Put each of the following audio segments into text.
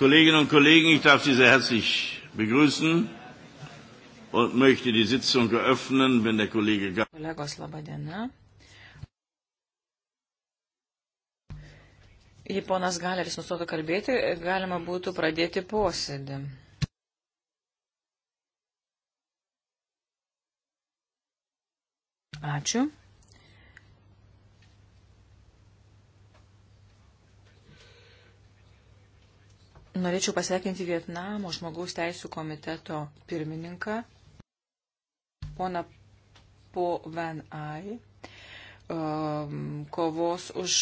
Kolleginnen und Kollegen, ich darf Sie sehr herzlich begrüßen und möchte die Sitzung eröffnen, wenn der Kollege Kolegos, laba diena. Jei ponas Galeris nustotų kalbėti, galima būtų pradėti posėdį. Ačiū. Norėčiau pasveikinti Vietnamo žmogaus teisų komiteto pirmininką, pona Po Van Ai, um, kovos už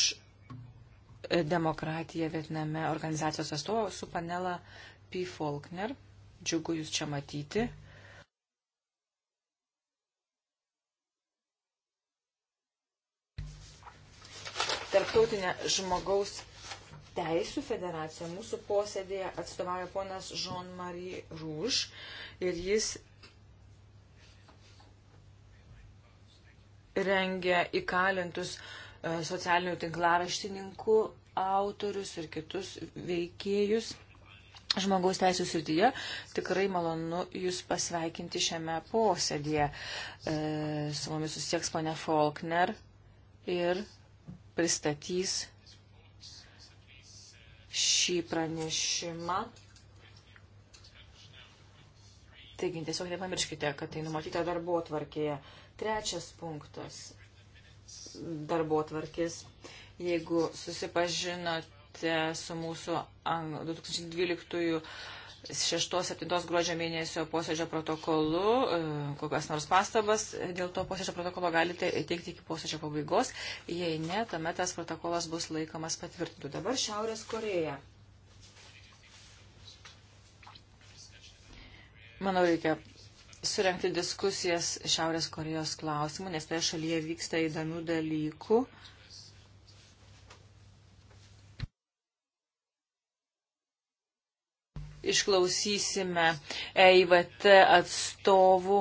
demokratiją Vietname organizacijos atstovą su panela P. Faulkner. Džiugu Jūs čia matyti. Tarptautinė žmogaus teisų federacija mūsų posėdėje atstovauja ponas Jean-Marie Rouge ir jis rengia įkalintus e, socialinių tinklaraštininkų autorius ir kitus veikėjus žmogaus teisų srityje. Tikrai malonu Jūs pasveikinti šiame posėdėje. E, su mumis susitieks ponia Faulkner ir pristatys šį pranešimą. Taigi, tiesiog nepamirškite, kad tai numatyta darbo atvarkėje. Trečias punktas darbo atvarkės. Jeigu susipažinote su mūsų 2012 6-7 gruodžio mėnesio posėdžio protokolu, e, kokias nors pastabas dėl to posėdžio protokolo galite teikti iki posėdžio pabaigos. Jei ne, tuomet tas protokolas bus laikomas patvirtintų. Dabar Šiaurės Koreja. Manau, reikia surenkti diskusijas Šiaurės Korejos klausimų, nes toje šalyje vyksta įdomių dalykų. Uh, išklausysime EIVT atstovų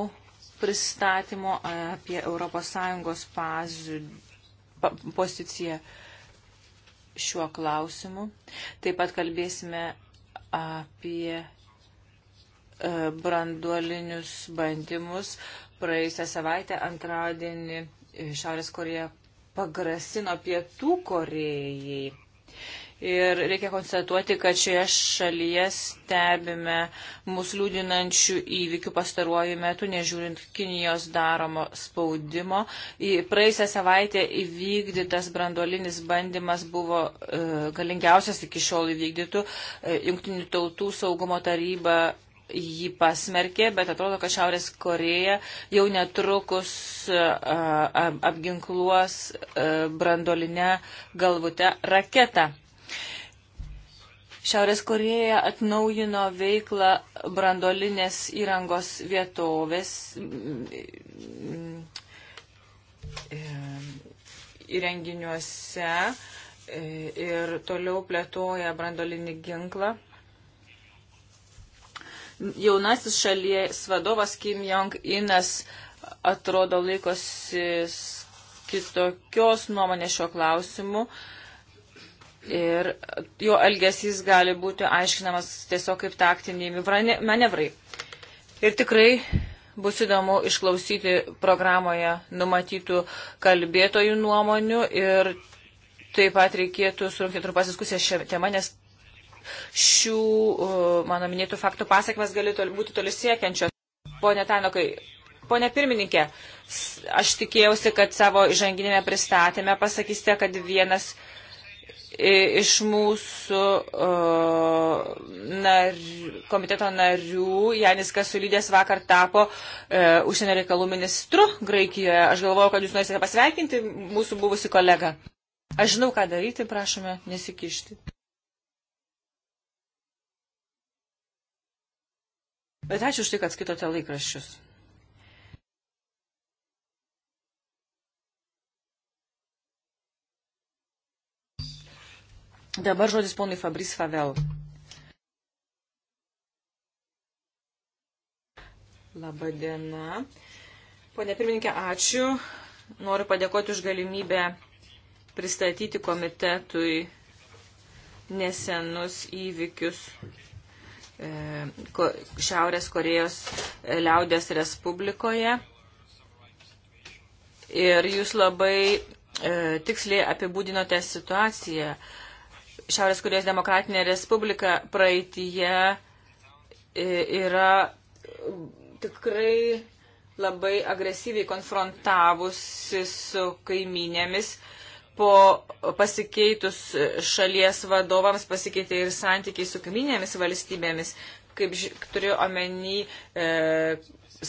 pristatymo apie ES pazių, pa, poziciją šiuo klausimu. Taip pat kalbėsime apie e, branduolinius bandymus. Praėjusią savaitę antradienį e, Šiaurės Korėja pagrasino pietų Korejai. Ir reikia konstatuoti, kad šioje šalyje stebime mūsų liūdinančių įvykių pastaruoju metu, nežiūrint Kinijos daromo spaudimo. Praėjusią savaitę įvykdytas brandolinis bandymas buvo e, galingiausias iki šiol įvykdytų. E, Junktinių tautų saugumo taryba jį pasmerkė, bet atrodo, kad Šiaurės Koreja jau netrukus e, apginkluos e, brandolinę galvutę raketą. Šiaurės Koreja atnaujino veiklą brandolinės įrangos vietovės mm, e, įrenginiuose e, ir toliau plėtoja brandolinį ginklą. Jaunasis šalies vadovas Kim Jong-inas atrodo laikosi kitokios nuomonės šiuo klausimu. Uh, ir jo elgesys gali būti aiškinamas tiesiog kaip taktiniai manevrai. Ir tikrai bus įdomu išklausyti programoje numatytų kalbėtojų nuomonių ir taip pat reikėtų surinkti trumpas diskusijas šią temą, nes šių uh, mano minėtų faktų pasiekmes gali tol, būti toli siekiančios. Pone Tanokai, Pone pirmininkė, aš tikėjausi, kad savo įžanginėme pristatymę pasakysite, kad vienas iš mūsų uh, nar, komiteto narių Janis Kasulydės vakar tapo uh, užsienio reikalų ministru Graikijoje. Aš galvoju, kad jūs norite pasveikinti mūsų buvusi kolega. Aš žinau, ką daryti, prašome nesikišti. Bet ačiū už tai, kad skaitote laikraščius. Dabar žodis ponui Fabris Favel. Labadiena. Pone pirmininkė, ačiū. Noriu padėkoti už galimybę pristatyti komitetui nesenus įvykius e, Šiaurės Korejos liaudės Respublikoje. Ir jūs labai e, tiksliai apibūdinote situaciją. E, Šiaurės Korejos demokratinė respublika praeitie e, yra tikrai labai agresyviai konfrontavusi su kaiminėmis. Po pasikeitus šalies vadovams pasikeitė ir santykiai su kaiminėmis valstybėmis. Kaip turiu omeny e,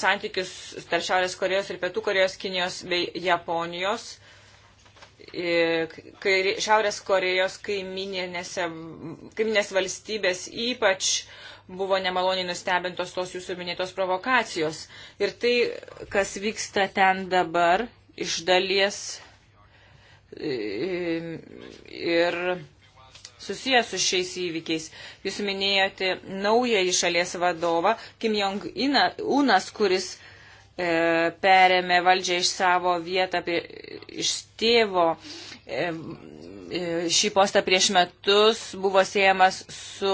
santykius tarp Šiaurės Korejos ir Pietų Korejos, Kinijos bei Japonijos. E, Šiaurės Korejos kaiminės valstybės ypač buvo nemaloniai nustebintos tos jūsų minėtos provokacijos. Ir tai, kas vyksta ten dabar, iš dalies e, ir susijęs su šiais įvykiais. Jūs minėjote naująjį šalies vadovą Kim Jong-unas, kuris e, perėmė valdžią iš savo vietą, apie, iš tėvo. E, e, šį postą prieš metus buvo siejamas su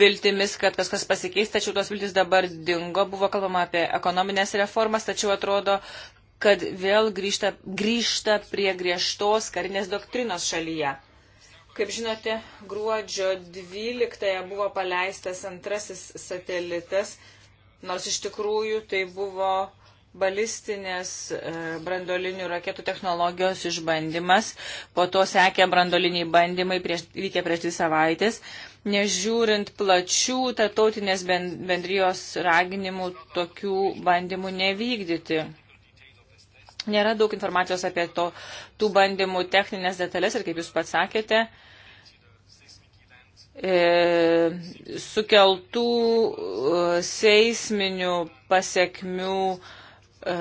viltimis, kad kažkas pasikeis, tačiau tos viltis dabar dingo. Buvo kalbama apie ekonominės reformas, tačiau atrodo, kad vėl grįžta, grįžta prie griežtos karinės doktrinos šalyje. Kaip žinote, gruodžio 12-ąją buvo paleistas antrasis satelitas, nors iš tikrųjų tai buvo balistinės e, brandolinių raketų technologijos išbandymas, po to sekė brandoliniai bandymai prieš, vykę prieš dvi savaitės. Nežiūrint plačių tarptautinės bendrijos raginimų, tokių bandymų nevykdyti. Nėra daug informacijos apie to, tų bandymų techninės detalės ir kaip jūs pats sakėte, e, sukeltų e, seisminių pasiekmių E,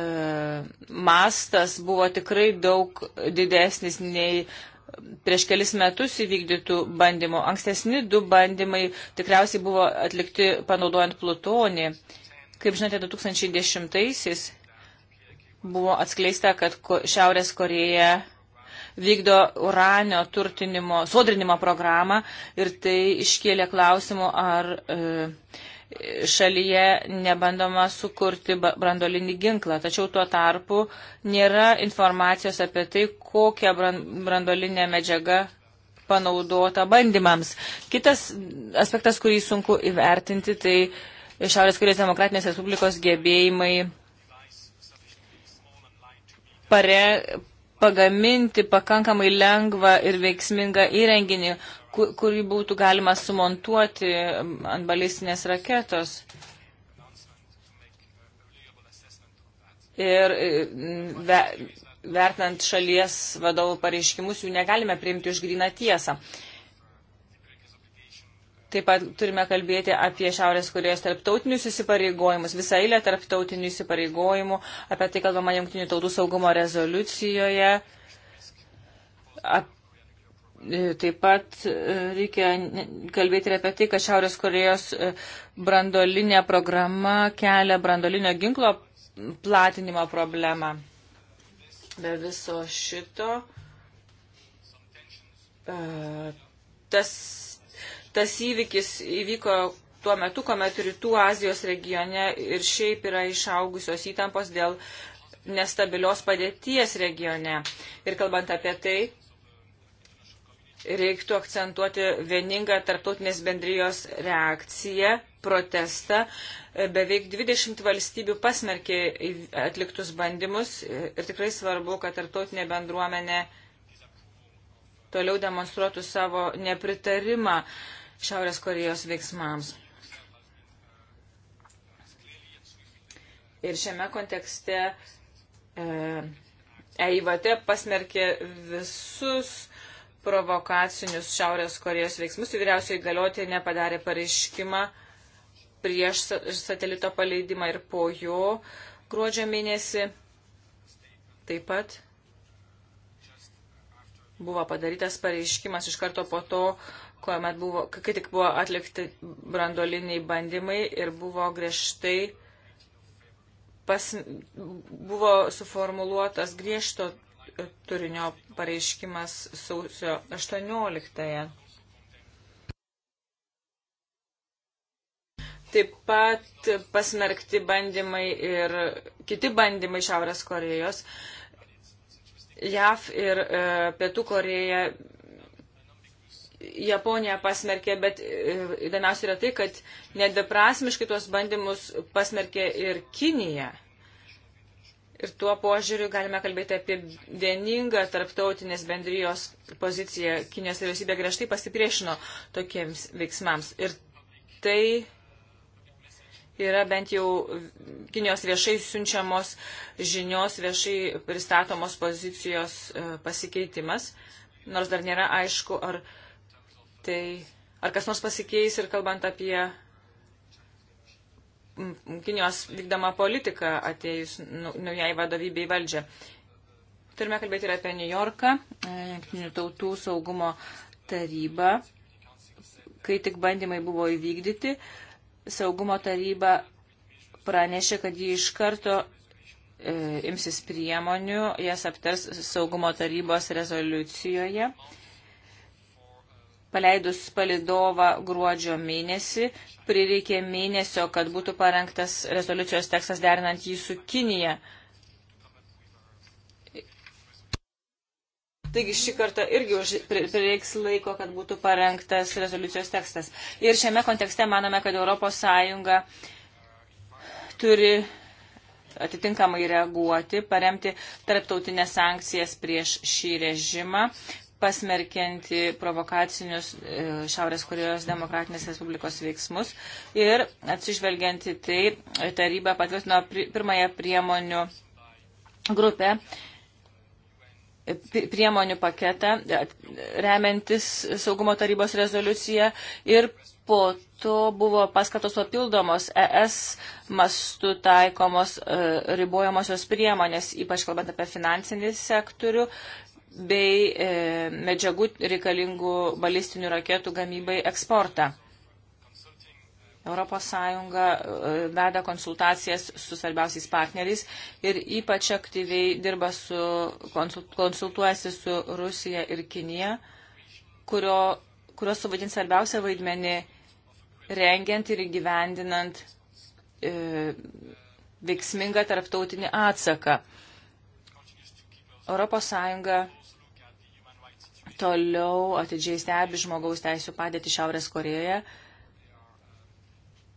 mastas buvo tikrai daug didesnis nei prieš kelis metus įvykdytų bandymų. Ankstesni du bandymai tikriausiai buvo atlikti panaudojant plutonį. Kaip žinote, 2010-aisiais buvo atskleista, kad Šiaurės Koreja vykdo uranio turtinimo, sodrinimo programą ir tai iškėlė klausimų, ar e, šalyje nebandoma sukurti brandolinį ginklą, tačiau tuo tarpu nėra informacijos apie tai, kokia brandolinė medžiaga panaudota bandymams. Kitas aspektas, kurį sunku įvertinti, tai Šiaurės Korejos Demokratinės Respublikos gebėjimai pare, pagaminti pakankamai lengvą ir veiksmingą įrenginį, kur, kurį būtų galima sumontuoti um, ant balistinės raketos. Ir mm, ve, vertinant šalies vadovų pareiškimus, jų negalime priimti už gryną tiesą. Taip pat turime kalbėti apie Šiaurės Korejos tarptautinius įsipareigojimus, visą eilę tarptautinių įsipareigojimų, apie tai kalbama Junktinių tautų saugumo rezoliucijoje. Ap, e, taip pat e, reikia kalbėti ir apie tai, kad Šiaurės Korejos e, brandolinė programa kelia brandolinio ginklo platinimo problemą. Be viso šito. Uh, tas tas įvykis įvyko tuo metu, kuomet rytų Azijos regione ir šiaip yra išaugusios įtampos dėl nestabilios padėties regione. Ir kalbant apie tai, reiktų akcentuoti vieningą tarptautinės bendrijos reakciją, protestą. Beveik 20 valstybių pasmerkė atliktus bandymus ir tikrai svarbu, kad tarptautinė bendruomenė toliau demonstruotų savo nepritarimą uh, Šiaurės Korejos veiksmams. Ir šiame kontekste EIVT e pasmerkė visus provokacinius Šiaurės Korejos veiksmus. Vyriausiai galioti nepadarė pareiškimą prieš satelito paleidimą ir po jo gruodžio mėnesį. Taip pat buvo padarytas pareiškimas iš karto po to, kuomet buvo, kai tik buvo atlikti brandoliniai bandymai ir buvo griežtai pas, buvo suformuluotas griežto turinio pareiškimas sausio 18. -ąją. Taip pat pasmerkti bandymai ir kiti bandymai Šiaurės Korejos. JAV ir e, Pietų Koreja Japonija pasmerkė, bet e, įdomiausia yra tai, kad nedviprasmiškai tuos bandymus pasmerkė ir Kinija. Ir tuo požiūriu galime kalbėti apie vieningą tarptautinės bendrijos poziciją. Kinijos vyriausybė griežtai pasipriešino tokiems veiksmams. Ir tai yra bent jau Kinijos viešai siunčiamos žinios, viešai pristatomos pozicijos e, pasikeitimas. Nors dar nėra aišku, ar tai ar kas nors pasikeis ir kalbant apie Kinijos vykdama politika atėjus nu, naujai vadovybei valdžią. Turime kalbėti ir apie New Yorką, e, Junktinių tautų saugumo tarybą. Kai tik bandymai buvo įvykdyti, saugumo taryba pranešė, kad ji iš karto e, imsis priemonių, jas aptars saugumo tarybos rezoliucijoje. Paleidus palidovą gruodžio mėnesį, prireikė mėnesio, kad būtų parengtas rezoliucijos tekstas derinant jį su Kinija. Taigi šį kartą irgi prireiks laiko, kad būtų parengtas rezoliucijos tekstas. Ir šiame kontekste manome, kad ES turi atitinkamai reaguoti, paremti tarptautinės sankcijas prieš šį režimą, pasmerkianti provokacinius e, Šiaurės Korejos demokratinės Respublikos veiksmus ir atsižvelgianti tai e, taryba patvirtino pirmąją priemonių grupę e, priemonių paketą, remiantis saugumo tarybos rezoliuciją ir po to buvo paskatos papildomos ES mastų taikomos ribojamosios priemonės, ypač kalbant apie finansinį sektorių, bei e, medžiagų reikalingų balistinių raketų gamybai eksportą. ES e, veda konsultacijas su svarbiausiais partneriais ir ypač aktyviai dirba su, konsultuojasi su Rusija ir Kinija, kurio, kurios suvaidins svarbiausią vaidmenį rengiant ir įgyvendinant e, veiksmingą tarptautinį atsaką. ES toliau atidžiai stebi žmogaus teisų padėti Šiaurės Korejoje.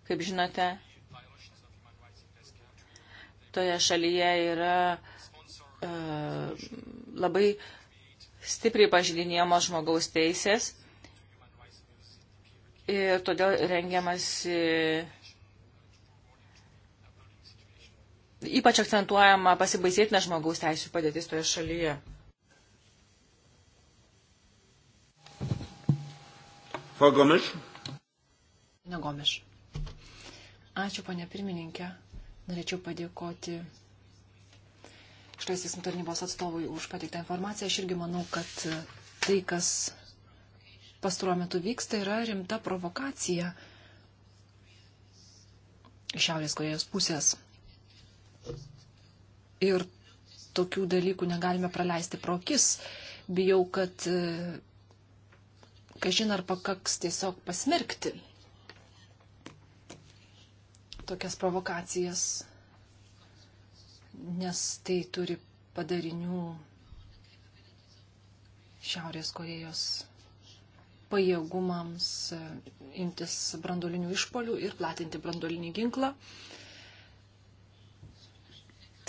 Kaip žinote, toje šalyje yra uh, labai stipriai pažydinėjamos žmogaus teisės ir todėl rengiamas ypač akcentuojama pasibaisėtina žmogaus teisų padėtis toje šalyje. Frau Gomisch. Negomiš. Ačiū, ponė pirmininkė. Norėčiau padėkoti išlaisvės tarnybos atstovui už pateiktą informaciją. Aš irgi manau, kad tai, kas pastaruo metu vyksta, yra rimta provokacija iš Šiaurės Korejos pusės. Ir tokių dalykų negalime praleisti pro akis. Bijau, kad kažin ar pakaks tiesiog pasmerkti tokias provokacijas, nes tai turi padarinių Šiaurės Korejos pajėgumams e, imtis brandolinių išpolių ir platinti brandolinį ginklą.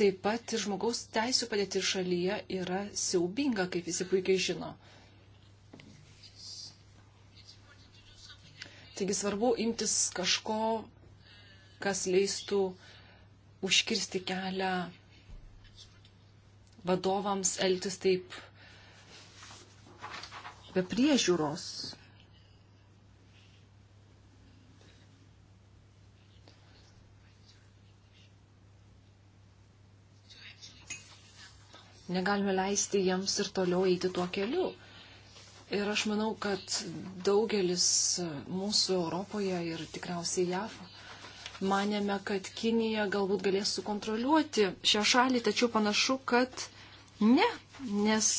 Taip pat žmogaus teisų padėti šalyje yra siaubinga, kaip visi puikiai žino. Taigi svarbu imtis kažko, kas leistų užkirsti kelią vadovams elgtis taip be priežiūros. Negalime leisti jiems ir toliau eiti tuo keliu. Ir aš manau, kad daugelis mūsų Europoje ir tikriausiai JAV manėme, kad Kinija galbūt galės sukontroliuoti šią šalį, tačiau panašu, kad ne, nes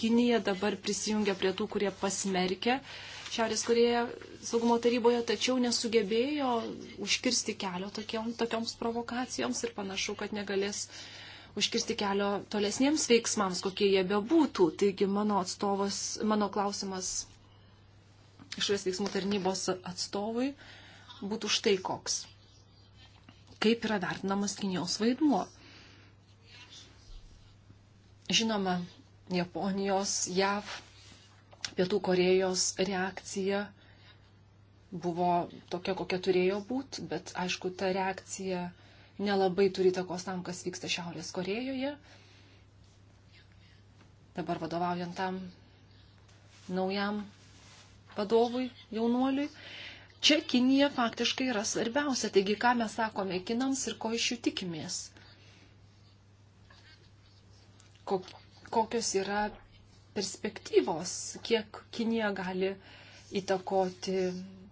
Kinija dabar prisijungia prie tų, kurie pasmerkia Šiaurės Korėją saugumo taryboje, tačiau nesugebėjo užkirsti kelio tokiom, tokioms provokacijoms ir panašu, kad negalės užkirsti kelio tolesniems veiksmams, kokie jie bebūtų. Taigi mano atstovas, mano klausimas išorės veiksmų tarnybos atstovui būtų štai koks. Kaip yra vertinamas Kinijos vaidmuo? Žinoma, Japonijos, JAV, Pietų Korejos reakcija buvo tokia, kokia turėjo būti, bet aišku, ta reakcija nelabai turi takos tam, kas vyksta Šiaurės Korejoje. Dabar vadovaujant tam naujam vadovui, jaunuoliui. Čia Kinija faktiškai yra svarbiausia. Taigi, ką mes sakome kinams ir ko iš jų tikimės? Kokios yra perspektyvos, kiek Kinija gali įtakoti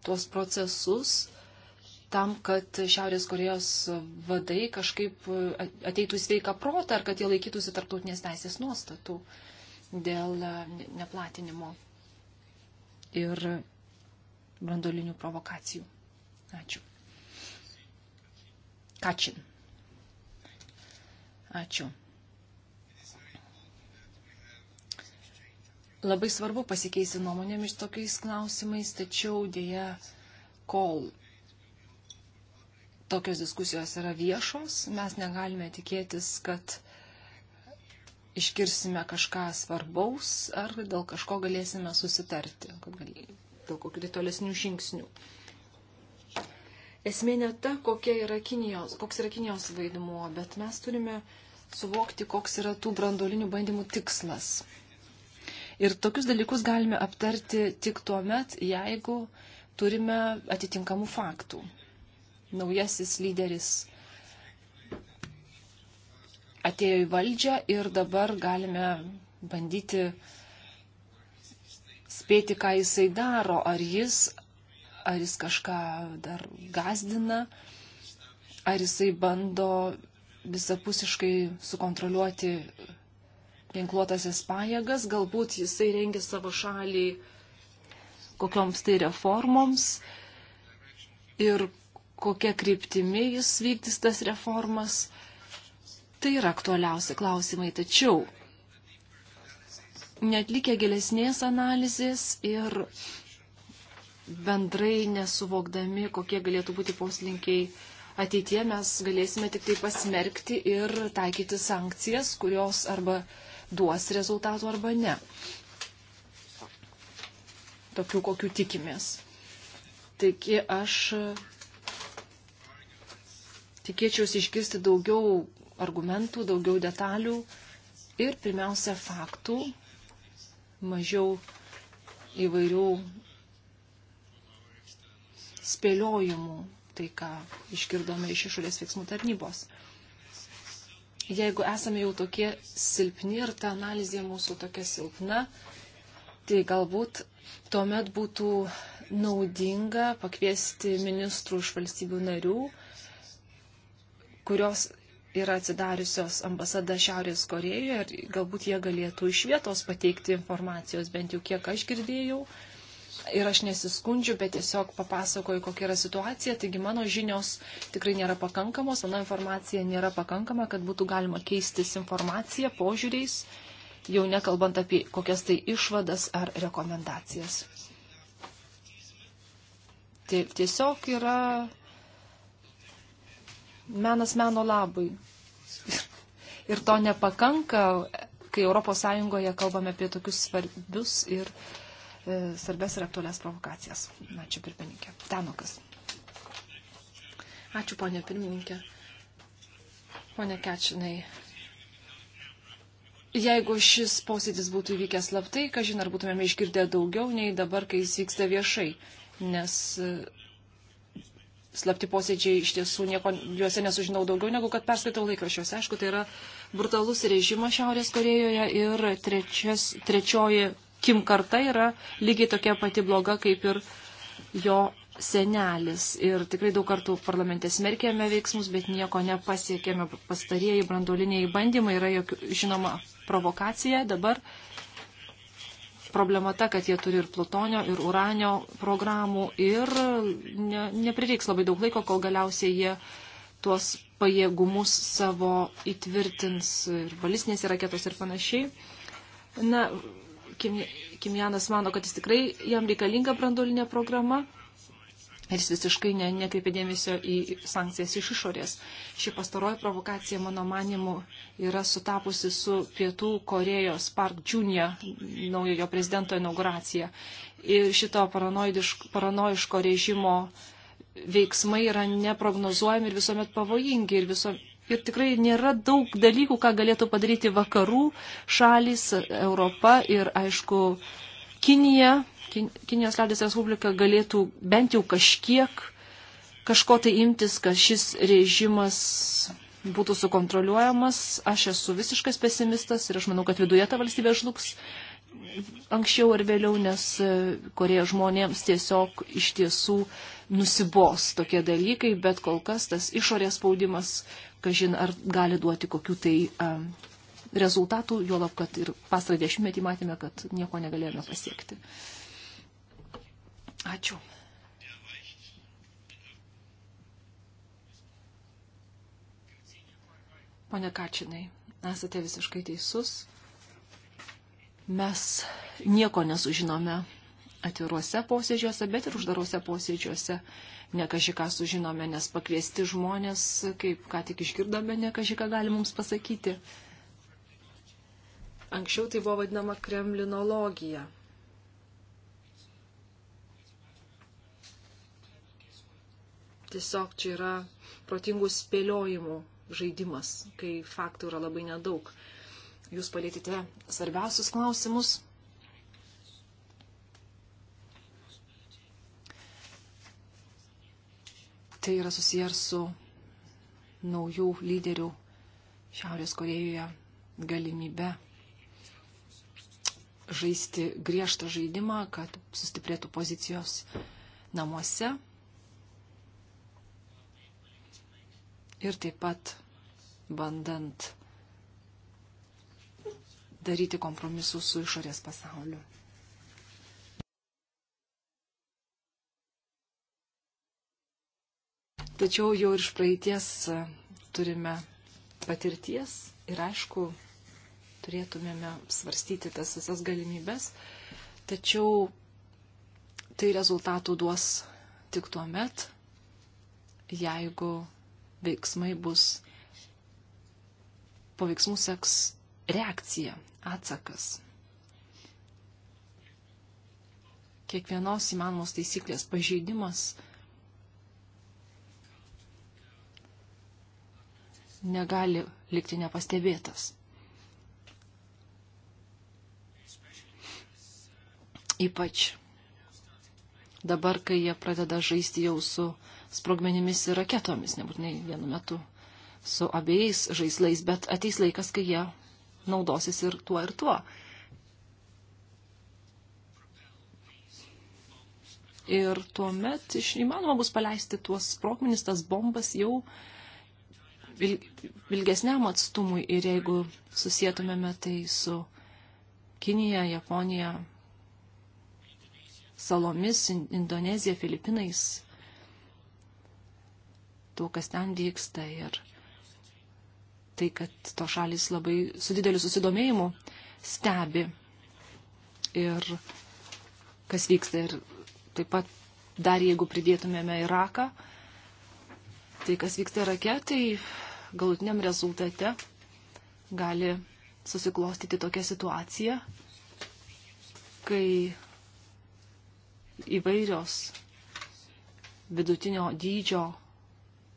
tuos procesus tam, kad Šiaurės Korejos vadai kažkaip ateitų sveiką protą ar kad jie laikytųsi tarptautinės teisės nuostatų dėl e, neplatinimo ir brandolinių provokacijų. Ačiū. Kačin. Ačiū. Labai svarbu pasikeisti nuomonėmis tokiais klausimais, tačiau dėja, kol tokios diskusijos yra viešos, mes negalime tikėtis, kad iškirsime kažką svarbaus ar dėl kažko galėsime susitarti, dėl kokių tai tolesnių žingsnių. Esmė ne ta, yra Kinijos, koks yra Kinijos vaidmuo, bet mes turime suvokti, koks yra tų brandolinių bandymų tikslas. Ir tokius dalykus galime aptarti tik tuo met, jeigu turime atitinkamų faktų naujasis lyderis atėjo į valdžią ir dabar galime bandyti spėti, ką jisai daro, ar jis, ar jis kažką dar gazdina, ar jisai bando visapusiškai sukontroliuoti ginkluotasias pajėgas, galbūt jisai rengia savo šalį kokioms tai reformoms ir kokia kryptimi jis vykdys tas reformas. Tai yra aktualiausi klausimai, tačiau netlikę gilesnės analizės ir bendrai nesuvokdami, kokie galėtų būti poslinkiai ateitie, mes galėsime tik tai pasmerkti ir taikyti sankcijas, kurios arba duos rezultatų arba ne. Tokių, kokių tikimės. Taigi aš tikėčiausi išgirsti daugiau argumentų, daugiau detalių ir pirmiausia faktų, mažiau įvairių spėliojimų, tai ką išgirdome iš išorės veiksmų tarnybos. Jeigu esame jau tokie silpni ir ta analizė mūsų tokia silpna, tai galbūt tuomet būtų naudinga pakviesti ministrų iš valstybių narių kurios yra atsidariusios ambasada Šiaurės Korejoje ir galbūt jie galėtų iš vietos pateikti informacijos, bent jau kiek aš girdėjau. Ir aš nesiskundžiu, bet tiesiog papasakoju, kokia yra situacija. Taigi mano žinios tikrai nėra pakankamos, mano informacija nėra pakankama, kad būtų galima keistis informacija, požiūriais, jau nekalbant apie kokias tai išvadas ar rekomendacijas. Taip, tiesiog yra menas meno labui. ir to nepakanka, kai ES kalbame apie tokius svarbius ir e, svarbės ir aktualias provokacijas. Ačiū pirmininkė. Tenukas. Ačiū ponė pirmininkė. Pone Kečinai. Jeigu šis posėdis būtų įvykęs slaptai, kažin ar būtumėme išgirdę daugiau nei dabar, kai jis vyksta viešai, nes slapti posėdžiai iš tiesų nieko juose nesužinau daugiau negu kad perskaitau laikraščiuose. Aišku, tai yra brutalus režimas Šiaurės Korejoje ir trečias, trečioji Kim karta yra lygiai tokia pati bloga kaip ir jo senelis. Ir tikrai daug kartų parlamente smerkėme veiksmus, bet nieko nepasiekėme. Pastarieji brandoliniai bandymai yra, jok, žinoma, provokacija. Dabar problema ta, kad jie turi ir plutonio, ir uranio programų ir ne, neprireiks labai daug laiko, kol galiausiai jie tuos pajėgumus savo įtvirtins ir balistinėse raketos ir panašiai. Na, Kim, Kimjanas mano, kad jis tikrai jam reikalinga branduolinė programa ir jis visiškai ne, nekreipė dėmesio į sankcijas iš išorės. Ši pastaroji provokacija, mano manimu, yra sutapusi su Pietų Korejos Park Junior naujojo prezidento inauguracija. Ir šito paranoiško režimo veiksmai yra neprognozuojami ir visuomet pavojingi. Ir, viso, ir tikrai nėra daug dalykų, ką galėtų padaryti vakarų šalis, Europa ir, aišku, Kinija Kinijos liaudės Respublika galėtų bent jau kažkiek kažko tai imtis, kad šis režimas būtų sukontroliuojamas. Aš esu visiškas pesimistas ir aš manau, kad viduje ta valstybė žlugs anksčiau ar vėliau, nes kurie žmonėms tiesiog iš tiesų nusibos tokie dalykai, bet kol kas tas išorės spaudimas, kažin ar gali duoti kokių tai um, rezultatų, juolab, kad ir pastarą dešimtmetį matėme, kad nieko negalėjome pasiekti. Uh, Ačiū. Pone Kačinai, esate visiškai teisus. Mes nieko nesužinome atviruose posėdžiuose, bet ir uždaruose posėdžiuose. Nekažiką sužinome, nes pakviesti žmonės, kaip ką tik išgirdome, nekažiką gali mums pasakyti. Anksčiau tai buvo vadinama kremlinologija. Tiesiog čia yra protingų spėliojimų žaidimas, kai faktų yra labai nedaug. Jūs palėtite svarbiausius klausimus. Tai yra susiję su naujų lyderių Šiaurės Korejoje galimybe žaisti griežtą žaidimą, kad sustiprėtų pozicijos namuose. ir taip pat bandant daryti kompromisus su išorės pasauliu. Tačiau jau iš praeities turime patirties ir aišku, turėtumėme svarstyti tas visas galimybės, tačiau tai rezultatų duos tik tuo met, jeigu veiksmai bus, po veiksmų seks reakcija, atsakas. Kiekvienos įmanomos taisyklės pažeidimas negali likti nepastebėtas. Ypač dabar, kai jie pradeda žaisti jau su sprogmenimis ir raketomis, nebūtinai vienu metu su abiejais žaislais, bet ateis laikas, kai jie naudosis ir tuo ir tuo. Ir tuomet iš įmanoma bus paleisti tuos sprogmenis, tas bombas jau ilgesniam atstumui ir jeigu susietumėme tai su Kinija, Japonija, salomis, Indonezija, Filipinais, tuo, kas ten vyksta ir tai, kad to šalis labai su dideliu susidomėjimu stebi ir kas vyksta. Ir taip pat dar jeigu pridėtumėme Iraką, tai kas vyksta Irake, tai galutiniam rezultate gali susiklostyti tokia situacija, kai įvairios vidutinio dydžio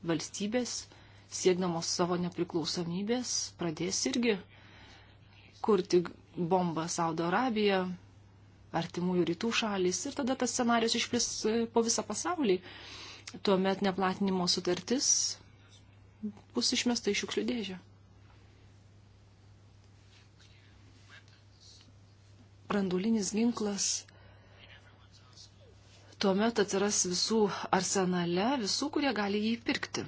valstybės, siekdamos savo nepriklausomybės, pradės irgi kurti bombą Saudo Arabiją, artimųjų rytų šalis ir tada tas scenarius išplis e, po visą pasaulį. Tuomet neplatinimo sutartis bus išmesta į šiukšlių dėžę. Brandulinis ginklas tuomet atsiras visų arsenale, visų, kurie gali jį pirkti.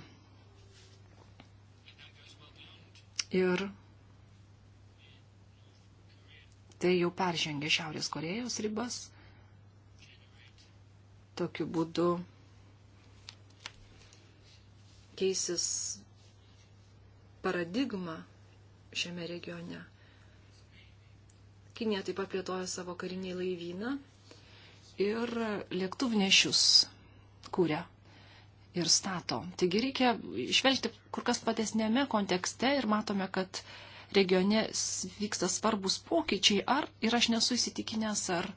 Ir tai jau peržengė Šiaurės Korejos ribas. Tokiu būdu keisis paradigma šiame regione. Kinė taip pat plėtoja savo karinį laivyną ir lėktuvnešius kūrė ir stato. Taigi reikia išvelgti kur kas platesnėme kontekste ir matome, kad regione vyksta svarbus pokyčiai, ar ir aš nesu įsitikinęs, ar,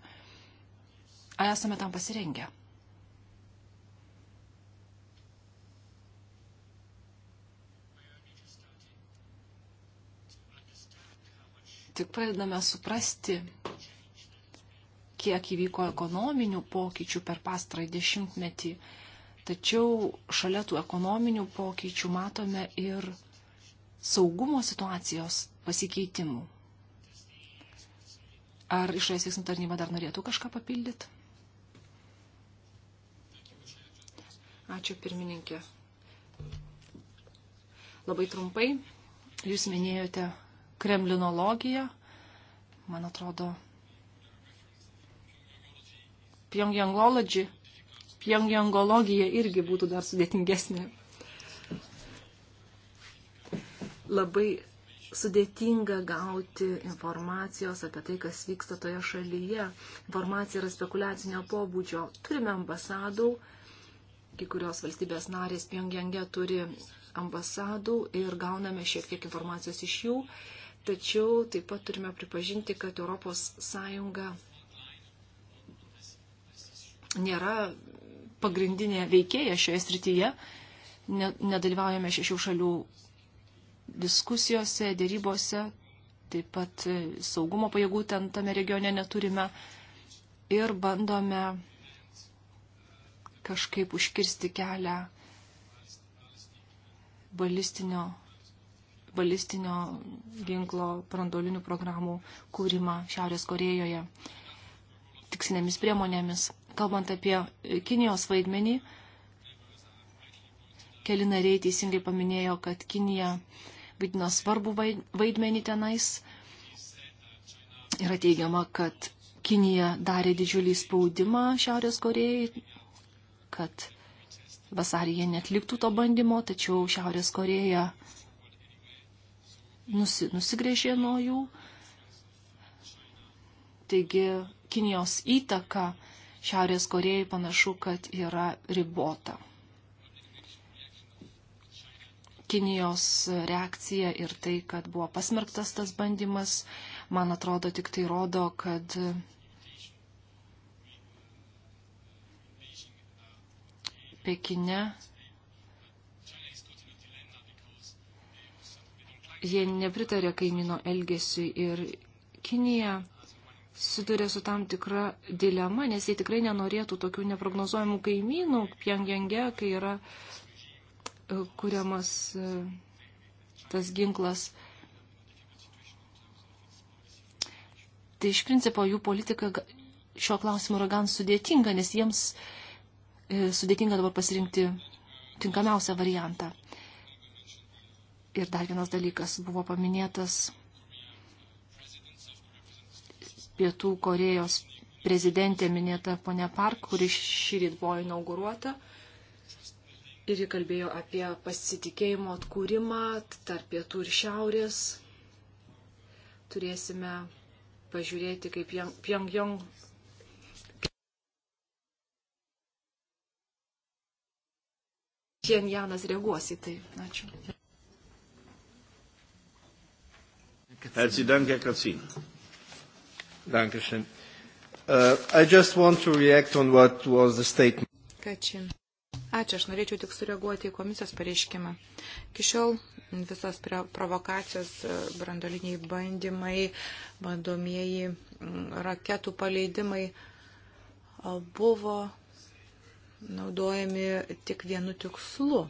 ar esame tam pasirengę. Tik pradedame suprasti, kiek įvyko ekonominių pokyčių per pastarąjį dešimtmetį. Tačiau šalia tų ekonominių pokyčių matome ir saugumo situacijos pasikeitimų. Ar išorės veiksmų tarnyba dar norėtų kažką papildyti? Ačiū pirmininkė. Labai trumpai, jūs minėjote kremlinologiją. Man atrodo, Pyongyangology, Pyongyangologija irgi būtų dar sudėtingesnė. Labai sudėtinga gauti informacijos apie tai, kas vyksta toje šalyje. Informacija yra spekulacinio pobūdžio. Turime ambasadų, kai kurios valstybės narės Pyongyangė turi ambasadų ir gauname šiek tiek informacijos iš jų. Tačiau taip pat turime pripažinti, kad ES nėra pagrindinė veikėja šioje srityje, nedalyvaujame šešių šalių diskusijose, dėrybose, taip pat saugumo pajėgų ten tame regione neturime ir bandome kažkaip užkirsti kelią balistinio, balistinio ginklo brandolinių programų kūrimą Šiaurės Korejoje tikslinėmis priemonėmis. Kalbant apie Kinijos vaidmenį, keli nariai teisingai paminėjo, kad Kinija vaidina svarbų vaidmenį tenais. Yra teigiama, kad Kinija darė didžiulį spaudimą Šiaurės Korejai, kad vasarį jie netliktų to bandymo, tačiau Šiaurės Koreja nusi, nusigrėžė nuo jų. Taigi Kinijos įtaka Šiaurės Korejai panašu, kad yra ribota. Kinijos reakcija ir tai, kad buvo pasmerktas tas bandymas, man atrodo, tik tai rodo, kad Pekine jie nepritarė kaimino elgesiui ir Kinija susiduria su tam tikra dilema, nes jie tikrai nenorėtų tokių neprognozuojamų kaimynų Pjangjange, kai yra e, kuriamas e, tas ginklas. Tai iš principo jų politika šio klausimu yra gan sudėtinga, nes jiems e, sudėtinga dabar pasirinkti tinkamiausią variantą. Ir dar vienas dalykas buvo paminėtas Pietų Korejos prezidentė minėta ponia Park, kuri šį rytą buvo inauguruota. Ir ji kalbėjo apie pasitikėjimo atkūrimą tarp pietų ir šiaurės. Turėsime pažiūrėti, kaip Pjongjong. Pjongjanas reaguos į tai. Ačiū. Atsidankia Kacina. Dankeschön. Uh, I just want to react on what was the statement. Kačin. Ačiū, aš norėčiau tik sureaguoti į komisijos pareiškimą. Iki šiol visos provokacijos, e, brandoliniai bandymai, bandomieji raketų paleidimai buvo naudojami tik vienu tikslu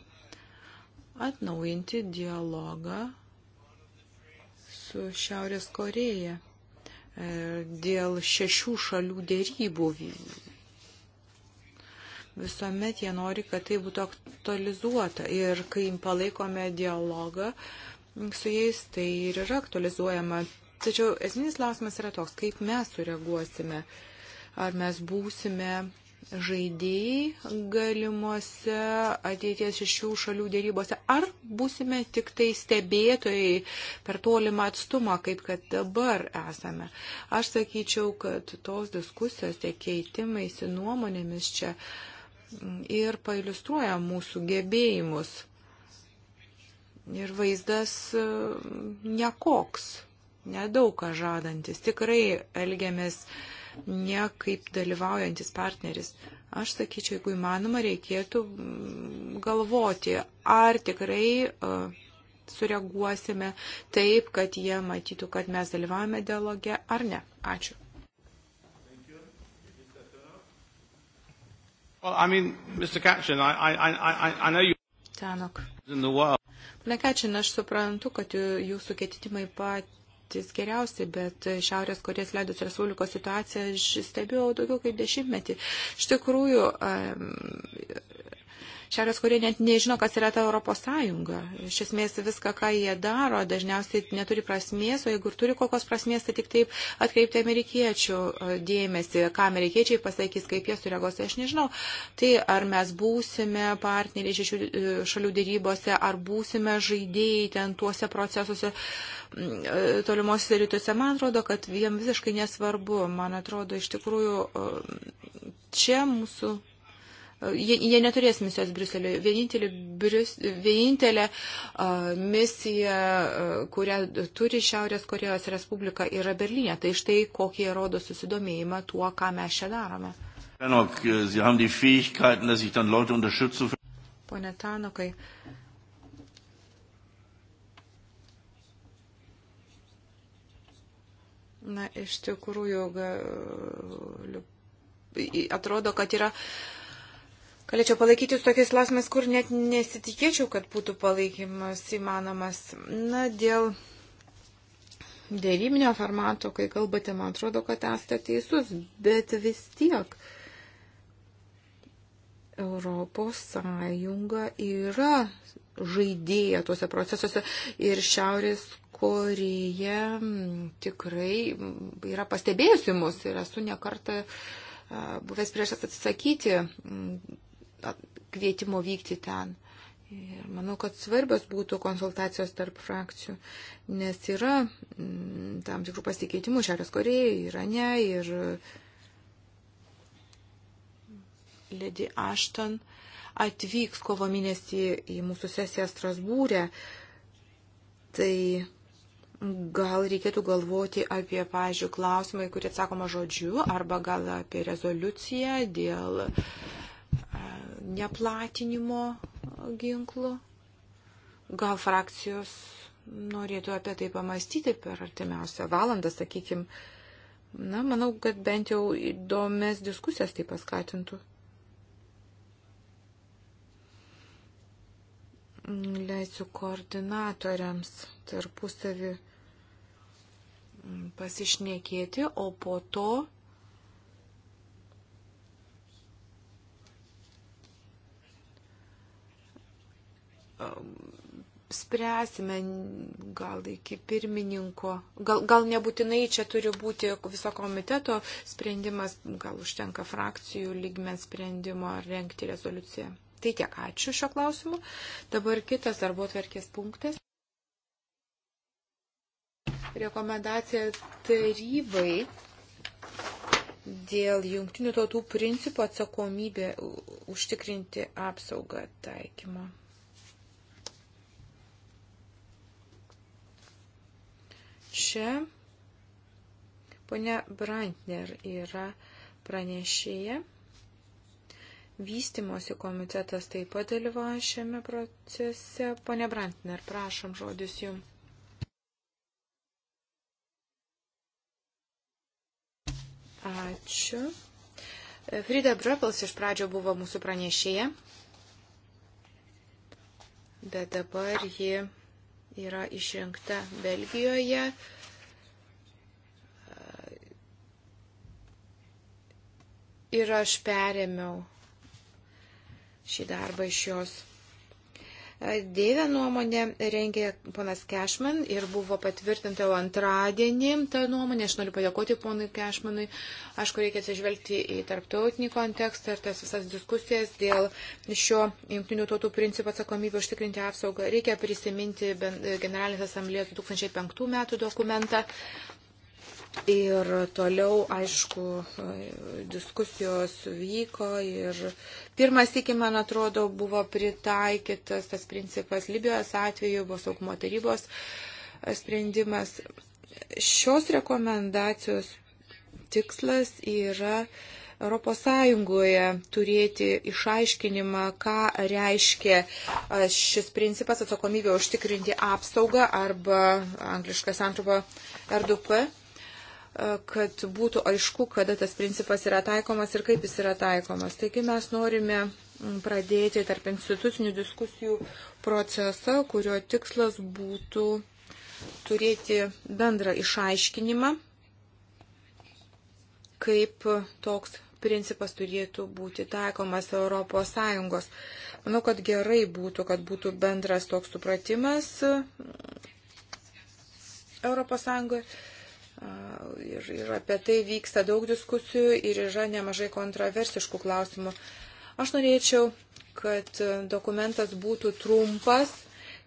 - atnaujinti dialogą su Šiaurės Koreja. E, dėl šešių šalių dėrybų. Visuomet jie nori, kad tai būtų aktualizuota. Ir kai palaikome dialogą su jais, tai ir yra aktualizuojama. Tačiau esminis klausimas yra toks, kaip mes sureaguosime. Ar mes būsime žaidėjai galimuose ateities šių šalių dėrybose, ar būsime tik tai stebėtojai per tolimą atstumą, kaip kad dabar esame. Aš sakyčiau, kad tos diskusijos, tie keitimais į nuomonėmis čia ir pailustruoja mūsų gebėjimus. Ir vaizdas e, nekoks, nedaug ką žadantis. Tikrai elgiamės uh, ne kaip dalyvaujantis partneris. Aš sakyčiau, jeigu įmanoma, reikėtų mm, galvoti, ar tikrai e, sureaguosime taip, kad jie matytų, kad mes dalyvavome dialoge, ar ne. Ačiū. Well, I mean, Mr. Kachin, I, I, I, I know you. Tanok. Plekačin, aš suprantu, kad jūsų ketinimai pat patys geriausi, bet Šiaurės Korės Liaudės Respublikos situaciją aš stebėjau daugiau kaip dešimtmetį. Iš tikrųjų, Šiaurės Korėja net nežino, kas yra ta Europos Sąjunga. Iš esmės viską, ką jie daro, dažniausiai neturi prasmės, o jeigu ir turi kokios prasmės, tai tik taip atkreipti amerikiečių e, dėmesį, ką amerikiečiai pasakys, kaip jie sureagos, tai aš nežinau. Tai ar mes būsime partneriai šešių e, šalių dėrybose, ar būsime žaidėjai ten tuose procesuose e, tolimuose rytuose, man atrodo, kad jiem visiškai nesvarbu. Man atrodo, iš tikrųjų, čia mūsų jie, jie neturės misijos Briuselio. Vienintelė, Brius, vienintelė uh, misija, uh, kurią turi Šiaurės Korejos Respublika, yra Berlyne. Tai štai kokie rodo susidomėjimą tuo, ką mes čia darome. Äh, Pone Tanukai. Na, iš tikrųjų, galiu atrodo, kad yra Galėčiau palaikyti jūs tokiais klausimais, kur net nesitikėčiau, kad būtų palaikymas įmanomas. Na, dėl dėrybinio formato, kai kalbate, man atrodo, kad esate teisus, bet vis tiek Europos Sąjunga yra žaidėja tuose procesuose ir Šiaurės Koreja tikrai yra pastebėjusi mus ir esu nekartą buvęs priešas atsisakyti kvietimo vykti ten. Ir manau, kad svarbios būtų konsultacijos tarp frakcijų, nes yra m, mm, tam tikrų pasikeitimų Šiaurės Korejoje, Irane ir Ledi Ashton atvyks kovo mėnesį į mūsų sesiją Strasbūrę. Tai gal reikėtų galvoti apie, pažiūrėjau, klausimai, kurie atsakoma žodžiu, arba gal apie rezoliuciją dėl uh, neplatinimo ginklų. Gal frakcijos norėtų apie tai pamastyti per artimiausią valandą, sakykime. Na, manau, kad bent jau įdomias diskusijas tai paskatintų. Leisiu koordinatoriams tarpusavį pasišnekėti, o po to Um, spręsime gal iki pirmininko, gal, gal nebūtinai čia turi būti viso komiteto sprendimas, gal užtenka frakcijų lygmens sprendimo renkti rezoliuciją. Tai tiek ačiū šio klausimu. Dabar kitas darbo tvarkės punktas. Rekomendacija tarybai dėl jungtinių tautų principų atsakomybė užtikrinti apsaugą taikymą. Čia ponia Brantner yra pranešėja. Vystimosi komitetas taip pat dalyvauja šiame procese. Pone Brantner, prašom žodis jums. Ačiū. Frida Brepels iš pradžio buvo mūsų pranešėja, bet dabar ji. Jį yra išrinkta Belgijoje. Ir aš perėmiau šį darbą iš jos. Dėvę nuomonę rengė ponas Kešman ir buvo patvirtinta jau antradienį ta nuomonė. Aš noriu padėkoti ponui Kešmanui. Aišku, reikia atsižvelgti į tarptautinį kontekstą ir tas visas diskusijas dėl šio jungtinių tautų principo atsakomybę užtikrinti apsaugą. Reikia prisiminti Generalinės asamblėjos 2005 metų dokumentą. Ir toliau, aišku, diskusijos vyko ir pirmas iki, man atrodo, buvo pritaikytas tas principas Libijos atveju, buvo saugumo tarybos sprendimas. Šios rekomendacijos tikslas yra Europos Sąjungoje turėti išaiškinimą, ką reiškia šis principas atsakomybė užtikrinti apsaugą arba anglišką santrupą R2P kad būtų aišku, kada tas principas yra taikomas ir kaip jis yra taikomas. Taigi mes norime mm, pradėti tarp institucinių diskusijų procesą, kurio tikslas būtų turėti bendrą išaiškinimą, kaip toks principas turėtų būti taikomas ES. Manau, kad gerai būtų, kad būtų bendras toks supratimas ES. Ir, ir apie tai vyksta daug diskusijų ir yra nemažai kontroversiškų klausimų. Aš norėčiau, kad dokumentas būtų trumpas,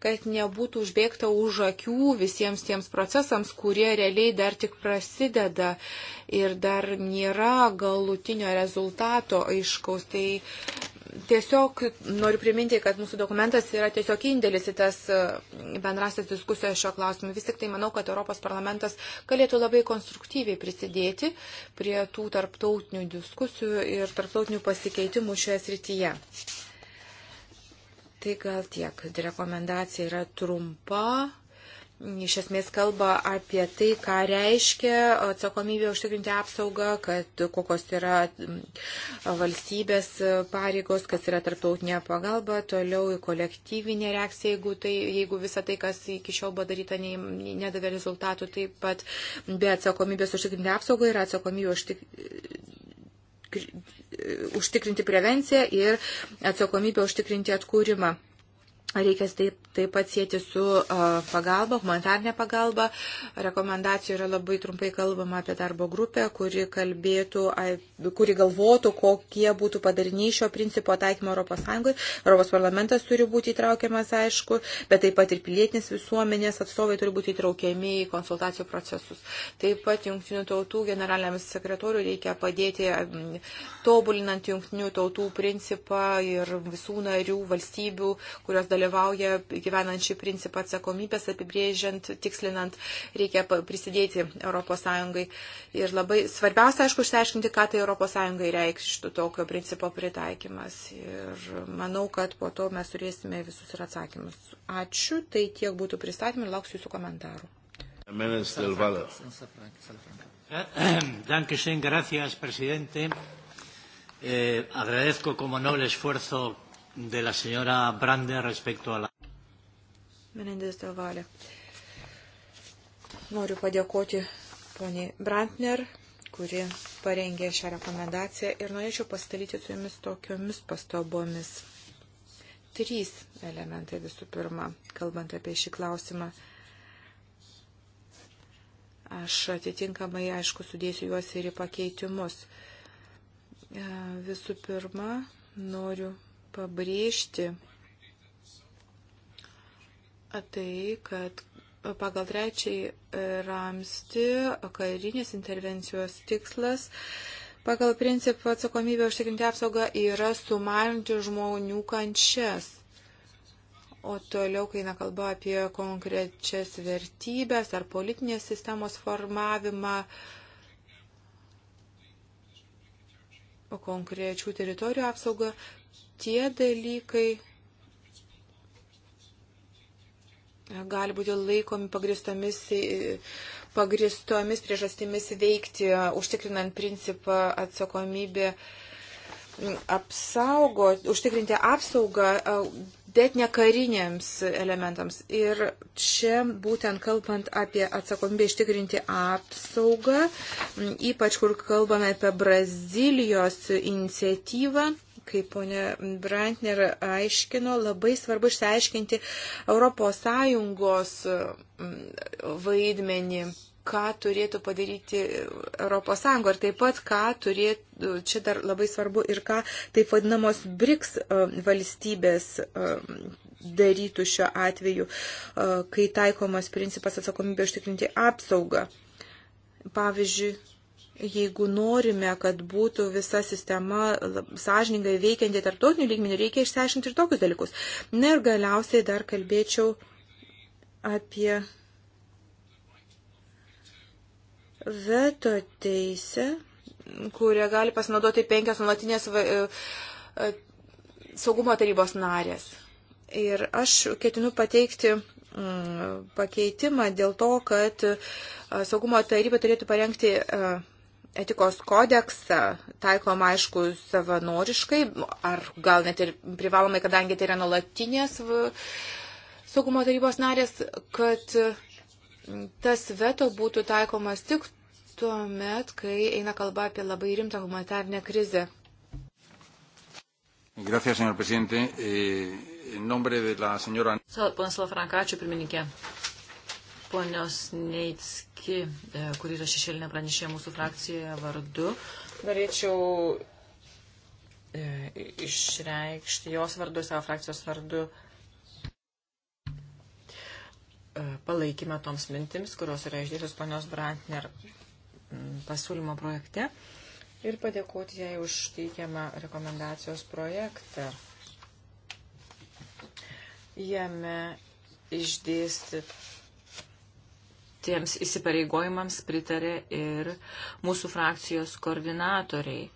kad nebūtų užbėgta už akių visiems tiems procesams, kurie realiai dar tik prasideda ir dar nėra galutinio rezultato aiškaus. Tai Tiesiog noriu priminti, kad mūsų dokumentas yra tiesiog indėlis į tas e, bendrasias diskusijas šio klausimu. Vis tik tai manau, kad Europos parlamentas galėtų labai konstruktyviai prisidėti prie tų tarptautinių diskusijų ir tarptautinių pasikeitimų šioje srityje. Tai gal tiek. Rekomendacija yra trumpa iš esmės kalba apie tai, ką reiškia atsakomybė užtikrinti apsaugą, kad kokios yra mm, valstybės pareigos, kas yra tarptautinė pagalba, toliau kolektyvinė reakcija, jeigu, tai, jeigu visa tai, kas iki šiol buvo daryta, ne, nedavė rezultatų, taip pat be atsakomybės užtikrinti apsaugą yra atsakomybė užtikrinti, užtikrinti prevenciją ir atsakomybę užtikrinti atkūrimą. Reikia taip, taip pat sėti su pagalba, humanitarnė pagalba. Rekomendacijų yra labai trumpai kalbama apie darbo grupę, kuri, kalbėtų, kuri galvotų, kokie būtų padariniai šio principo taikymo Europos Sąjungoje. Europos parlamentas turi būti įtraukiamas, aišku, bet taip pat ir pilietinės visuomenės atstovai turi būti įtraukiami į konsultacijų procesus. Taip pat jungtinių tautų generaliniam sekretoriui reikia padėti tobulinant jungtinių tautų principą ir visų narių valstybių, kurios dalyvauja dalyvauja gyvenant šį principą atsakomybės, apibrėžiant, tikslinant, reikia prisidėti ES. Ir labai svarbiausia, aišku, išsiaiškinti, ką tai ES reikštų tokio principo pritaikymas. Ir manau, kad po to mes turėsime visus ir atsakymus. Ačiū, tai tiek būtų pristatymų ir lauksiu jūsų komentarų. Menes del Valle. Dankeschön, gracias, presidente. Eh, agradezco, como no, el esfuerzo de la señora Brander respecto a la. Menendės del Valė. Noriu padėkoti poniai Brandner, kuri parengė šią rekomendaciją ir norėčiau pastalyti su jumis tokiomis pastabomis. Trys elementai visų pirma, kalbant apie šį klausimą. Aš atitinkamai, aišku, sudėsiu juos ir į pakeitimus. E, visų pirma, noriu pabrėžti tai, kad pagal trečiai ramsti karinės intervencijos tikslas pagal principą atsakomybę užtikrinti apsaugą yra sumažinti žmonių kančias. O toliau, kai eina kalba apie konkrečias vertybės ar politinės sistemos formavimą, konkrečių teritorijų apsaugą, tie dalykai e, gali būti laikomi pagristomis, e, pagristomis priežastimis veikti, e, užtikrinant principą atsakomybė apsaugo, užtikrinti apsaugą, bet ne kariniams elementams. Ir čia būtent kalbant apie atsakomybę ištikrinti apsaugą, ypač kur kalbame apie Brazilijos iniciatyvą, kaip ponė Brantner aiškino, labai svarbu išsiaiškinti ES mm, vaidmenį ką turėtų padaryti ES ir taip pat, ką turėtų, čia dar labai svarbu ir ką taip vadinamos BRICS e, valstybės e, darytų šiuo atveju, e, kai taikomas principas atsakomybė užtikrinti apsaugą. Pavyzdžiui, Jeigu norime, kad būtų visa sistema sąžiningai veikianti tarptautinių lygmenių, reikia išsiaiškinti ir tokius dalykus. Na ir galiausiai dar kalbėčiau apie veto teisę, kurią gali pasinaudoti penkios nuolatinės e, e, saugumo tarybos narės. Ir aš ketinu pateikti mm, pakeitimą dėl to, kad e, saugumo taryba turėtų parengti etikos kodeksą taikom, aišku, savanoriškai, ar gal net ir privalomai, kadangi tai yra nuolatinės saugumo tarybos narės, kad tas veto būtų taikomas tik tuo met, kai eina kalba apie labai rimtą humanitarnę krizę. Gracias, señor presidente. Eh, en nombre de la señora. Ponas Lafranka, ačiū pirmininkė ponios Neitski, e, kuri yra šešėlinė pranešė mūsų frakcijoje vardu. Norėčiau e, išreikšti jos vardu, savo frakcijos vardu e, palaikymą toms mintims, kurios yra išdėstos ponios Brantner pasiūlymo projekte ir padėkoti jai už teikiamą rekomendacijos projektą. Jame išdėstyti tiems įsipareigojimams pritarė ir mūsų frakcijos koordinatoriai.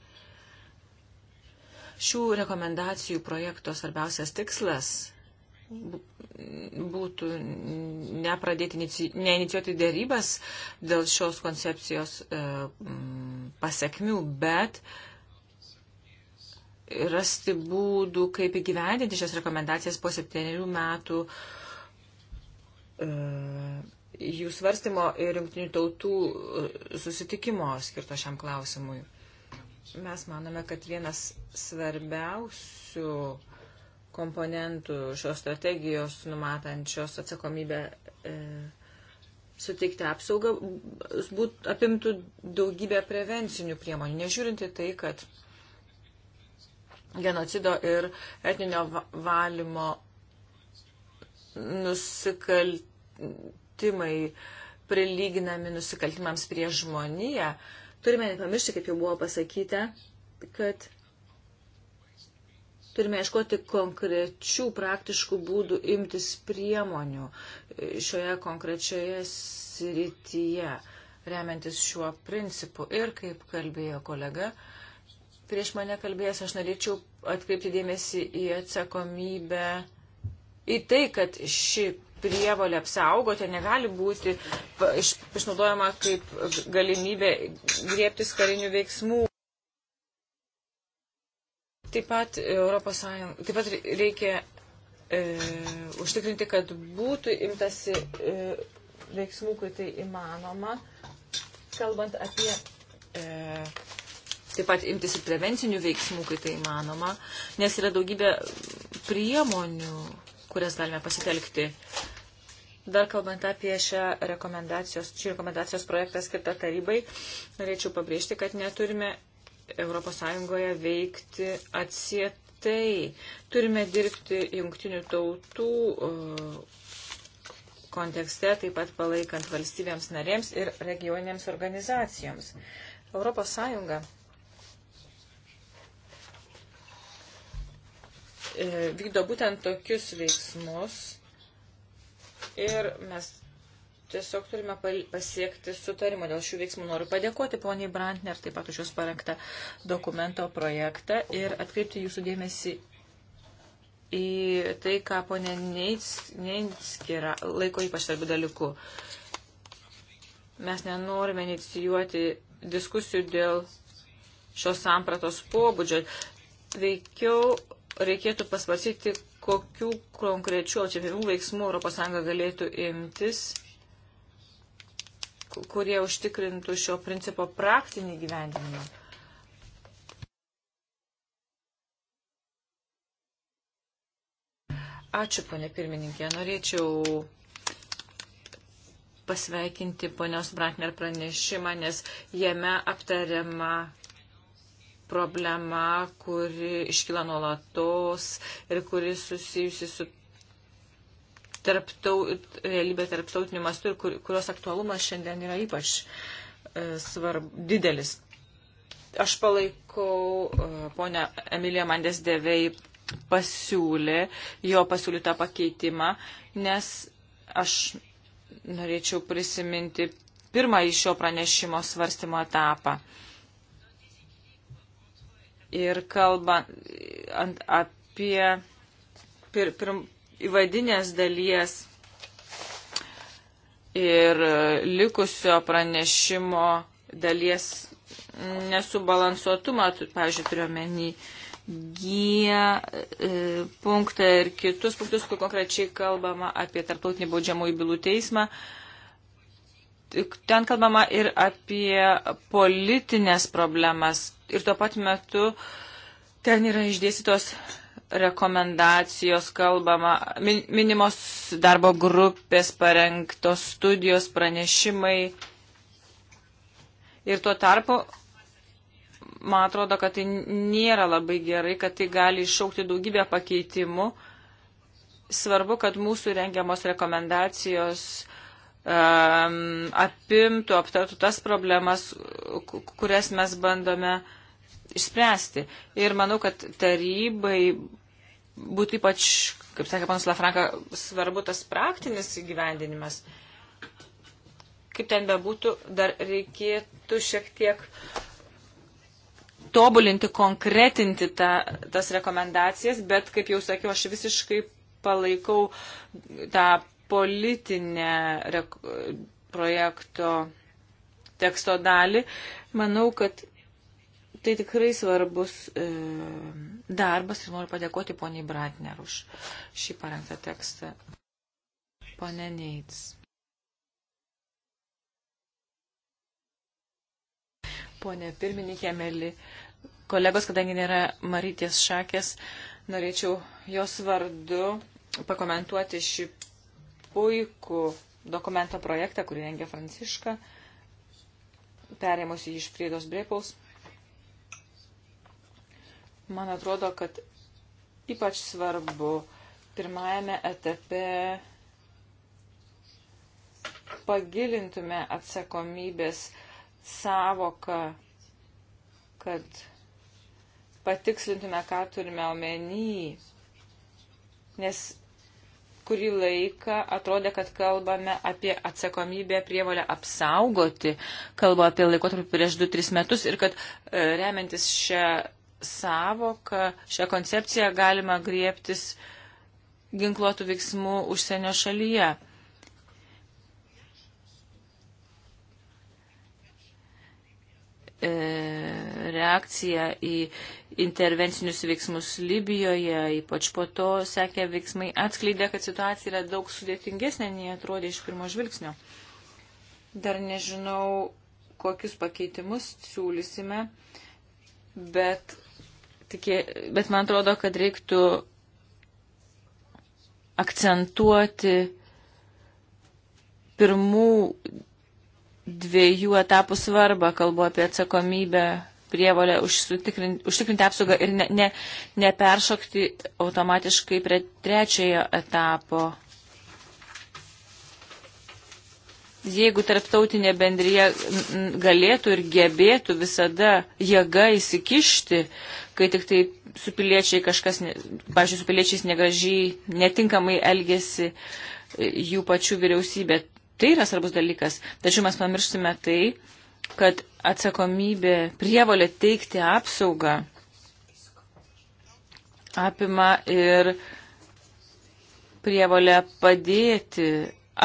Šių rekomendacijų projekto svarbiausias tikslas būtų nepradėti, neinicijuoti dėrybas dėl šios koncepcijos e, pasiekmių, bet rasti būdų, kaip įgyvendinti šias rekomendacijas po septyniarių metų e, jų svarstymo ir jungtinių tautų e, susitikimo skirto šiam klausimui. Mes manome, kad vienas svarbiausių komponentų šios strategijos numatančios atsakomybę e, suteikti apsaugą būt, apimtų daugybę prevencinių priemonių, nežiūrinti tai, kad genocido ir etninio valymo nusikal, nusikaltimai prilyginami nusikaltimams prie žmoniją, turime nepamiršti, kaip jau buvo pasakyta, kad turime ieškoti konkrečių praktiškų būdų imtis priemonių šioje konkrečioje srityje, remiantis šiuo principu. Ir kaip kalbėjo kolega, prieš mane kalbėjęs, aš norėčiau atkreipti dėmesį į atsakomybę, į tai, kad ši prievolė apsaugoti negali būti išnaudojama kaip galimybė griebtis karinių veiksmų. Taip pat, Europos Sąjunga, taip pat reikia e, užtikrinti, kad būtų imtasi e, veiksmų, kai tai įmanoma, kalbant apie e, taip pat imtis ir prevencinių veiksmų, kai tai įmanoma, nes yra daugybė priemonių, kurias galime pasitelkti. Dar kalbant apie šią rekomendacijos, šį rekomendacijos projektą skirtą tarybai, norėčiau pabrėžti, kad neturime ES veikti atsietai. Turime dirbti jungtinių tautų uh, kontekste, taip pat palaikant valstybėms narėms ir regioninėms organizacijoms. ES E, vykdo būtent tokius veiksmus ir mes tiesiog turime pasiekti sutarimo dėl šių veiksmų. Noriu padėkoti poniai Brantner taip pat už jos parengtą dokumento projektą ir atkreipti jūsų dėmesį į tai, ką ponė Neinskira laiko ypač svarbių dalykų. Mes nenorime inicijuoti diskusijų dėl šios sampratos pobūdžio. Veikiau reikėtų pasvarsyti, kokių konkrečių atšvietimų veiksmų ES galėtų imtis, kurie užtikrintų šio principo praktinį gyvendinimą. Ačiū, ponė pirmininkė. Norėčiau pasveikinti ponios Bratner pranešimą, nes jame aptariama problema, kuri iškyla nuolatos ir kuri susijusi su tarptau, realybė tarptautiniu mastu ir kur, kurios aktualumas šiandien yra ypač e, svarb, didelis. Aš palaikau e, ponę Emiliją Mandės dėvėjai pasiūlė, jo pasiūlytą pakeitimą, nes aš norėčiau prisiminti pirmąjį šio pranešimo svarstymo etapą. E, ir kalbant apie pir, pirm, įvadinės dalies ir likusio pranešimo dalies nesubalansuotumą, pavyzdžiui, turiuomenį G e, punktą ir kitus punktus, kur konkrečiai kalbama apie tarptautinį baudžiamųjų bylų teismą. E, ten kalbama ir apie politinės problemas. Ir tuo pat metu ten yra išdėstytos rekomendacijos, kalbama, min, minimos darbo grupės parengtos studijos, pranešimai. Ir tuo tarpu, man atrodo, kad tai nėra labai gerai, kad tai gali iššaukti daugybę pakeitimų. Svarbu, kad mūsų rengiamos rekomendacijos Um, apimtų, aptartų tas problemas, kurias mes bandome išspręsti. Ir manau, kad tarybai būtų ypač, kaip sakė panas Lafranka, svarbu tas praktinis įgyvendinimas. Kaip ten bebūtų, dar reikėtų šiek tiek tobulinti, konkretinti ta, tas rekomendacijas, bet, kaip jau sakiau, aš visiškai palaikau tą politinę projekto teksto dalį, manau, kad tai tikrai svarbus e, darbas ir noriu padėkoti poniai Bratner už šį parengtą tekstą. Pone Neits. Pone pirmininkė, mėly kolegos, kadangi nėra Marytės šakės, norėčiau jos vardu pakomentuoti šį puikų dokumento projektą, kurį rengia Franciška, perėmusi iš Friedos Brepaus. Man atrodo, kad ypač svarbu pirmajame etape pagilintume atsakomybės savoką, kad patikslintume, ką turime omeny, nes kurį laiką atrodė, kad kalbame apie atsakomybę prievalę apsaugoti, kalba apie laikotarpį prieš 2-3 metus ir kad e, remiantis šią savoką, šią koncepciją galima griebtis ginkluotų veiksmų užsienio šalyje. E, reakcija į intervencinius veiksmus Libijoje, ypač po to sekė veiksmai, atskleidė, kad situacija yra daug sudėtingesnė, nei atrodė iš pirmo žvilgsnio. Dar nežinau, kokius pakeitimus siūlysime, bet, tikė, bet man atrodo, kad reiktų akcentuoti pirmų dviejų etapų svarbą, kalbu apie atsakomybę prievolę užtikrinti, užtikrinti apsaugą ir ne, ne, neperšokti automatiškai prie trečiojo etapo. Jeigu tarptautinė bendryje galėtų ir gebėtų visada jėga įsikišti, kai tik tai su piliečiai kažkas, pažiūrėjau, su piliečiais negražiai, netinkamai elgesi e, jų pačių vyriausybė, tai yra svarbus dalykas. Tačiau mes pamirštume tai, kad atsakomybė prievalė teikti apsaugą apima ir prievalė padėti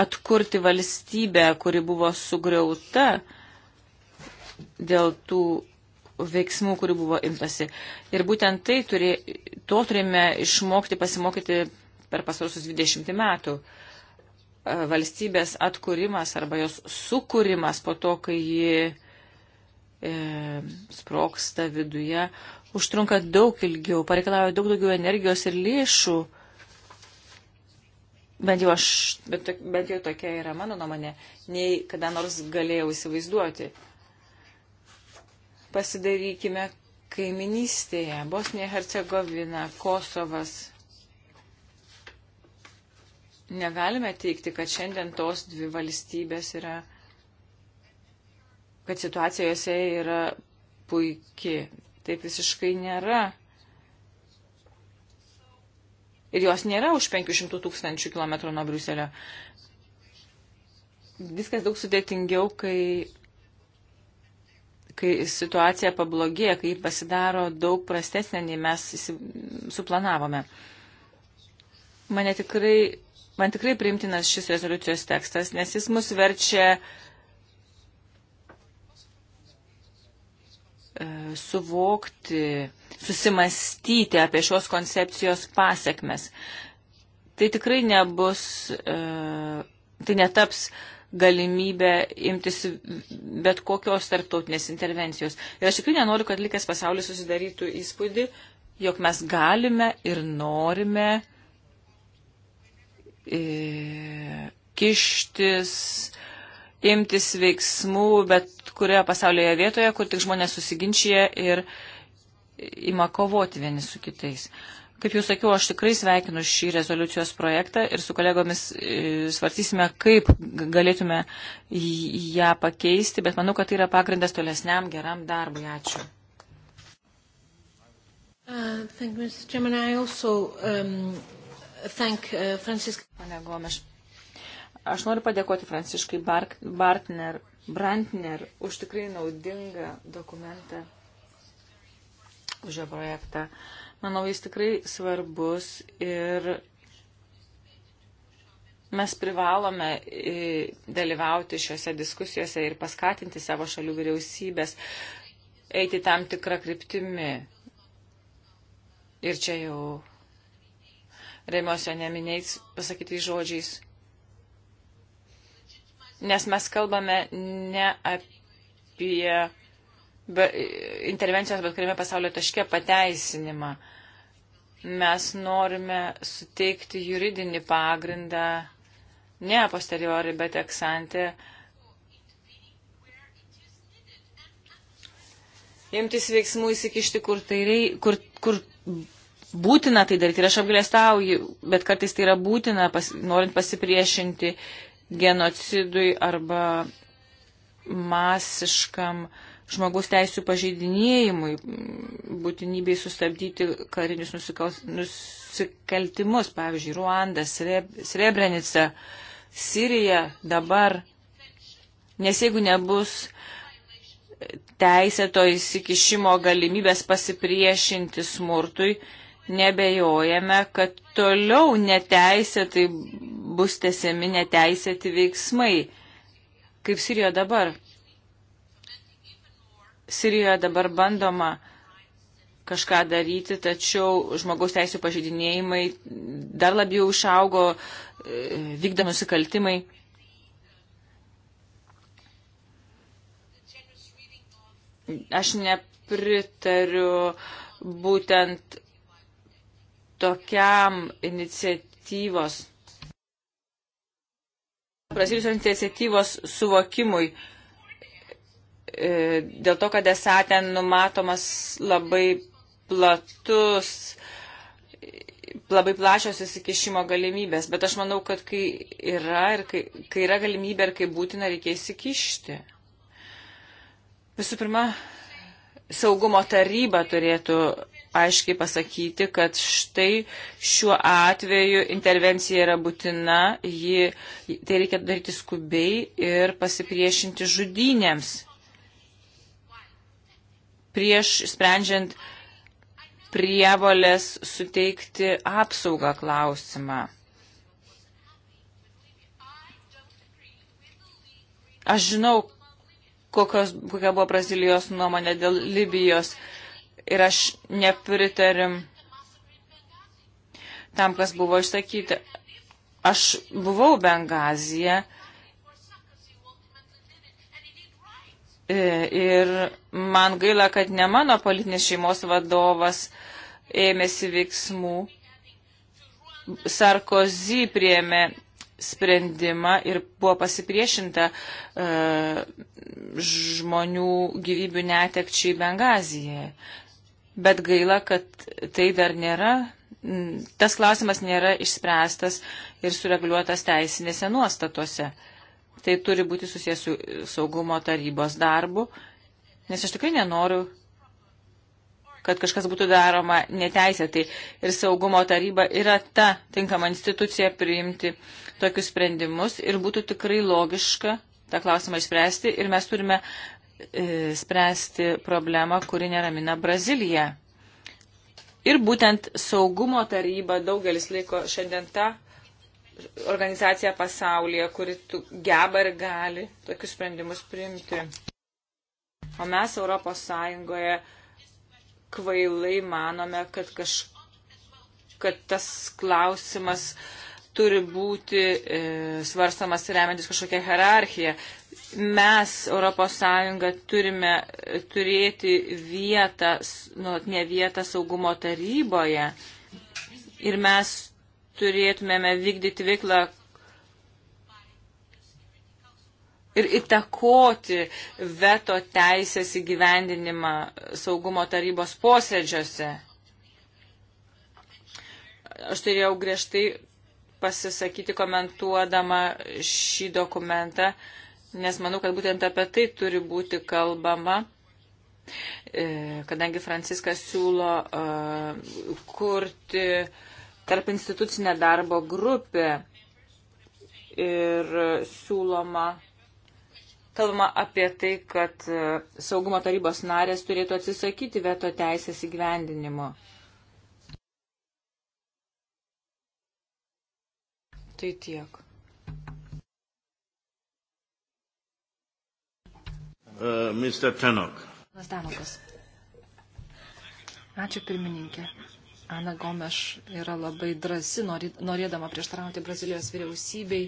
atkurti valstybę, kuri buvo sugriauta dėl tų veiksmų, kurių buvo imtasi. Ir būtent tai turė, to turime išmokti, pasimokyti per pasarusius 20 metų. Uh, E, valstybės atkūrimas arba jos sukūrimas po to, kai ji e, sproksta viduje, užtrunka daug ilgiau, pareikalauja daug daugiau energijos ir lėšų. Bent jau, aš, bet, bent jau tokia yra mano nuomonė, nei kada nors galėjau įsivaizduoti. Pasidarykime kaiminystėje. Bosnija, Hercegovina, Kosovas, Negalime teikti, kad šiandien tos dvi valstybės yra, kad situacija jose yra puikiai. Taip visiškai nėra. Ir jos nėra už 500 tūkstančių kilometrų nuo Briuselio. Viskas daug sudėtingiau, kai, kai situacija pablogėja, kai pasidaro daug prastesnė, nei mes suplanavome. Mane tikrai Man tikrai priimtinas šis rezoliucijos tekstas, nes jis mus verčia e, suvokti, susimastyti apie šios koncepcijos pasiekmes. Tai tikrai nebus, e, tai netaps galimybę imtis bet kokios tarptautinės intervencijos. Ir aš tikrai nenoriu, kad likęs pasaulis susidarytų įspūdį, jog mes galime ir norime kištis, imtis veiksmų, bet kurioje pasaulyje vietoje, kur tik žmonės susiginčia ir ima kovoti vieni su kitais. Kaip jau sakiau, aš tikrai sveikinu šį rezoliucijos projektą ir su kolegomis e, svartysime, kaip galėtume ją pakeisti, bet manau, kad tai yra pagrindas tolesniam geram darbui. Ačiū. Uh, thank you, Mr. Chairman. I also um, thank uh, Francisco. Pane Gomeš. Aš noriu padėkoti Franciškai Bark, Bartner, Brantner už tikrai naudingą dokumentą, už jo projektą. Manau, jis tikrai svarbus ir mes privalome e, dalyvauti šiuose diskusijose ir paskatinti savo šalių vyriausybės eiti tam tikrą kryptimį. Ir čia jau remiuosi neminiais pasakytais žodžiais. Nes mes kalbame ne apie be, intervencijos bet kuriame pasaulio taške pateisinimą. Mes norime suteikti juridinį pagrindą ne a posteriori, bet eksante imtis veiksmų įsikišti, kur, tai rei, kur, kur būtina tai daryti ir aš apgrėstauju, bet kartais tai yra būtina, pas, norint pasipriešinti genocidui arba masiškam žmogaus teisų pažeidinėjimui, būtinybei sustabdyti karinius nusikals, nusikaltimus, pavyzdžiui, Ruanda, Srebrenica, Sirija dabar. Nes jeigu nebus teisėto įsikišimo galimybės pasipriešinti smurtui, nebejojame, kad toliau neteisėtai bus tesiami neteisėti veiksmai, kaip Sirijoje dabar. Sirijoje dabar bandoma kažką daryti, tačiau žmogaus teisų pažeidinėjimai dar labiau išaugo, vykda nusikaltimai. Aš nepritariu būtent tokiam iniciatyvos, prasidėjusios iniciatyvos suvokimui, e, dėl to, kad esą ten numatomas labai platus, labai plačios įsikišimo galimybės, bet aš manau, kad kai yra, ir kai, kai yra galimybė ir kai būtina, reikia įsikišti. Visų pirma, saugumo taryba turėtų aiškiai pasakyti, kad štai šiuo atveju intervencija yra būtina, ji, tai reikia daryti skubiai ir pasipriešinti žudynėms. Prieš sprendžiant prievolės suteikti apsaugą klausimą. Aš žinau, kokios, kokia buvo Brazilijos nuomonė dėl Libijos ir aš nepritarim tam, kas buvo išsakyti. Aš buvau Bengazija e, ir man gaila, kad ne mano politinės šeimos vadovas ėmėsi veiksmų. Sarkozy priėmė sprendimą ir buvo pasipriešinta e, žmonių gyvybių netekčiai Bengazijoje bet gaila, kad tai dar nėra, tas klausimas nėra išspręstas ir sureguliuotas teisinėse nuostatuose. Tai turi būti susijęs su saugumo tarybos darbu, nes aš tikrai nenoriu, kad kažkas būtų daroma neteisėtai. Ir saugumo taryba yra ta tinkama institucija priimti tokius sprendimus ir būtų tikrai logiška tą klausimą išspręsti ir mes turime uh, E, spręsti problemą, kuri neramina Braziliją. Ir būtent saugumo taryba daugelis laiko šiandien tą organizacija pasaulyje, kuri geba ir gali tokius sprendimus priimti. O mes Europos Sąjungoje kvailai manome, kad, kaž, kad tas klausimas turi būti e, svarstamas remiantis kažkokią hierarchiją mes, ES, turime turėti vietą, nuolatinę vietą saugumo taryboje ir mes turėtumėme vykdyti veiklą ir įtakoti veto teisės įgyvendinimą saugumo tarybos posėdžiuose. Aš turėjau griežtai pasisakyti komentuodama šį dokumentą, nes manau, kad būtent apie tai turi būti kalbama, e, kadangi Franciskas siūlo e, kurti tarp institucinę darbo grupę ir siūloma kalbama apie tai, kad e, saugumo tarybos narės turėtų atsisakyti veto teisės įgyvendinimo. Tai tiek. uh, Mr. Tenok. Tenokas. Ačiū pirmininkė. Ana Gomeš yra labai drasi, norėdama prieštarauti Brazilijos vyriausybei,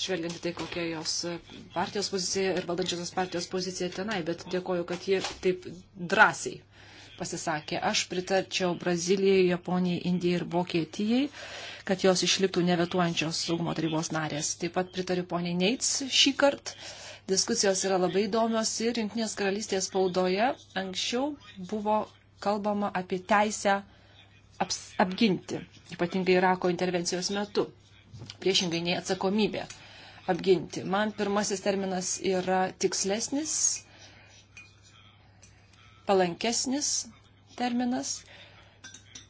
žvelgiant į tai, kokia jos partijos pozicija ir valdančiosios partijos pozicija tenai, bet dėkoju, kad ji taip drąsiai pasisakė. Aš pritarčiau Brazilijai, Japonijai, Indijai ir Vokietijai, kad jos išliktų nevetuojančios saugumo tarybos narės. Taip pat pritariu poniai Neits šį kartą Diskusijos yra labai įdomios ir Junktinės karalystės spaudoje anksčiau buvo kalbama apie teisę aps, apginti, ypatingai Irako intervencijos metu, priešingai nei atsakomybė apginti. Man pirmasis terminas yra tikslesnis, palankesnis terminas.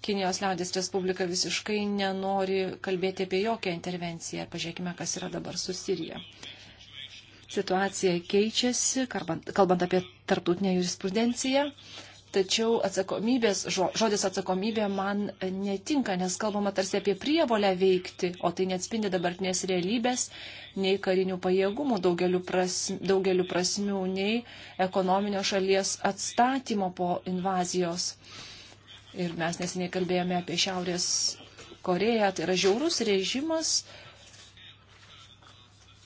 Kinijos liaudės Respublika visiškai nenori kalbėti apie jokią intervenciją. Pažiūrėkime, kas yra dabar su Sirija situacija keičiasi, kalbant, kalbant apie tarptautinę jurisprudenciją. Tačiau atsakomybės, žodis atsakomybė man netinka, nes kalbama tarsi apie prievolę veikti, o tai neatspindi dabartinės realybės, nei karinių pajėgumų daugeliu, prasm, daugeliu prasmių, nei ekonominio šalies atstatymo po invazijos. Ir mes nesiniai kalbėjome apie Šiaurės Koreją, tai yra žiaurus režimas,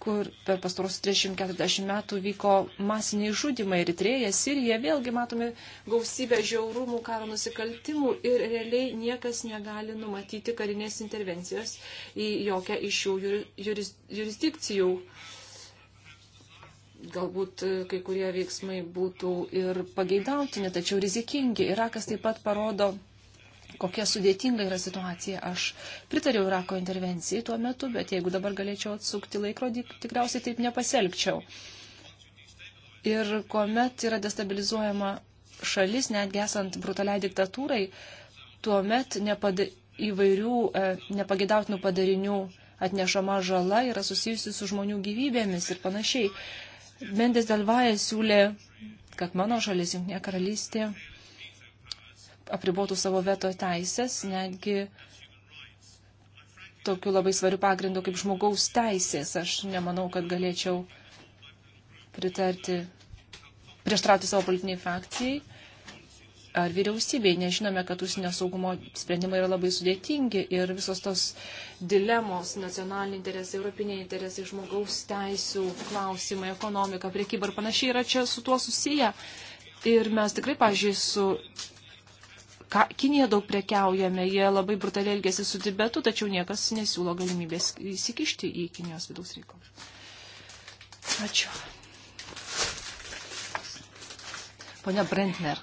kur per pastarosius 30-40 metų vyko masiniai žudimai Eritrėje, Sirijoje, vėlgi matome gausybę žiaurumų, karo nusikaltimų ir realiai niekas negali numatyti karinės intervencijos į jokią iš šių juris, jurisdikcijų. Galbūt e, kai kurie veiksmai būtų ir pageidautini, tačiau rizikingi. Irakas taip pat parodo kokia sudėtinga yra situacija. Aš pritariau Irako intervencijai tuo metu, bet jeigu dabar galėčiau atsukti laikrodį, tikriausiai taip nepaselgčiau. Ir kuomet yra destabilizuojama šalis, netgi esant brutaliai diktatūrai, tuomet nepada, įvairių e, nepagėdautinų padarinių atnešama žala yra susijusi su žmonių gyvybėmis ir panašiai. Mendes Delvaja siūlė, kad mano šalis, Junktinė karalystė, apribotų savo veto teisės, netgi tokiu labai svariu pagrindu kaip žmogaus teisės. Aš nemanau, kad galėčiau pritarti, prieštrauti savo politiniai frakcijai ar vyriausybei. Nežinome, kad užsienio saugumo sprendimai yra labai sudėtingi ir visos tos dilemos, nacionaliniai interesai, europiniai interesai, žmogaus teisų klausimai, ekonomika, priekyba ir panašiai yra čia su tuo susiję. Ir mes tikrai, pažiūrėjau, su ka, Kinija daug prekiaujame, jie labai brutaliai elgėsi su Tibetu, tačiau niekas nesiūlo galimybės įsikišti į Kinijos vidaus reikalus. Ačiū. Pone Brentner.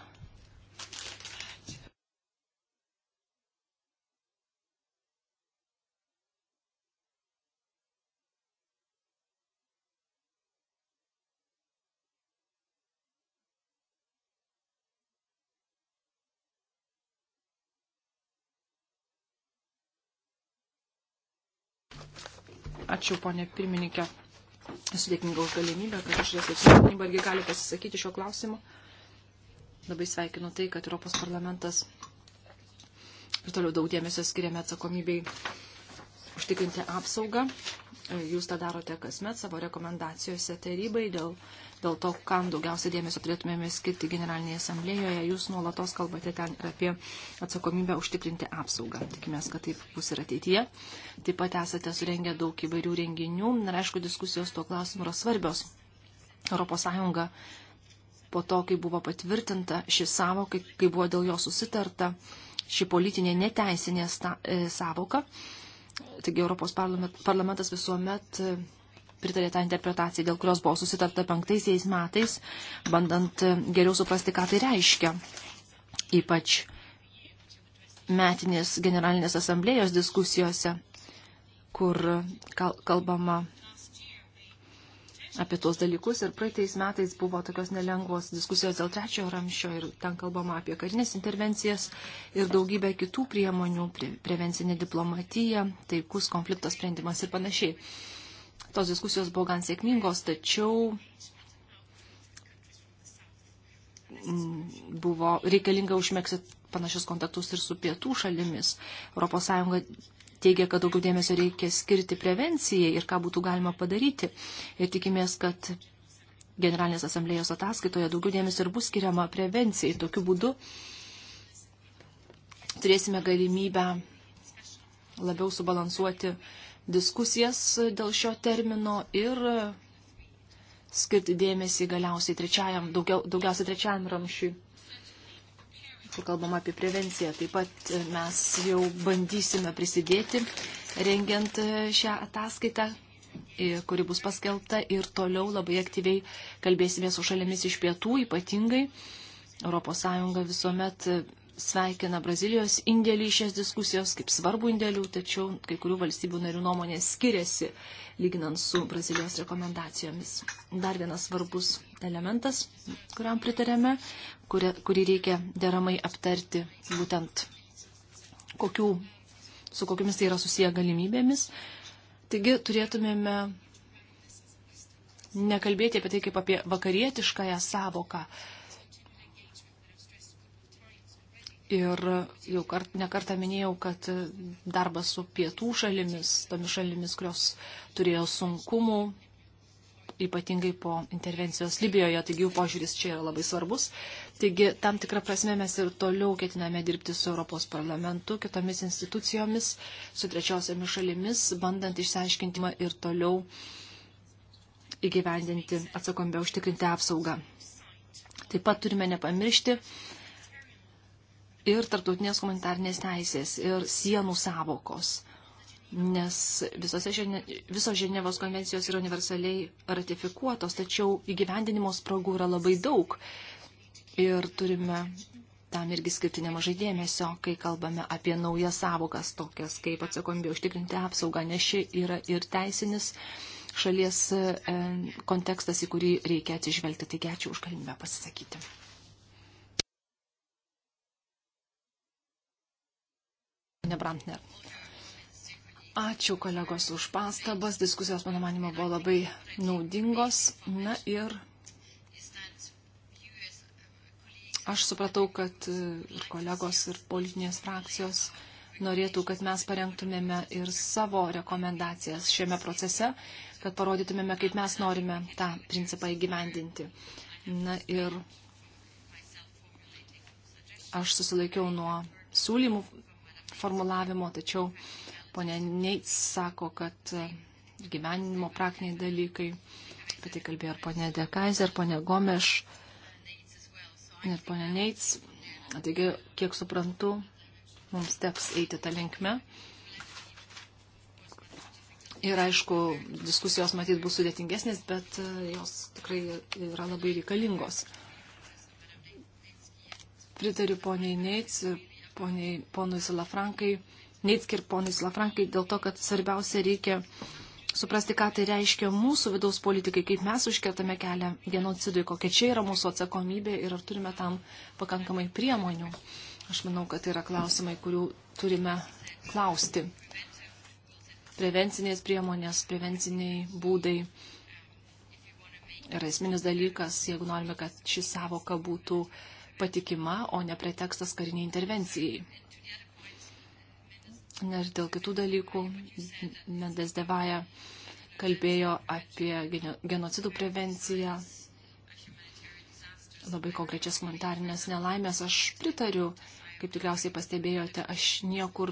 Ačiū, ponė pirmininkė. Esu dėkinga už galimybę, kad išrės ir tarnyba irgi gali pasisakyti šio klausimu. Labai sveikinu tai, kad Europos parlamentas ir toliau daug dėmesio skiriame atsakomybei užtikrinti apsaugą. Jūs tą darote kasmet savo rekomendacijose tarybai dėl, dėl to, kam daugiausia dėmesio turėtumėme skirti Generalinėje asamblėjoje. Jūs nuolatos kalbate ten ir apie atsakomybę užtikrinti apsaugą. Tikimės, kad taip bus ir ateityje. Taip pat esate surengę daug įvairių renginių. Ir aišku, diskusijos tuo klausimu yra svarbios. ES po to, kai buvo patvirtinta ši savoka, kai, kai buvo dėl jo susitarta, ši politinė neteisinė sta, e, savoka, Taigi Europos parlamentas visuomet e, pritarė tą interpretaciją, dėl kurios buvo susitarta penktaisiais metais, bandant e, geriau suprasti, ką tai reiškia. Ypač metinės generalinės asamblėjos diskusijose, kur kalbama apie tuos dalykus ir praeitais metais buvo tokios nelengvos diskusijos dėl trečiojo ramščio ir ten kalbama apie karinės intervencijas ir daugybę kitų priemonių, pre, prevencinė diplomatija, taikus konflikto sprendimas ir panašiai. Tos diskusijos buvo gan sėkmingos, tačiau mm, buvo reikalinga užmėgsti panašius kontaktus ir su pietų šalimis. ES teigia, kad daugiau dėmesio reikia skirti prevencijai ir ką būtų galima padaryti. Ir tikimės, kad Generalinės asamblėjos ataskaitoje daugiau dėmesio ir bus skiriama prevencijai. Tokiu būdu turėsime galimybę labiau subalansuoti diskusijas dėl šio termino ir skirti dėmesį galiausiai trečiajam, daugiau, daugiausiai trečiajam ramšiui kur kalbam apie prevenciją. Taip pat e, mes jau bandysime prisidėti rengiant e, šią ataskaitą, e, kuri bus paskelbta ir toliau labai aktyviai kalbėsime su šalimis iš pietų ypatingai. ES visuomet sveikina Brazilijos indėlį į šias diskusijos kaip svarbų indėlių, tačiau kai kurių valstybių narių nuomonės skiriasi, lyginant su Brazilijos rekomendacijomis. Dar vienas svarbus elementas, kuriam pritarėme, kuri, kurį reikia deramai aptarti, būtent kokių, su kokiamis tai yra susiję galimybėmis. Taigi turėtumėme nekalbėti apie tai kaip apie vakarietiškąją savoką, Ir jau kart, nekartą minėjau, kad darbas su pietų šalimis, tomis šalimis, kurios turėjo sunkumų, ypatingai po intervencijos Libijoje, taigi jų požiūris čia yra labai svarbus. Taigi tam tikrą prasme mes ir toliau ketiname dirbti su Europos parlamentu, kitomis institucijomis, su trečiosiamis šalimis, bandant išsiaiškinti ir toliau įgyvendinti atsakomybę užtikrinti apsaugą. Taip pat turime nepamiršti, ir tarptautinės humanitarnės teisės ir sienų savokos, nes žene, visos Ženevos konvencijos yra universaliai ratifikuotos, tačiau įgyvendinimo spragų yra labai daug ir turime tam irgi skirti nemažai dėmesio, kai kalbame apie naujas savokas, tokias kaip atsakomybė užtikrinti apsaugą, nes ši yra ir teisinis šalies e, kontekstas, į kurį reikia atsižvelgti. Taigi ačiū už galimybę pasisakyti. ponė Brantner. Ačiū kolegos už pastabas. Diskusijos, mano manimo, buvo labai naudingos. Na ir aš supratau, kad ir kolegos, ir politinės frakcijos norėtų, kad mes parengtumėme ir savo rekomendacijas šiame procese, kad parodytumėme, kaip mes norime tą principą įgyvendinti. Na ir aš susilaikiau nuo siūlymų formulavimo, tačiau ponė Neits sako, kad e, gyvenimo praktiniai dalykai, apie tai kalbėjo ir ponė Dekaiser, ponė Gomeš ir ponė Neits. Taigi, kiek suprantu, mums teks eiti tą linkmę. Ir aišku, diskusijos matyt bus sudėtingesnės, bet e, jos tikrai yra labai reikalingos. Pritariu poniai Neits ir poniai, ponui Silafrankai, neitskir ponui Silafrankai, dėl to, kad svarbiausia reikia suprasti, ką tai reiškia mūsų vidaus politikai, kaip mes užkertame kelią genocidui, kokia čia yra mūsų atsakomybė ir ar turime tam pakankamai priemonių. Aš manau, kad tai yra klausimai, kurių turime klausti. Prevencinės priemonės, prevenciniai būdai yra esminis dalykas, jeigu norime, kad ši savoka būtų uh, patikima, o ne pretekstas kariniai intervencijai. Na ir dėl kitų dalykų Mendes Devaja kalbėjo apie genocidų prevenciją, labai konkrečias humanitarinės nelaimės. Aš pritariu, kaip tikriausiai pastebėjote, aš niekur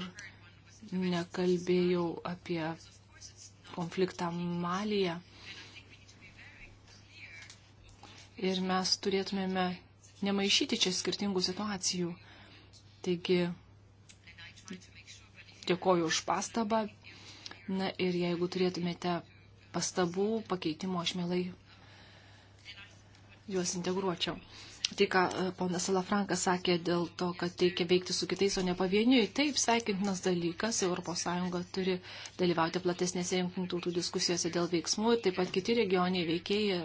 nekalbėjau apie konfliktą Malyje. Ir mes turėtumėme nemaišyti čia skirtingų situacijų. Taigi, dėkoju už pastabą. Na ir jeigu turėtumėte pastabų, pakeitimo, aš mielai juos integruočiau. Tai, ką e, ponas Salafrankas sakė dėl to, kad reikia veikti su kitais, o ne pavieniui, taip sveikintinas dalykas, ES turi dalyvauti platesnėse jungtinių tautų diskusijose dėl veiksmų ir taip pat kiti regioniai veikėjai,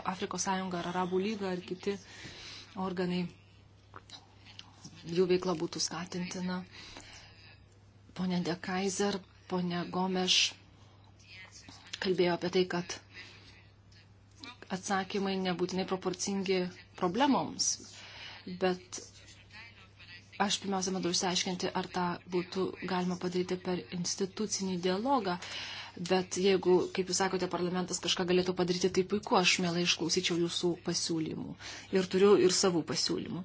Afrikos sąjunga, Arabų lyga ar kiti organai, jų veikla būtų skatintina. Pone De Kaiser, pone Gomeš kalbėjo apie tai, kad atsakymai nebūtinai proporcingi problemoms, bet aš pirmiausia bandau išsiaiškinti, ar tą būtų galima padaryti per institucinį dialogą. Uh, Bet jeigu, kaip jūs sakote, parlamentas kažką galėtų padaryti, tai puiku, aš mielai išklausyčiau jūsų pasiūlymų. Ir turiu ir savų pasiūlymų.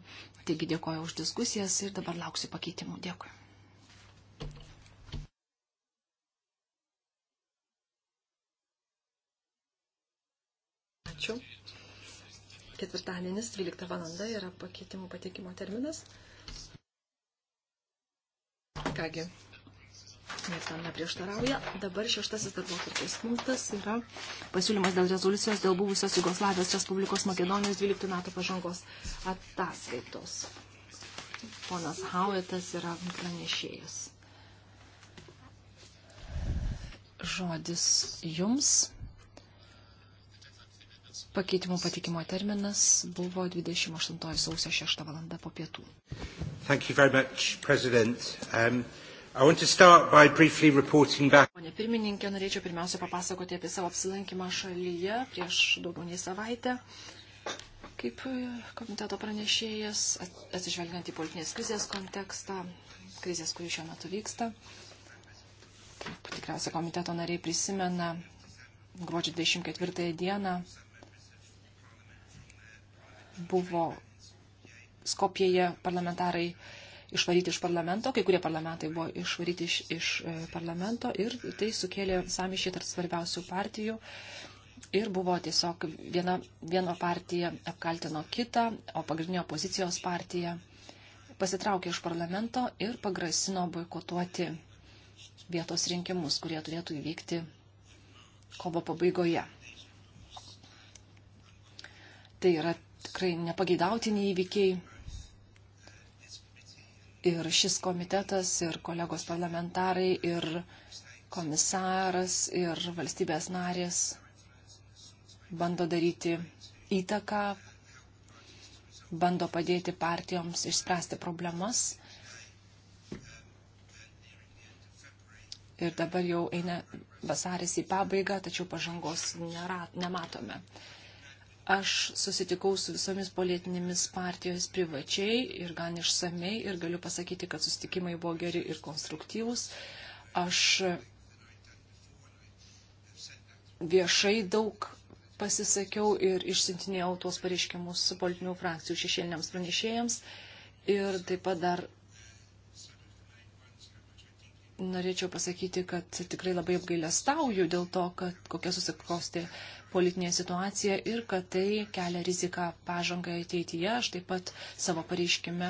Taigi dėkoju už diskusijas ir dabar lauksiu pakeitimų. Dėkui. Ačiū. Ketvirtadienis, 12 valanda yra pakeitimų pateikimo terminas. Kągi, Niekas tam neprieštarauja. Dabar šeštasis darbo atvarkės punktas yra pasiūlymas dėl rezoliucijos dėl buvusios Jugoslavijos Respublikos Makedonijos 12 metų pažangos ataskaitos. Ponas Hauetas yra pranešėjas. Žodis jums. Pakeitimų patikimo terminas buvo 28 sausio 6 valanda po pietų. Thank you very much, President. Um, Pone pirmininkė, norėčiau pirmiausia papasakoti apie savo apsilankymą šalyje prieš daugiau nei savaitę. Kaip komiteto pranešėjas, atsižvelgiant į politinės krizės kontekstą, krizės, kuri šiuo metu vyksta, kaip tikriausia komiteto nariai prisimena, gruodžio 24 dieną buvo Skopijoje parlamentarai išvaryti iš parlamento, kai kurie parlamentai buvo išvaryti iš, iš e, parlamento ir tai sukėlė samišį tarp svarbiausių partijų. Ir buvo tiesiog viena, viena partija apkaltino kitą, o pagrindinė opozicijos partija pasitraukė iš parlamento ir pagrasino boikotuoti vietos rinkimus, kurie turėtų įvykti kovo pabaigoje. Tai yra tikrai nepageidautini įvykiai ir šis komitetas, ir kolegos parlamentarai, ir komisaras, ir valstybės narės bando daryti įtaką, bando padėti partijoms išspręsti problemas. Ir dabar jau eina vasaris į pabaigą, tačiau pažangos nėra, nematome. Aš susitikau su visomis politinėmis partijomis privačiai ir gan išsamei ir galiu pasakyti, kad susitikimai buvo geri ir konstruktyvūs. Aš viešai daug pasisakiau ir išsintinėjau tuos pareiškimus politinių frakcijų šešėliniams pranešėjams. Ir taip pat dar norėčiau pasakyti, kad tikrai labai apgailestauju dėl to, kad kokia susiklosti politinė situacija ir kad tai kelia riziką pažangai ateityje. Aš taip pat savo pareiškime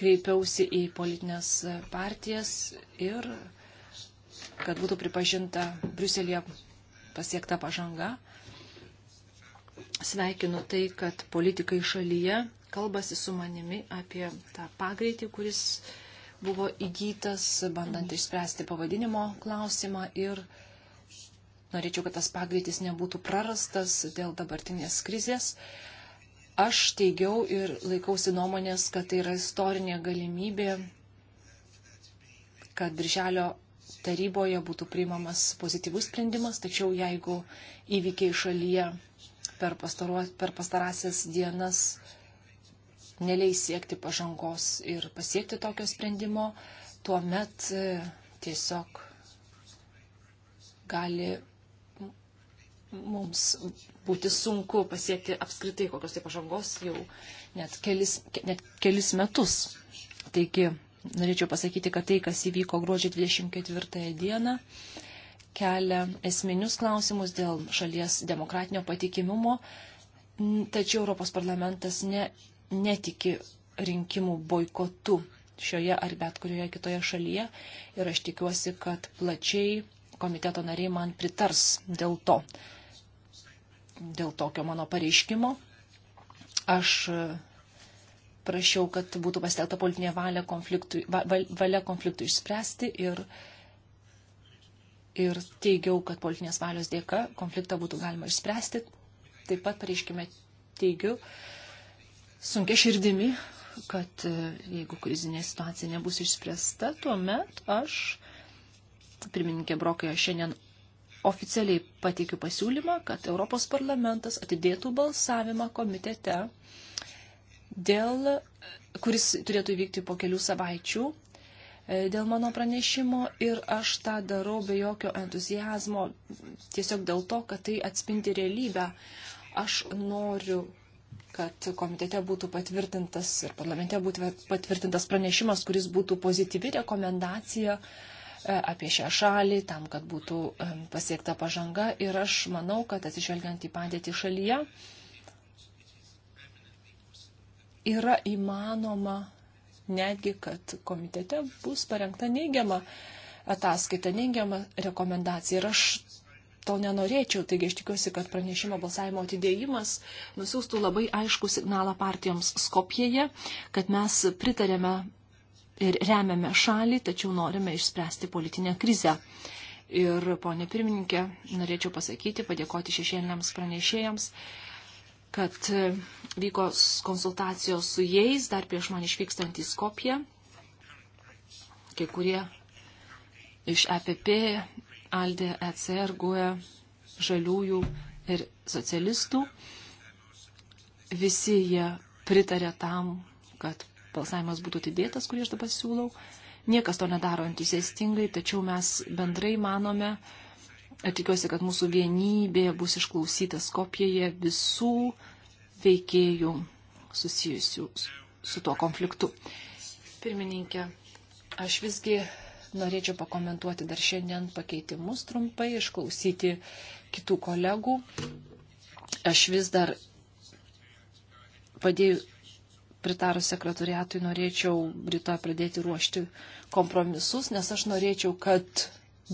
kreipiausi į politinės partijas ir kad būtų pripažinta Briuselėje pasiekta pažanga. Sveikinu tai, kad politikai šalyje kalbasi su manimi apie tą pagreitį, kuris uh, buvo įgytas, bandant išspręsti pavadinimo klausimą ir norėčiau, kad tas pagreitis nebūtų prarastas dėl dabartinės krizės. Aš teigiau ir laikausi nuomonės, kad tai yra istorinė galimybė, kad Birželio taryboje būtų priimamas pozityvus sprendimas, tačiau jeigu įvykiai šalyje per, pastaruo, per pastarasias dienas neleis siekti pažangos ir pasiekti tokio sprendimo, tuomet e, tiesiog gali mums būti sunku pasiekti apskritai kokios tai pažangos jau net kelis, net kelis metus. Taigi, norėčiau pasakyti, kad tai, kas įvyko gruodžio 24 dieną, kelia esminius klausimus dėl šalies demokratinio patikimumo, tačiau Europos parlamentas ne netiki rinkimų boikotu šioje ar bet kurioje kitoje šalyje ir aš tikiuosi, kad plačiai komiteto nariai man pritars dėl to, dėl tokio mano pareiškimo. Aš e, prašiau, kad būtų pasitelta politinė valia konfliktui, valia konfliktui išspręsti ir, ir teigiau, kad politinės valios dėka konfliktą būtų galima išspręsti. Taip pat pareiškime teigiu, sunkia širdimi, kad e, jeigu krizinė situacija nebus išspręsta, tuomet aš, pirmininkė Brokai, aš šiandien oficialiai pateikiu pasiūlymą, kad Europos parlamentas atidėtų balsavimą komitete, dėl, kuris turėtų įvykti po kelių savaičių, e, dėl mano pranešimo ir aš tą darau be jokio entuzijazmo, tiesiog dėl to, kad tai atspindi realybę. Aš noriu kad komitete būtų patvirtintas ir parlamente būtų patvirtintas pranešimas, kuris būtų pozityvi rekomendacija e, apie šią šalį, tam, kad būtų e, pasiekta pažanga. Ir aš manau, kad atsižvelgiant į padėtį šalyje, yra įmanoma netgi, kad komitete bus parengta neigiama ataskaita, neigiama rekomendacija. Ir aš to nenorėčiau, taigi aš tikiuosi, kad pranešimo balsavimo atidėjimas nusiųstų labai aišku signalą partijoms Skopjeje, kad mes pritarėme ir remiame šalį, tačiau norime išspręsti politinę krizę. Ir, ponė pirmininkė, norėčiau pasakyti, padėkoti šešėliniams pranešėjams, kad e, vyko konsultacijos su jais dar prieš man išvykstant į Skopiją. Kai kurie iš EPP Aldė ECR, GUE, Žaliųjų ir socialistų. Visi jie pritarė tam, kad balsavimas būtų atidėtas, kurį aš dabar siūlau. Niekas to nedaro entuziastingai, tačiau mes bendrai manome, tikiuosi, kad mūsų vienybė bus išklausyta Skopijoje visų veikėjų susijusių su tuo konfliktu. Pirmininkė, aš visgi Norėčiau pakomentuoti dar šiandien pakeitimus trumpai, išklausyti kitų kolegų. Aš vis dar padėjus pritarus sekretoriatui norėčiau rytoj pradėti ruošti kompromisus, nes aš norėčiau, kad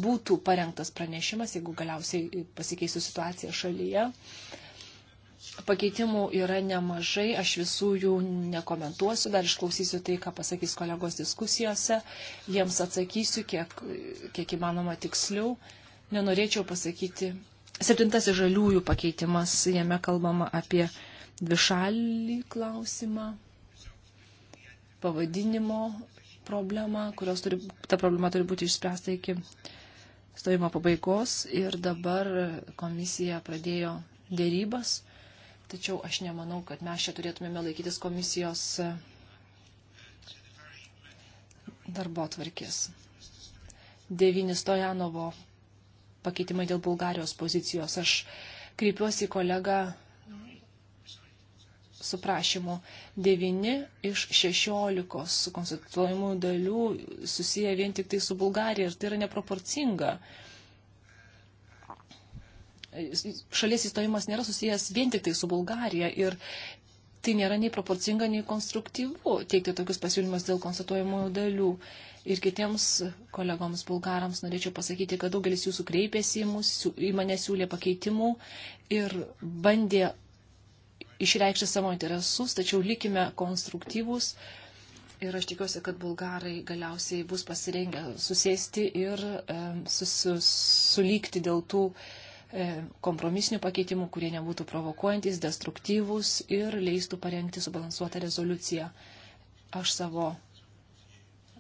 būtų parengtas pranešimas, jeigu galiausiai pasikeisų situacija šalyje. Uh, Pakeitimų yra nemažai, aš visų jų nekomentuosiu, dar išklausysiu tai, ką pasakys kolegos diskusijose, jiems atsakysiu kiek, kiek įmanoma tiksliau. Nenorėčiau pasakyti. Septintasis žaliųjų pakeitimas, jame kalbama apie dvišalį klausimą, pavadinimo problemą, kurios turi, ta problema turi būti išspręsta iki stojimo pabaigos ir dabar komisija pradėjo dėrybas Tačiau aš nemanau, kad mes čia turėtumėme laikytis komisijos e, darbo tvarkės. Devynis Stojanovo pakeitimai dėl Bulgarijos pozicijos. Aš kreipiuosi į kolegą su prašymu. Devini iš šešiolikos konsultuojamų dalių susiję vien tik tai su Bulgarija ir tai yra neproporcinga. Uh, šalies įstojimas nėra susijęs vien tik tai su Bulgarija ir tai nėra nei proporcinga, nei konstruktyvu teikti tokius pasiūlymus dėl konstatuojamųjų dalių. Ir kitiems kolegoms bulgarams norėčiau pasakyti, kad daugelis jūsų kreipėsi į, mus, į mane siūlė pakeitimų ir bandė išreikšti savo interesus, tačiau likime konstruktyvūs. Ir aš tikiuosi, kad bulgarai galiausiai bus pasirengę susėsti ir e, sus, sulygti dėl tų e, E, kompromisinių pakeitimų, kurie nebūtų provokuojantis, destruktyvūs ir leistų parengti subalansuotą rezoliuciją. Aš savo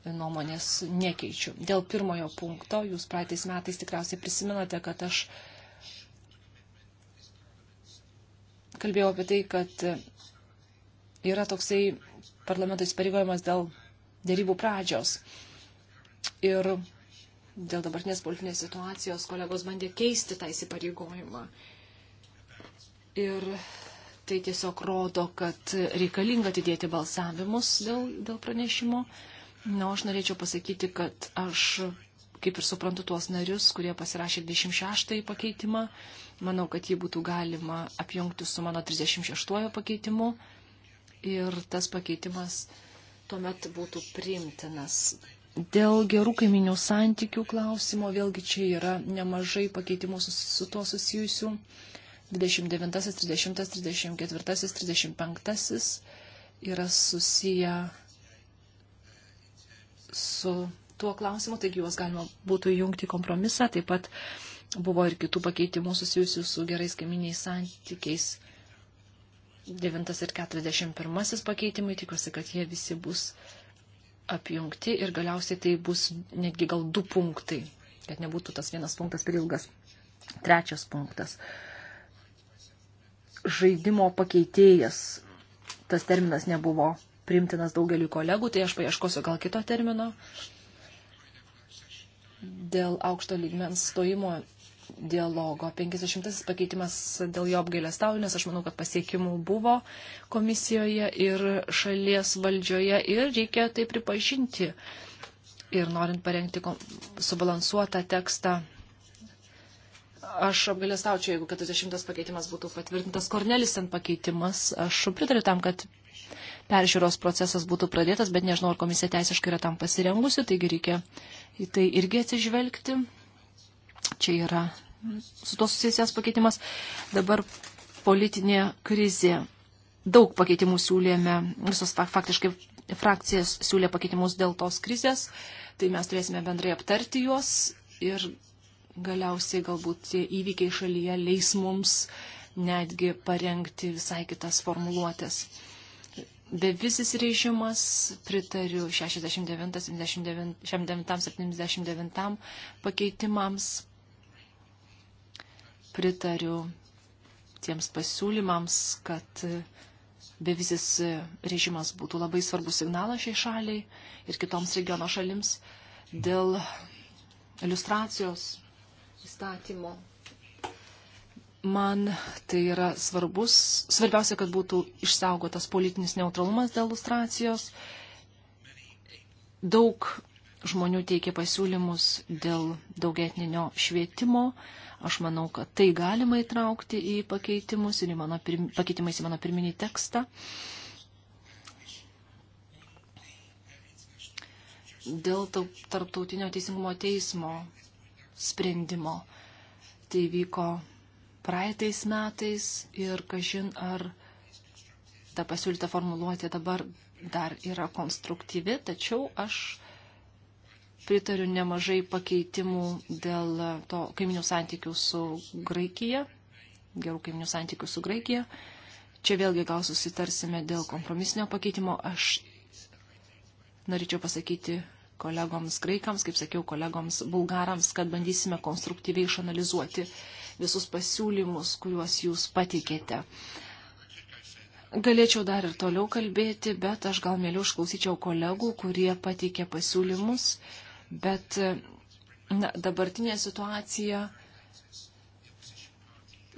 nuomonės nekeičiu. Dėl pirmojo punkto, jūs praeitais metais tikriausiai prisimenate, kad aš kalbėjau apie tai, kad yra toksai parlamento įsipareigojimas dėl dėrybų pradžios. Ir dėl dabartinės politinės situacijos kolegos bandė keisti tą įsipareigojimą. Ir tai tiesiog rodo, kad reikalinga atidėti balsavimus dėl, dėl pranešimo. Na, aš norėčiau pasakyti, kad aš, kaip ir suprantu tuos narius, kurie pasirašė 26 pakeitimą, manau, kad jį būtų galima apjungti su mano 36 pakeitimu ir tas pakeitimas tuomet būtų priimtinas Dėl gerų kaiminių santykių klausimo, vėlgi čia yra nemažai pakeitimų su, su tuo susijusių. 29, 30, 34, 35 yra susiję su tuo klausimu, taigi juos galima būtų jungti kompromisą. Taip pat buvo ir kitų pakeitimų susijusių su gerais kaiminiais santykiais. 9 ir 41 pakeitimai, tikiuosi, kad jie visi bus uh, apjungti ir galiausiai tai bus netgi gal du punktai, kad nebūtų tas vienas punktas per ilgas. Trečias punktas. Žaidimo pakeitėjas. Tas terminas nebuvo primtinas daugeliu kolegų, tai aš paieškosiu gal kito termino. Dėl aukšto lygmens stojimo dialogo. 50 pakeitimas dėl jo apgailestauju, nes aš manau, kad pasiekimų buvo komisijoje ir šalies valdžioje ir reikia tai pripažinti. Ir norint parengti subalansuotą tekstą, aš apgailestaučiau, jeigu 40 pakeitimas būtų patvirtintas. Kornelis ten pakeitimas, aš pritariu tam, kad peržiūros procesas būtų pradėtas, bet nežinau, ar komisija teisiškai yra tam pasirengusi, taigi reikia į tai irgi atsižvelgti čia yra su to susijęs pakeitimas. Dabar politinė krizė. Daug pakeitimų siūlėme, visos faktiškai frakcijas siūlė pakeitimus dėl tos krizės, tai mes turėsime bendrai aptarti juos ir galiausiai galbūt tie įvykiai šalyje leis mums netgi parengti visai kitas formuluotės. Bevisis režimas, pritariu 69, 79, 79, 79 pakeitimams, pritariu tiems pasiūlymams, kad bevizis režimas būtų labai svarbus signalas šiai šaliai ir kitoms regiono šalims dėl iliustracijos įstatymo. Man tai yra svarbus, svarbiausia, kad būtų išsaugotas politinis neutralumas dėl iliustracijos. Daug žmonių teikia pasiūlymus dėl daugetninio švietimo, Aš manau, kad tai galima įtraukti į pakeitimus ir į mano pirm... pakeitimais į mano pirminį tekstą. Dėl tarptautinio teisingumo teismo sprendimo. Tai vyko praeitais metais ir kažin ar ta pasiūlyta formuluotė dabar dar yra konstruktyvi, tačiau aš pritariu nemažai pakeitimų dėl to kaiminių santykių su Graikija, gerų kaiminių santykių su Graikija. Čia vėlgi gal susitarsime dėl kompromisinio pakeitimo. Aš norėčiau pasakyti kolegoms graikams, kaip sakiau, kolegoms bulgarams, kad bandysime konstruktyviai išanalizuoti visus pasiūlymus, kuriuos jūs pateikėte. Galėčiau dar ir toliau kalbėti, bet aš gal mėliau išklausyčiau kolegų, kurie pateikė pasiūlymus. Uh, bet na, dabartinė situacija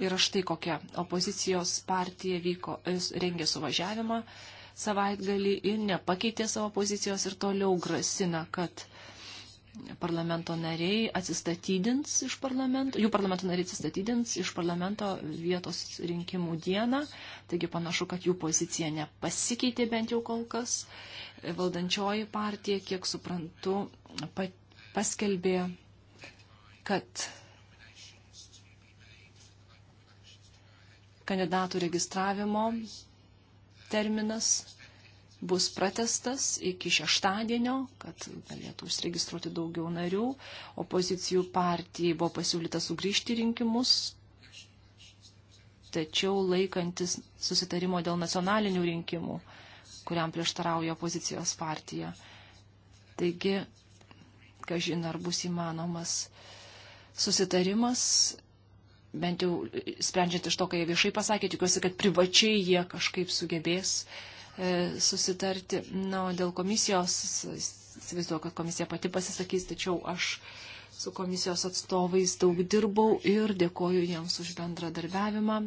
yra štai kokia. Opozicijos partija vyko, rengė suvažiavimą savaitgalį ir nepakeitė savo pozicijos ir toliau grasina, kad parlamento nariai atsistatydins iš parlamento, jų parlamento nariai atsistatydins iš parlamento vietos rinkimų dieną, taigi panašu, kad jų pozicija nepasikeitė bent jau kol kas. Valdančioji partija, kiek suprantu, paskelbė, kad kandidatų registravimo terminas bus pratestas iki šeštadienio, kad galėtų užsiregistruoti daugiau narių. Opozicijų partijai buvo pasiūlyta sugrįžti rinkimus, tačiau laikantis susitarimo dėl nacionalinių rinkimų, kuriam prieštarauja opozicijos partija. Taigi, kažin ar bus įmanomas susitarimas, bent jau sprendžiant iš to, ką jie viešai pasakė, tikiuosi, kad privačiai jie kažkaip sugebės uh, E, susitarti. Na, o dėl komisijos, įsivaizduoju, kad komisija pati pasisakys, tačiau aš su komisijos atstovais daug dirbau ir dėkoju jiems už bendradarbiavimą.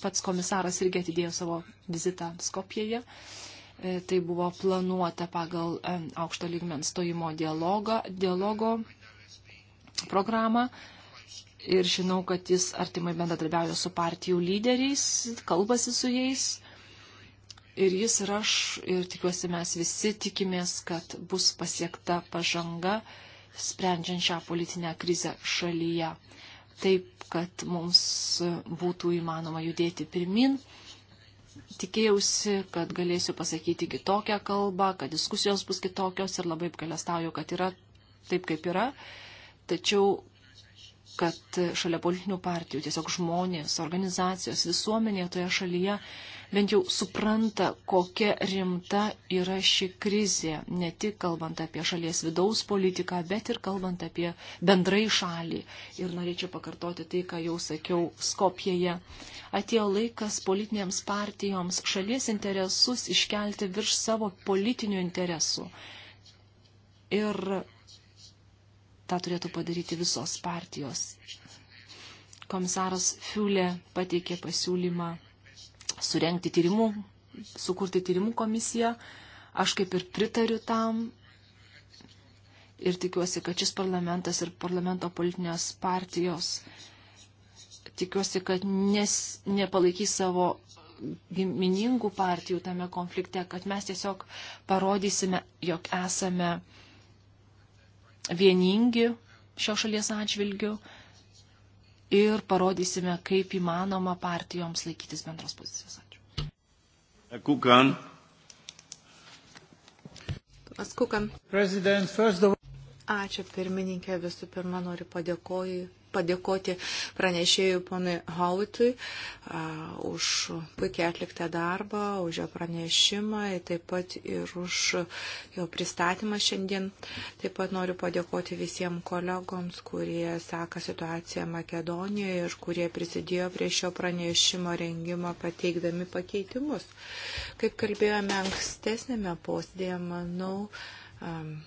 Pats komisaras irgi atidėjo savo vizitą Skopijoje. E, tai buvo planuota pagal e, aukšto lygmens stojimo dialogą, dialogo programą. Ir žinau, kad jis artimai bendradarbiauja su partijų lyderiais, kalbasi su jais Ir jis ir aš, ir tikiuosi mes visi tikimės, kad bus pasiekta pažanga, sprendžiant šią politinę krizę šalyje. Taip, kad mums būtų įmanoma judėti pirmin. Tikėjausi, kad galėsiu pasakyti kitokią kalbą, kad diskusijos bus kitokios ir labai apgalestauju, kad yra taip, kaip yra. Tačiau kad šalia politinių partijų tiesiog žmonės, organizacijos, visuomenė toje šalyje bent jau supranta, kokia rimta yra ši krizė, ne tik kalbant apie šalies vidaus politiką, bet ir kalbant apie bendrai šalį. Ir norėčiau pakartoti tai, ką jau sakiau Skopjeje. Atėjo laikas politinėms partijoms šalies interesus iškelti virš savo politinių interesų. Ir tą turėtų padaryti visos partijos. Komisaras Fiulė pateikė pasiūlymą surenkti tyrimų, sukurti tyrimų komisiją. Aš kaip ir pritariu tam ir tikiuosi, kad šis parlamentas ir parlamento politinės partijos tikiuosi, kad nes, nepalaikys savo giminingų partijų tame konflikte, kad mes tiesiog parodysime, jog esame uh, vieningi šios šalies atžvilgių ir parodysime, kaip įmanoma partijoms laikytis bendros pozicijos. Ačiū. Kukan. Kukan. Ačiū pirmininkė, visų pirma noriu padėkoti padėkoti pranešėjui ponui Hautui už puikiai atliktą darbą, už jo pranešimą, taip pat ir už jo pristatymą šiandien. Taip pat noriu padėkoti visiems kolegoms, kurie seka situaciją Makedonijoje ir kurie prisidėjo prie šio pranešimo rengimo pateikdami pakeitimus. Kaip kalbėjome ankstesnėme posėdėje, manau, um,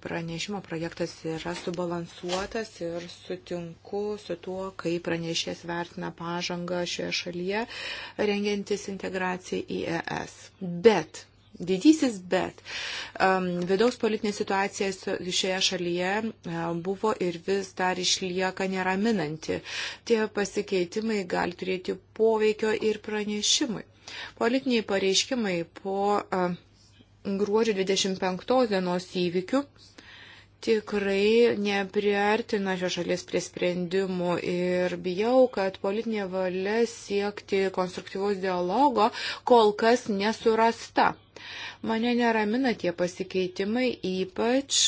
pranešimo projektas yra subalansuotas ir sutinku su tuo, kai pranešės vertina pažangą šioje šalyje, rengiantis integracijai į ES. Bet Didysis bet. Um, vidaus politinė situacija šioje šalyje um, buvo ir vis dar išlieka neraminanti. Tie pasikeitimai gali turėti poveikio ir pranešimui. Politiniai pareiškimai po. Um, gruodžio 25 dienos įvykių tikrai nepriartina šios šalies prie sprendimų ir bijau, kad politinė valia siekti konstruktyvaus dialogo kol kas nesurasta. Mane neramina tie pasikeitimai, ypač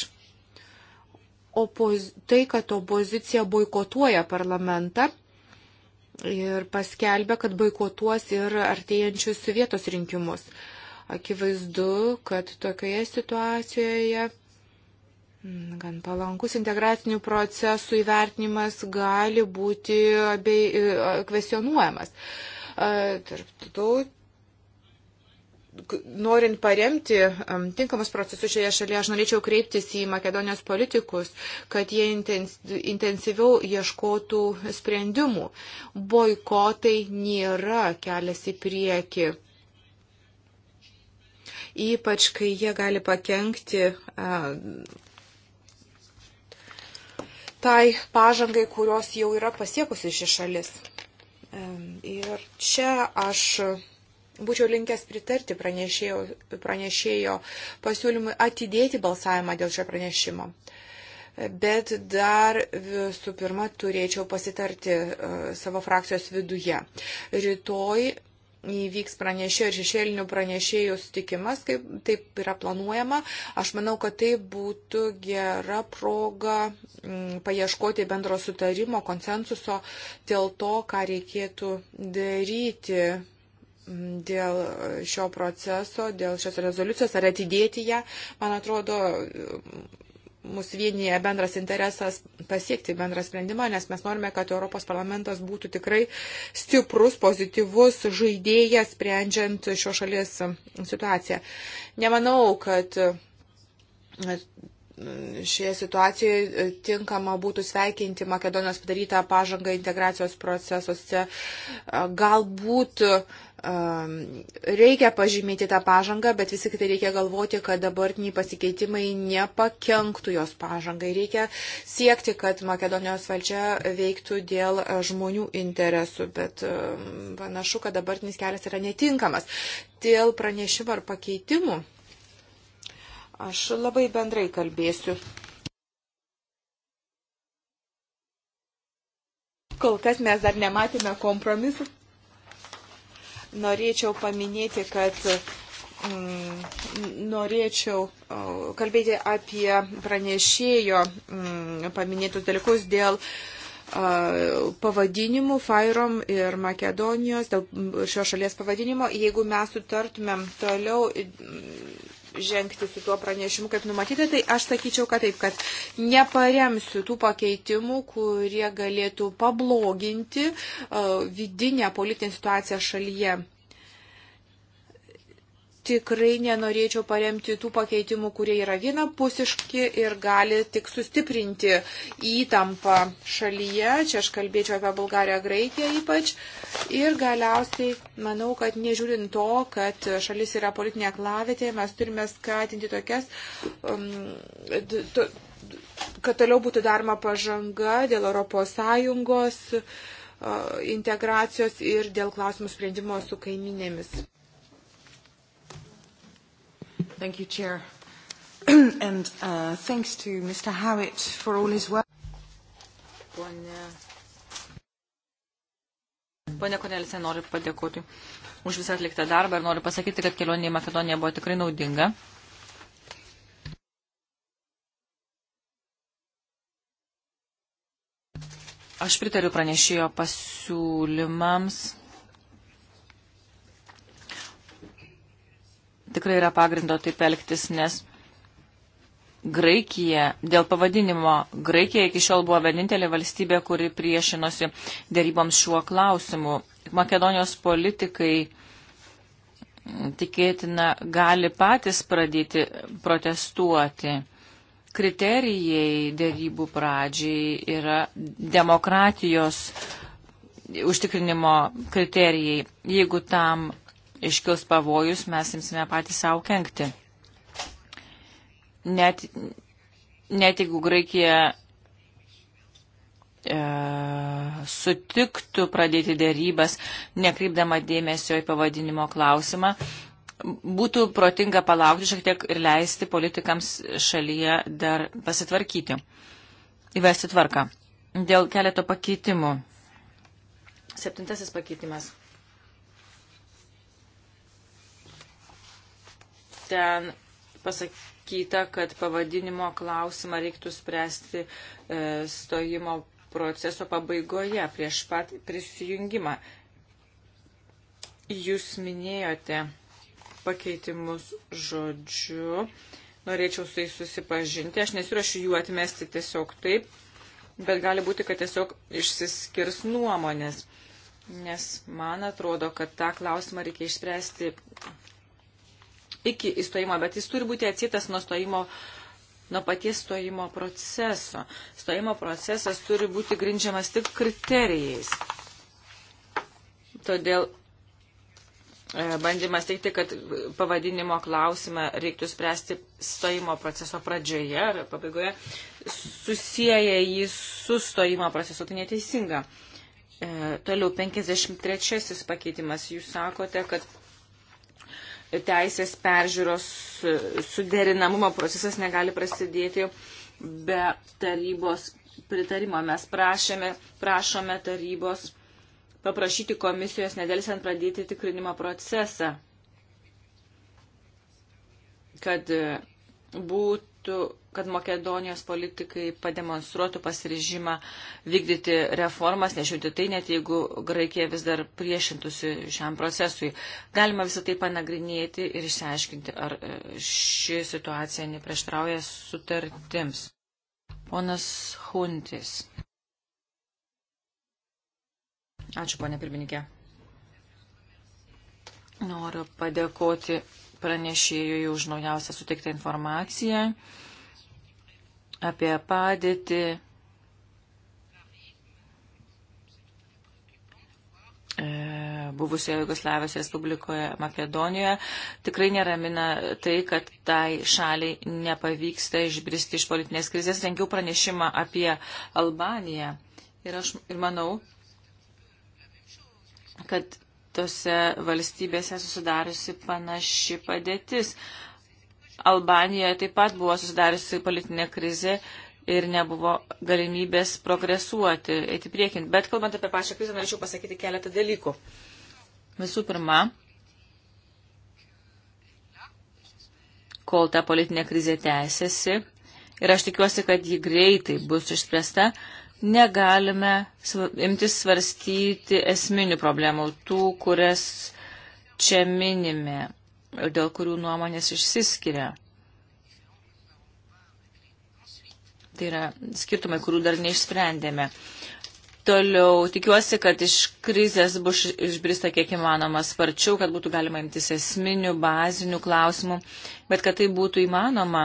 opoz... tai, kad opozicija boikotuoja parlamentą ir paskelbia, kad boikotuos ir artėjančius vietos rinkimus. Akivaizdu, kad tokioje situacijoje mm, gan palankus integracinių procesų įvertinimas gali būti abie, kvesionuojamas. Tarptaut norint paremti tinkamus procesus šioje šalyje, aš norėčiau kreiptis į Makedonijos politikus, kad jie intensyviau ieškotų sprendimų. Boikotai nėra kelias į priekį ypač kai jie gali pakengti tai pažangai, kurios jau yra pasiekusi ši šalis. Ir čia aš būčiau linkęs pritarti pranešėjo, pranešėjo pasiūlymui atidėti balsavimą dėl šio pranešimo. Bet dar visų pirma turėčiau pasitarti savo frakcijos viduje. Rytoj įvyks pranešėjų ir šešėlinių pranešėjų sutikimas, kaip taip yra planuojama. Aš manau, kad tai būtų gera proga mm, paieškoti bendro sutarimo, konsensuso dėl to, ką reikėtų daryti mm, dėl šio proceso, dėl šios rezoliucijos, ar atidėti ją. Man atrodo, mus vienyje bendras interesas pasiekti bendrą sprendimą, nes mes norime, kad Europos parlamentas būtų tikrai stiprus, pozityvus žaidėjas, sprendžiant šio šalies situaciją. Nemanau, kad e, šioje situacijoje e, tinkama būtų sveikinti Makedonijos padarytą pažangą integracijos procesuose. E, galbūt Reikia pažymėti tą pažangą, bet vis tik tai reikia galvoti, kad dabartiniai pasikeitimai nepakenktų jos pažangai. Reikia siekti, kad Makedonijos valdžia veiktų dėl e, žmonių interesų, bet panašu, kad dabartinis kelias yra netinkamas. Dėl pranešimų ar pakeitimų aš labai bendrai kalbėsiu. Kol kas mes dar nematėme kompromisų norėčiau paminėti, kad mm, norėčiau kalbėti apie pranešėjo mm, paminėtus dalykus dėl pavadinimų Fairom ir Makedonijos, dėl šios šalies pavadinimo. Jeigu mes sutartumėm toliau žengti su tuo pranešimu, kaip numatyti, tai aš sakyčiau, kad taip, kad neparemsiu tų pakeitimų, kurie galėtų pabloginti uh, vidinę politinę situaciją šalyje tikrai nenorėčiau paremti tų pakeitimų, kurie yra vienapusiški ir gali tik sustiprinti įtampą šalyje. Čia aš kalbėčiau apie Bulgariją, Graikiją ypač. Ir galiausiai manau, kad nežiūrint to, kad šalis yra politinė klavėtė, mes turime skatinti tokias. Um, to, kad toliau būtų daroma pažanga dėl ES uh, integracijos ir dėl klausimų sprendimo su kaiminėmis. Thank you, Chair. And uh, thanks to Mr. Howitt for all his work. Pone, Pone Konelise, noriu padėkoti už visą atliktą darbą ir noriu pasakyti, kad kelionė į Makedoniją buvo tikrai naudinga. Aš pritariu pranešėjo pasiūlymams tikrai yra pagrindo taip elgtis, nes Graikija, dėl pavadinimo, Graikija iki šiol buvo vienintelė valstybė, kuri priešinosi dėryboms šiuo klausimu. Makedonijos politikai tikėtina gali patys pradėti protestuoti. Kriterijai dėrybų pradžiai yra demokratijos užtikrinimo kriterijai. Jeigu tam iškils pavojus, mes imsime patys savo kenkti. Net, net jeigu Graikija e, sutiktų pradėti dėrybas, nekreipdama dėmesio į pavadinimo klausimą, būtų protinga palaukti šiek tiek ir leisti politikams šalyje dar pasitvarkyti, įvesti tvarką. Dėl keleto pakeitimų. Septintasis pakeitimas. ten pasakyta, kad pavadinimo klausimą reiktų spręsti e, stojimo proceso pabaigoje, prieš pat prisijungimą. Jūs minėjote pakeitimus žodžiu. Norėčiau su jais susipažinti. Aš nesirašiu jų atmesti tiesiog taip, bet gali būti, kad tiesiog išsiskirs nuomonės. Nes man atrodo, kad tą klausimą reikia išspręsti iki įstojimo, bet jis turi būti atsitas nuo stojimo nuo paties stojimo proceso. Stojimo procesas turi būti grindžiamas tik kriterijais. Todėl e, bandymas teikti, kad pavadinimo klausimą reiktų spręsti stojimo proceso pradžioje ar pabaigoje, susiję jį su stojimo procesu, tai neteisinga. E, toliau 53 pakeitimas. Jūs sakote, kad teisės peržiūros suderinamumo procesas negali prasidėti be tarybos pritarimo. Mes prašėme, prašome tarybos paprašyti komisijos nedėlsiant pradėti tikrinimo procesą, kad e, būtų kad Makedonijos politikai pademonstruotų pasiryžimą vykdyti reformas, nežiūrinti tai, net jeigu Graikija vis dar priešintųsi šiam procesui. Galima visą tai panagrinėti ir išsiaiškinti, ar e, ši situacija neprieštrauja sutartims. Ponas Huntis. Ačiū, ponė pirmininkė. Noriu padėkoti pranešėjui už naujausią suteiktą informaciją apie padėtį e, buvusioje Jugoslavijos Respublikoje Makedonijoje. Tikrai neramina tai, kad tai šaliai nepavyksta išbristi iš politinės krizės. Rengiau pranešimą apie Albaniją ir aš ir manau, kad tose valstybėse susidariusi panaši padėtis. Albanijoje taip pat buvo susidariusi politinė krizė ir nebuvo galimybės progresuoti, eiti priekin. Bet kalbant apie pačią krizę, norėčiau pasakyti keletą dalykų. Visų pirma, kol ta politinė krizė tęsiasi, ir aš tikiuosi, kad ji greitai bus išspręsta, negalime imtis svarstyti esminių problemų, tų, kurias čia minime dėl kurių nuomonės išsiskiria. Tai yra skirtumai, kurių dar neišsprendėme. Toliau tikiuosi, kad iš krizės bus išbrista kiek įmanoma sparčiau, kad būtų galima imtis esminių, bazinių klausimų, bet kad tai būtų įmanoma,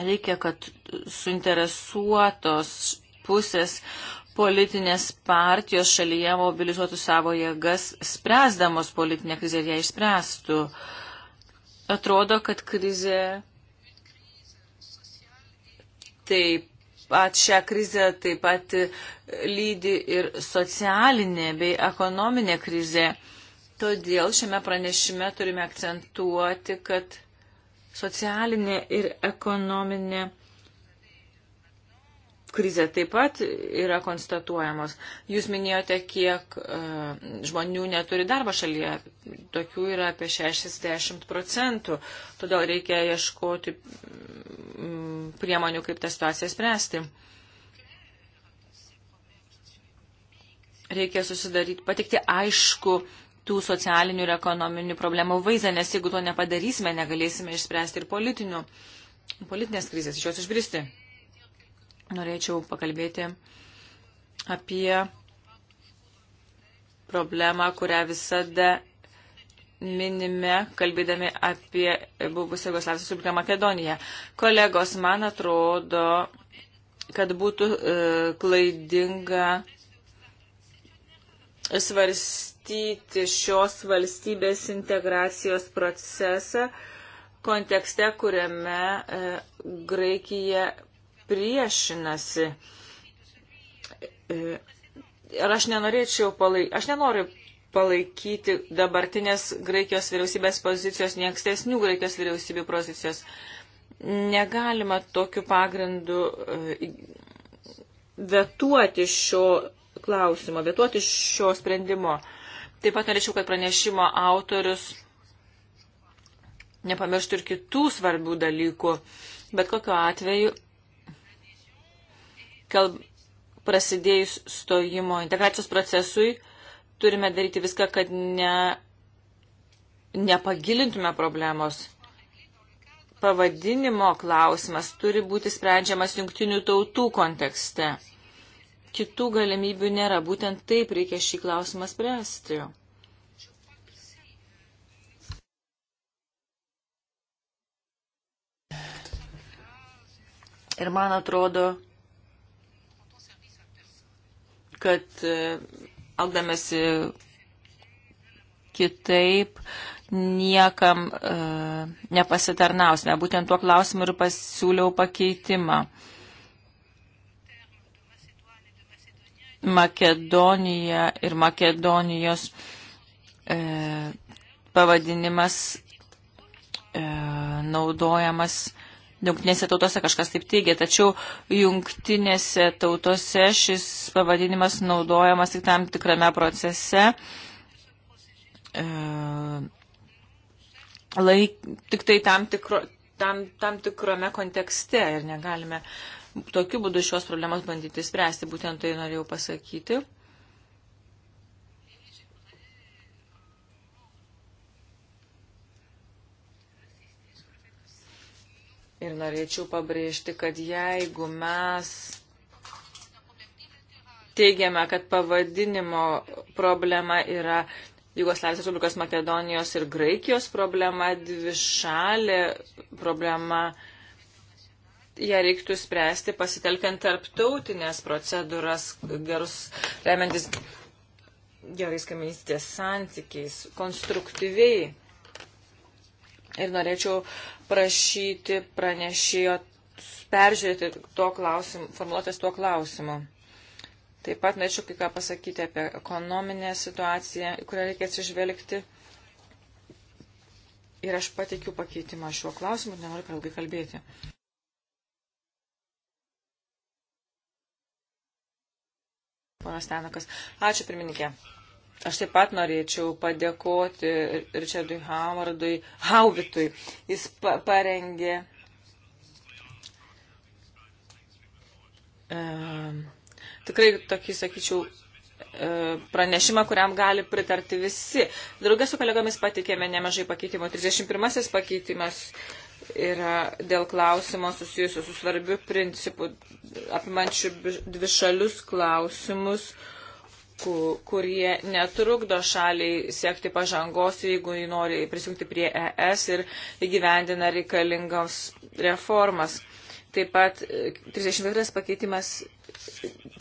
reikia, kad suinteresuotos pusės politinės partijos šalyje mobilizuotų savo jėgas, spręsdamos politinę krizę ir ją išspręstų. Atrodo, kad krizė taip pat šią krizę taip pat lydi ir socialinė bei ekonominė krizė. Todėl šiame pranešime turime akcentuoti, kad socialinė ir ekonominė krizė krizė taip pat yra konstatuojamos. Jūs minėjote, kiek uh, žmonių neturi darbo šalyje. Tokių yra apie 60 procentų. Todėl reikia ieškoti um, priemonių, kaip tą situaciją spręsti. Reikia susidaryti, patikti aišku tų socialinių ir ekonominių problemų vaizdą, nes jeigu to nepadarysime, negalėsime išspręsti ir politinių, politinės krizės iš jos išbristi norėčiau pakalbėti apie problemą, kurią visada minime, kalbėdami apie buvusią Jugoslavijos Respubliką Makedoniją. Kolegos, man atrodo, kad būtų e, klaidinga svarstyti šios valstybės integracijos procesą kontekste, kuriame e, Graikija priešinasi. Ir e, aš nenorėčiau palaikyti, aš nenoriu palaikyti dabartinės Graikijos vyriausybės pozicijos, nei ankstesnių Graikijos vyriausybių pozicijos. Negalima tokiu pagrindu e, vetuoti šio klausimo, vetuoti šio sprendimo. Taip pat norėčiau, kad pranešimo autorius nepamirštų ir kitų svarbių dalykų. Bet kokiu atveju kalb, prasidėjus stojimo integracijos procesui turime daryti viską, kad ne, nepagilintume problemos. Pavadinimo klausimas turi būti sprendžiamas jungtinių tautų kontekste. Kitų galimybių nėra, būtent taip reikia šį klausimą spręsti. Ir man atrodo, kad e, elgdamėsi kitaip niekam e, nepasitarnausime. Būtent tuo klausimu ir pasiūliau pakeitimą. Makedonija ir Makedonijos e, pavadinimas e, naudojamas jungtinėse tautose kažkas taip teigia, tačiau jungtinėse tautose šis pavadinimas naudojamas tik tam tikrame procese. E, laik, tik tai tam, tikro, tam, tam tikrame kontekste ir negalime tokiu būdu šios problemos bandyti spręsti. Būtent tai norėjau pasakyti. Ir norėčiau pabrėžti, kad jeigu mes teigiame, kad pavadinimo problema yra Jugoslavijos Respublikos Makedonijos ir Graikijos problema, dvišalė problema, ją reiktų spręsti pasitelkiant tarptautinės procedūras, gerus, remiantis gerais kaminystės santykiais, konstruktyviai ir norėčiau prašyti pranešėjo peržiūrėti to klausim, formuluotės tuo klausimu. Taip pat norėčiau kai ką pasakyti apie ekonominę situaciją, kurią reikia atsižvelgti. Ir aš pateikiu pakeitimą šiuo klausimu ir nenoriu per ilgai kalbėti. Ponas Tenakas. Ačiū, pirmininkė. Aš taip pat norėčiau padėkoti Richardui Howardui, Hauvitui. Jis pa parengė e, tikrai tokį, sakyčiau, e, pranešimą, kuriam gali pritarti visi. Draugės su kolegomis patikėme nemažai pakeitimų. 31 pakeitimas yra dėl klausimo susijusio su svarbiu principu apimančiu dvišalius klausimus. E, kurie netrukdo šaliai siekti pažangos, jeigu jį nori prisijungti prie ES ir įgyvendina reikalingas reformas. Taip pat 33 e, pakeitimas,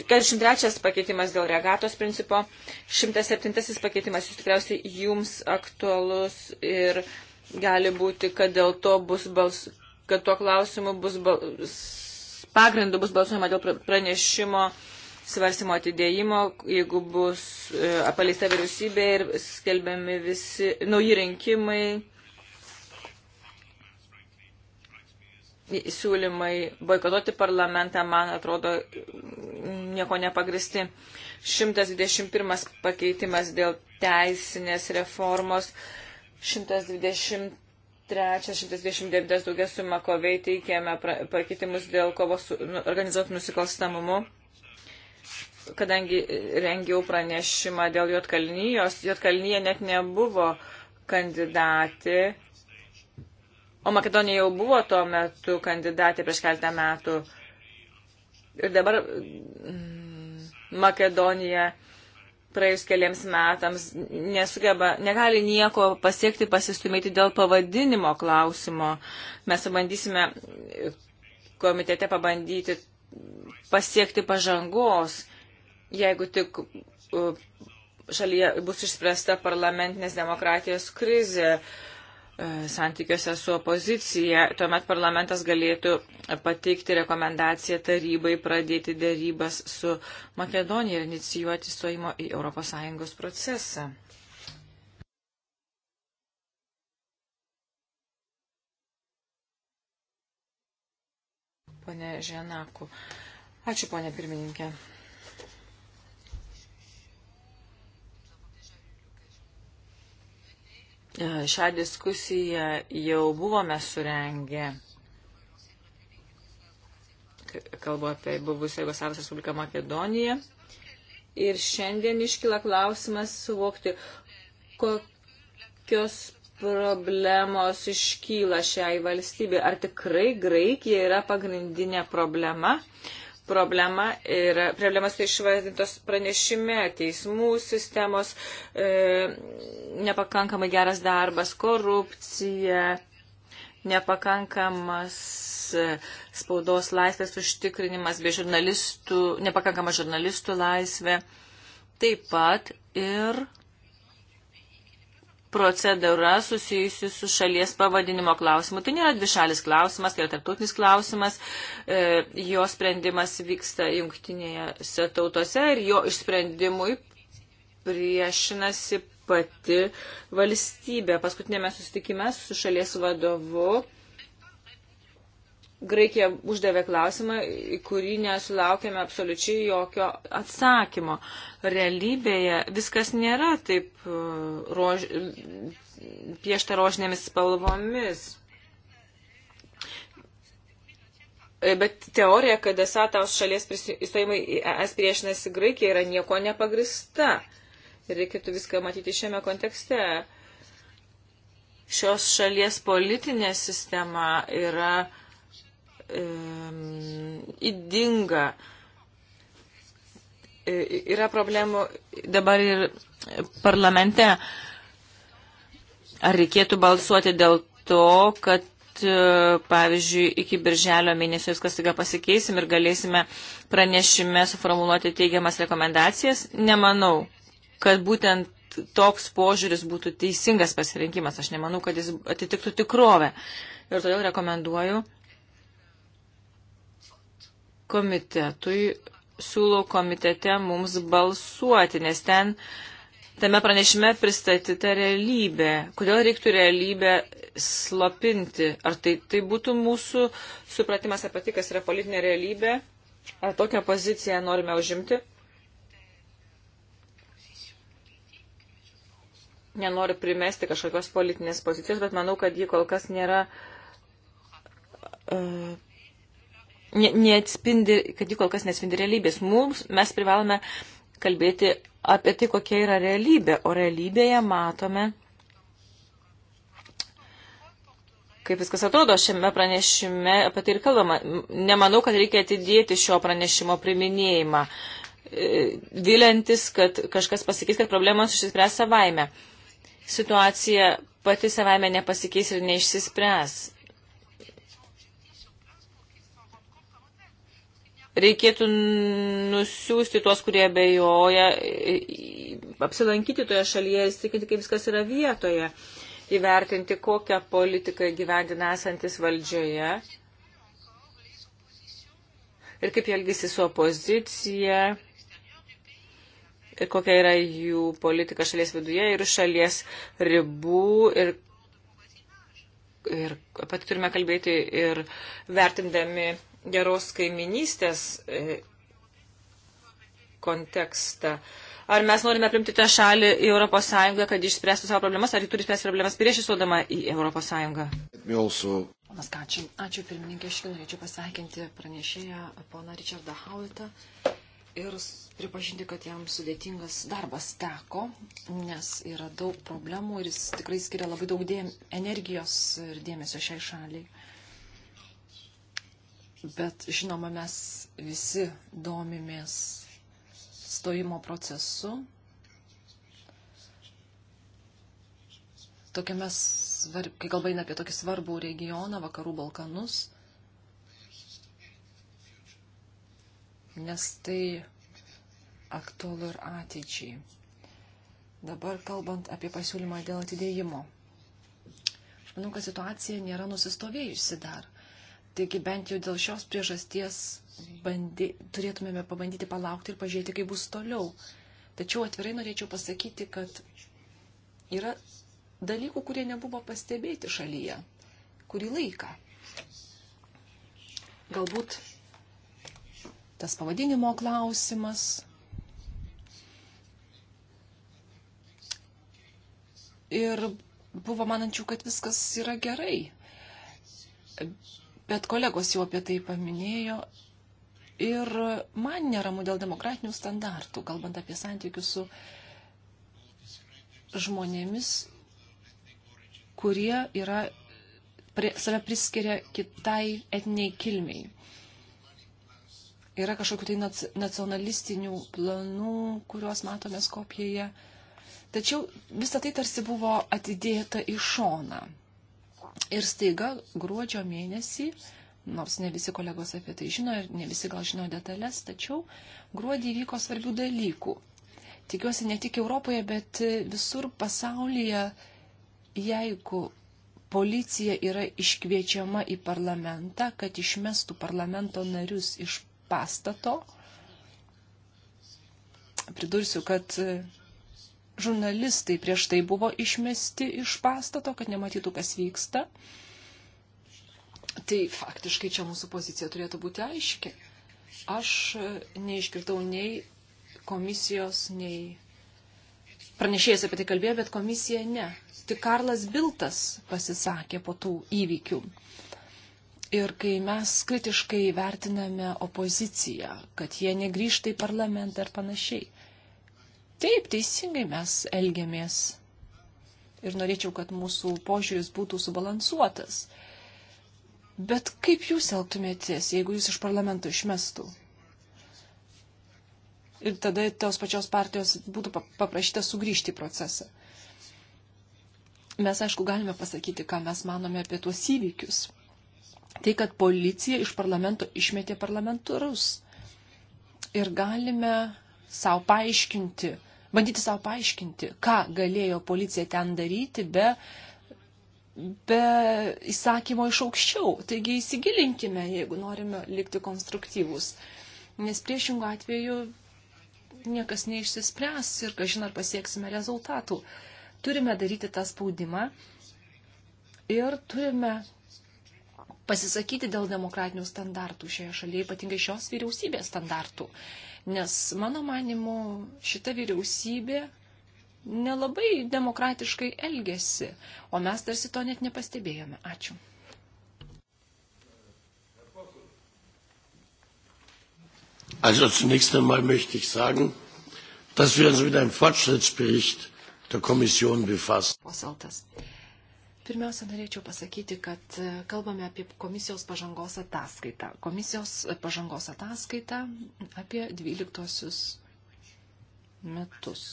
43 pakeitimas dėl regatos principo, 107 pakeitimas jūs tikriausiai jums aktualus ir gali būti, kad dėl to bus bals, kad tuo klausimu bus bals, pagrindu bus balsuojama dėl pranešimo svarstymo atidėjimo, jeigu bus e, apaleista vyriausybė ir skelbiami visi nauji rinkimai, siūlymai boikotuoti parlamentą, man atrodo, nieko nepagristi. 121 pakeitimas dėl teisinės reformos, 120 329 daugia su Makovei teikėme pakeitimus dėl kovos su nu, organizuotų nusikalstamumu kadangi rengiau pranešimą dėl Jotkalnyjos, Jotkalnyje net nebuvo kandidatė, o Makedonija jau buvo tuo metu kandidatė prieš keltą metų. Ir dabar mm, Makedonija praėjus keliams metams nesugeba, negali nieko pasiekti, pasistumėti dėl pavadinimo klausimo. Mes bandysime komitete pabandyti pasiekti pažangos jeigu tik šalyje bus išspręsta parlamentinės demokratijos krizė e, santykiuose su opozicija, tuomet parlamentas galėtų pateikti rekomendaciją tarybai pradėti dėrybas su Makedonija ir inicijuoti stojimo į ES procesą. Pone Ženaku. Ačiū, ponė pirmininkė. E, šią diskusiją jau buvome surengę. Kalbu apie buvusią Jugoslavijos Respubliką Makedoniją. Ir šiandien iškyla klausimas suvokti, kokios problemos iškyla šiai valstybei. Ar tikrai Graikija yra pagrindinė problema? problema ir problemas tai išvardintos pranešime, teismų sistemos, e, nepakankamai geras darbas, korupcija, nepakankamas e, spaudos laisvės užtikrinimas bei žurnalistų, nepakankama žurnalistų laisvė. Taip pat ir procedūra susijusi su šalies pavadinimo klausimu. Tai nėra dvišalis klausimas, tai yra tarptautinis klausimas. E, jo sprendimas vyksta jungtinėse tautose ir jo išsprendimui priešinasi pati valstybė. Paskutinėme susitikime su šalies vadovu Graikija uždavė klausimą, į kurį nesulaukėme absoliučiai jokio atsakymo. Realybėje viskas nėra taip uh, rož... piešta rožinėmis spalvomis. Bet teorija, kad esą tos šalies įstojimai į ES priešinasi Graikija, yra nieko nepagrista. Reikėtų viską matyti šiame kontekste. Šios šalies politinė sistema yra uh, įdinga. E, yra problemų dabar ir parlamente. Ar reikėtų balsuoti dėl to, kad, e, pavyzdžiui, iki birželio mėnesio viskas tik pasikeisim ir galėsime pranešime suformuluoti teigiamas rekomendacijas? Nemanau, kad būtent toks požiūris būtų teisingas pasirinkimas. Aš nemanau, kad jis atitiktų tikrovę. Ir todėl rekomenduoju komitetui siūlau komitete mums balsuoti, nes ten tame pranešime pristatyta realybė. Kodėl reiktų realybę slopinti? Ar tai, tai būtų mūsų supratimas apie tai, kas yra politinė realybė? Ar tokią poziciją norime užimti? Nenoriu primesti kažkokios politinės pozicijos, bet manau, kad ji kol kas nėra. Uh, neatspindi, kad ji kol kas neatspindi realybės. Mums mes privalome kalbėti apie tai, kokia yra realybė, o realybėje matome, kaip viskas atrodo šiame pranešime, apie tai ir kalbama. Nemanau, kad reikia atidėti šio pranešimo priminėjimą, e, viliantis, kad kažkas pasakys, kad problemas išsispręs savaime. Situacija pati savaime nepasikeis ir neišsispręs. reikėtų nusiųsti tuos, kurie bejoja, apsilankyti toje šalyje, įsitikinti, kaip viskas yra vietoje, įvertinti, kokią politiką gyvendina esantis valdžioje ir kaip elgisi su opozicija ir kokia yra jų politika šalies viduje ir šalies ribų ir Ir apie tai turime kalbėti ir vertindami geros kaiminystės e, kontekstą. Ar mes norime primti tą šalį į ES, kad išspręstų savo problemas, ar ji turi spręsti problemas prieš įstodama į ES? Ponas Kačiu, ačiū pirmininkė, aš norėčiau pasakinti pranešėją poną Richardą Haultą ir pripažinti, kad jam sudėtingas darbas teko, nes yra daug problemų ir jis tikrai skiria labai daug dėm energijos ir dėmesio šiai šaliai. Bet žinoma, mes visi domimės stojimo procesu. Tokiame, svarb... kai kalba eina apie tokį svarbų regioną, vakarų Balkanus, nes tai aktualu ir ateičiai. Dabar kalbant apie pasiūlymą dėl atidėjimo. Aš manau, kad situacija nėra nusistovėjusi dar. Taigi bent jau dėl šios priežasties bandy, turėtumėme pabandyti palaukti ir pažiūrėti, kaip bus toliau. Tačiau atvirai norėčiau pasakyti, kad yra dalykų, kurie nebuvo pastebėti šalyje kurį laiką. Galbūt tas pavadinimo klausimas. Ir buvo manančių, kad viskas yra gerai bet kolegos jau apie tai paminėjo. Ir man neramu dėl demokratinių standartų, kalbant apie santykius su žmonėmis, kurie yra, prie, save priskiria kitai etniai kilmiai. Yra kažkokiu tai nacionalistinių planų, kuriuos matome Skopijoje. Tačiau visą tai tarsi buvo atidėta į šoną. Ir staiga gruodžio mėnesį, nors ne visi kolegos apie tai žino ir ne visi gal žino detalės, tačiau gruodį vyko svarbių dalykų. Tikiuosi ne tik Europoje, bet visur pasaulyje, jeigu policija yra iškviečiama į parlamentą, kad išmestų parlamento narius iš pastato, pridursiu, kad žurnalistai prieš tai buvo išmesti iš pastato, kad nematytų, kas vyksta. Tai faktiškai čia mūsų pozicija turėtų būti aiški. Aš e, neišgirdau nei komisijos, nei pranešėjas apie tai kalbėjo, bet komisija ne. Tik Karlas Biltas pasisakė po tų įvykių. Ir kai mes kritiškai vertiname opoziciją, kad jie negrįžta į parlamentą ir panašiai. Taip, teisingai mes elgiamės. Ir norėčiau, kad mūsų požiūris būtų subalansuotas. Bet kaip jūs elgtumėtės, jeigu jūs iš parlamento išmestų? Ir tada tos pačios partijos būtų paprašyta sugrįžti į procesą. Mes, aišku, galime pasakyti, ką mes manome apie tuos įvykius. Tai, kad policija iš parlamento išmetė parlamentarus. Ir galime savo paaiškinti, bandyti savo paaiškinti, ką galėjo policija ten daryti be, be įsakymo iš aukščiau. Taigi įsigilinkime, jeigu norime likti konstruktyvus. Nes priešingų atveju niekas neišsispręs ir kažin ar pasieksime rezultatų. Turime daryti tą spaudimą ir turime pasisakyti dėl demokratinių standartų šioje šalyje, ypatingai šios vyriausybės standartų. Nes mano manimu šita vyriausybė nelabai demokratiškai elgesi, o mes tarsi to net nepastebėjome. Ačiū. Also zunächst einmal möchte ich sagen, dass wir uns mit einem Fortschrittsbericht der Kommission befassen. Posseltas. Pirmiausia, norėčiau pasakyti, kad e, kalbame apie komisijos pažangos ataskaitą. Komisijos pažangos ataskaitą apie 12 metus.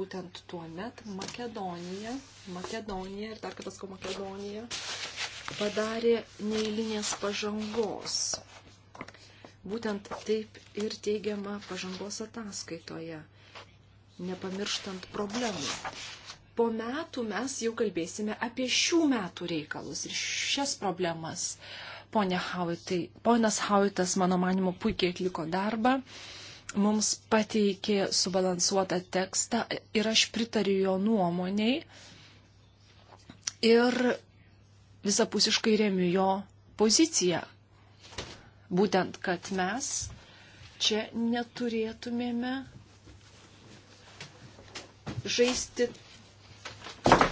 Būtent tuo met Makedonija, Makedonija ir dar kartą sakau Makedonija, padarė neįlinės pažangos. Būtent taip ir teigiama pažangos ataskaitoje, nepamirštant problemų po metų mes jau kalbėsime apie šių metų reikalus ir šias problemas. Pone Hauitai, ponas Hauitas, mano manimo, puikiai atliko darbą, mums pateikė subalansuotą tekstą ir aš pritariu jo nuomoniai ir visapusiškai remiu jo poziciją. Būtent, kad mes čia neturėtumėme žaisti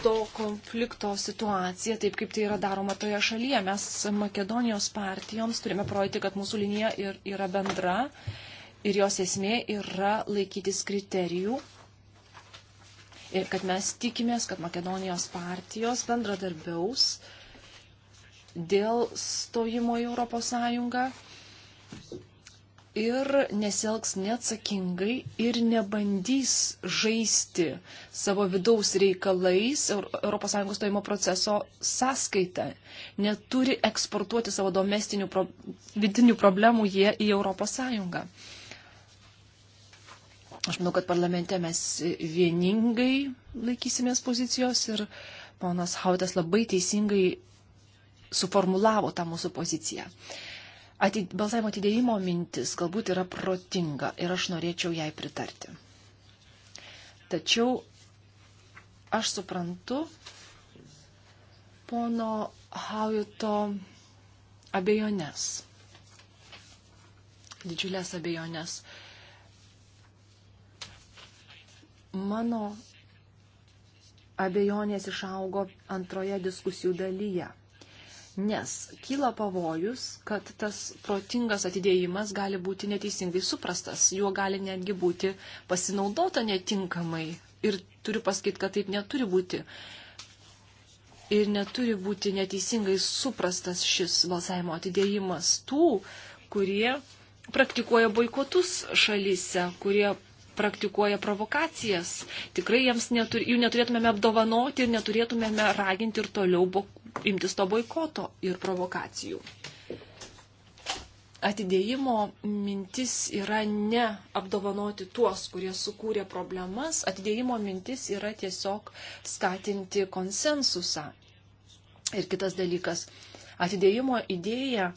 to konflikto situaciją, taip kaip tai yra daroma toje šalyje. Mes Makedonijos partijoms turime projekti, kad mūsų linija ir, yra bendra ir jos esmė yra laikytis kriterijų. Ir kad mes tikimės, kad Makedonijos partijos bendradarbiaus dėl stojimo į Europos Sąjungą ir nesielgs neatsakingai ir nebandys žaisti savo vidaus reikalais ES stojimo proceso sąskaitą. Neturi eksportuoti savo domestinių pro, vidinių problemų jie į ES. Aš manau, kad parlamente mes vieningai laikysimės pozicijos ir ponas Hautas labai teisingai suformulavo tą mūsų poziciją. Uh, atid, balsavimo atidėjimo mintis galbūt yra protinga ir aš norėčiau jai pritarti. Tačiau aš suprantu pono Haujuto abejonės, didžiulės abejonės. Mano abejonės išaugo antroje diskusijų dalyje nes kyla pavojus, kad tas protingas atidėjimas gali būti neteisingai suprastas, juo gali netgi būti pasinaudota netinkamai. Ir turiu pasakyti, kad taip neturi būti. Ir neturi būti neteisingai suprastas šis balsavimo atidėjimas tų, kurie praktikuoja boikotus šalyse, kurie praktikuoja provokacijas. Tikrai jiems netur, jų neturėtumėme apdovanoti ir neturėtumėme raginti ir toliau bo, imtis to boikoto ir provokacijų. Atidėjimo mintis yra ne apdovanoti tuos, kurie sukūrė problemas, atidėjimo mintis yra tiesiog skatinti konsensusą. Ir kitas dalykas, atidėjimo idėja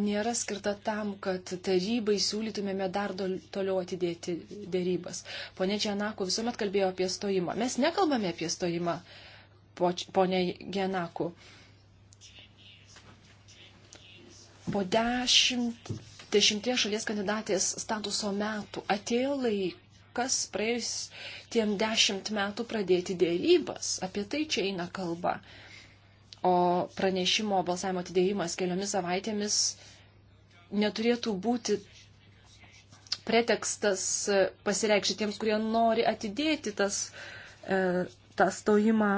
nėra skirta tam, kad tarybai siūlytumėme dar toliau atidėti dėrybas. Pone Čianako visuomet kalbėjo apie stojimą. Mes nekalbame apie stojimą, ponė Genako. Po dešimt, dešimties šalies kandidatės statuso metų atėjo laikas praėjus tiem dešimt metų pradėti dėrybas. Apie tai čia eina kalba. O pranešimo balsavimo atidėjimas keliomis savaitėmis neturėtų būti pretekstas pasireikšti tiems, kurie nori atidėti tas, e, tą stojimą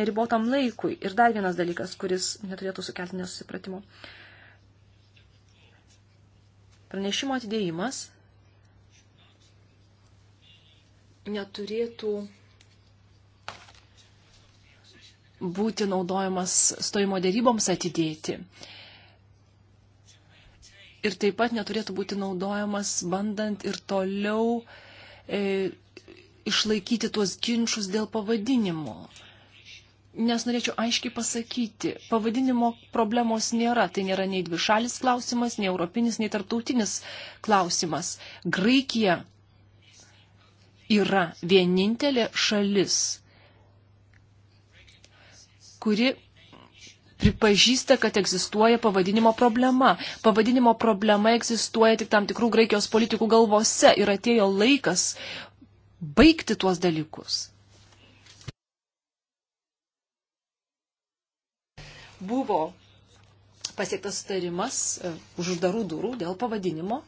neribotam laikui. Ir dar vienas dalykas, kuris neturėtų sukelti nesusipratimo. Pranešimo atidėjimas neturėtų būti naudojamas stojimo dėryboms atidėti. Ir taip pat neturėtų būti naudojamas bandant ir toliau e, išlaikyti tuos ginčius dėl pavadinimo. Nes norėčiau aiškiai pasakyti, pavadinimo problemos nėra. Tai nėra nei dvišalis klausimas, nei europinis, nei tarptautinis klausimas. Graikija yra vienintelė šalis kuri pripažįsta, kad egzistuoja pavadinimo problema. Pavadinimo problema egzistuoja tik tam tikrų Graikijos politikų galvose ir atėjo laikas baigti tuos dalykus. Buvo pasiektas sutarimas e, už uždarų durų dėl pavadinimo.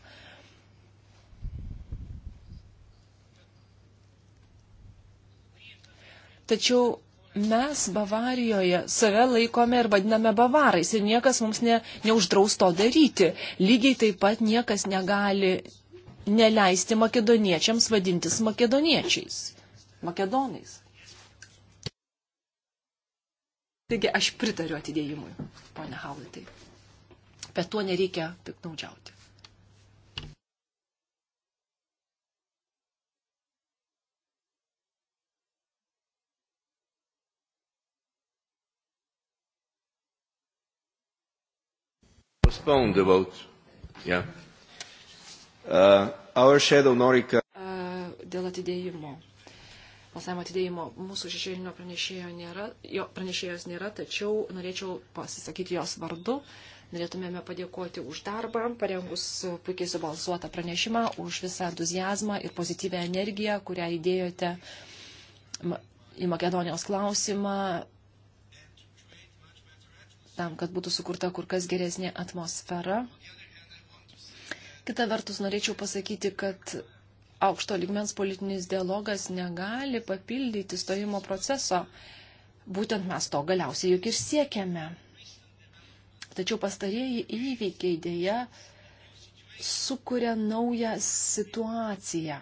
Tačiau mes Bavarijoje save laikome ir vadiname bavarais ir niekas mums ne, neuždraus to daryti. Lygiai taip pat niekas negali neleisti makedoniečiams vadintis makedoniečiais, makedonais. Taigi aš pritariu atidėjimui, ponia Haulitai. Bet tuo nereikia piknaudžiauti. postpone the vote. Yeah. Uh, our shadow Norika. Uh, dėl atidėjimo. Balsavimo atidėjimo mūsų šešėlinio pranešėjo nėra, jo pranešėjos nėra, tačiau norėčiau pasisakyti jos vardu. Norėtumėme padėkoti už darbą, parengus puikiai subalsuotą pranešimą, už visą entuzijazmą ir pozityvę energiją, kurią įdėjote į Makedonijos klausimą, tam, kad būtų sukurta kur kas geresnė atmosfera. Kita vertus, norėčiau pasakyti, kad aukšto ligmens politinis dialogas negali papildyti stojimo proceso. Būtent mes to galiausiai juk ir siekiame. Tačiau pastarieji įvykiai dėja sukuria naują situaciją.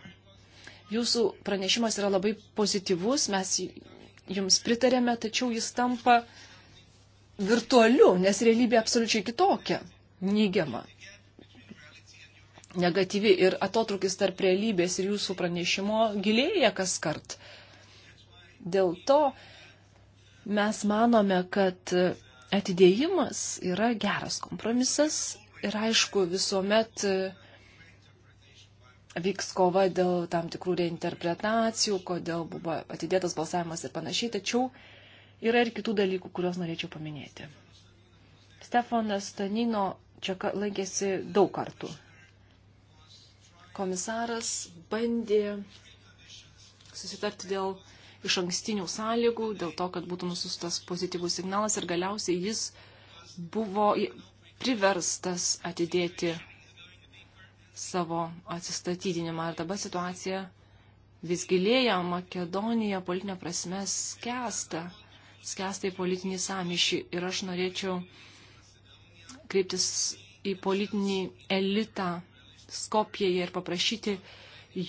Jūsų pranešimas yra labai pozityvus, mes jums pritarėme, tačiau jis tampa uh, virtualiu, nes realybė absoliučiai kitokia, neigiama, negatyvi ir atotrukis tarp realybės ir jūsų pranešimo gilėja kas kart. Dėl to mes manome, kad atidėjimas yra geras kompromisas ir aišku visuomet e, vyks kova dėl tam tikrų reinterpretacijų, kodėl buvo atidėtas balsavimas ir panašiai, tačiau Yra ir kitų dalykų, kuriuos norėčiau paminėti. Stefanas Stanino čia lankėsi daug kartų. Komisaras bandė susitarti dėl iš ankstinių sąlygų, dėl to, kad būtų nusustas pozityvus signalas ir galiausiai jis buvo priverstas atidėti savo atsistatydinimą. Ir dabar situacija vis gilėja, Makedonija politinė prasme skęsta skęsta į politinį samišį. Ir aš norėčiau kreiptis į politinį elitą Skopijoje ir paprašyti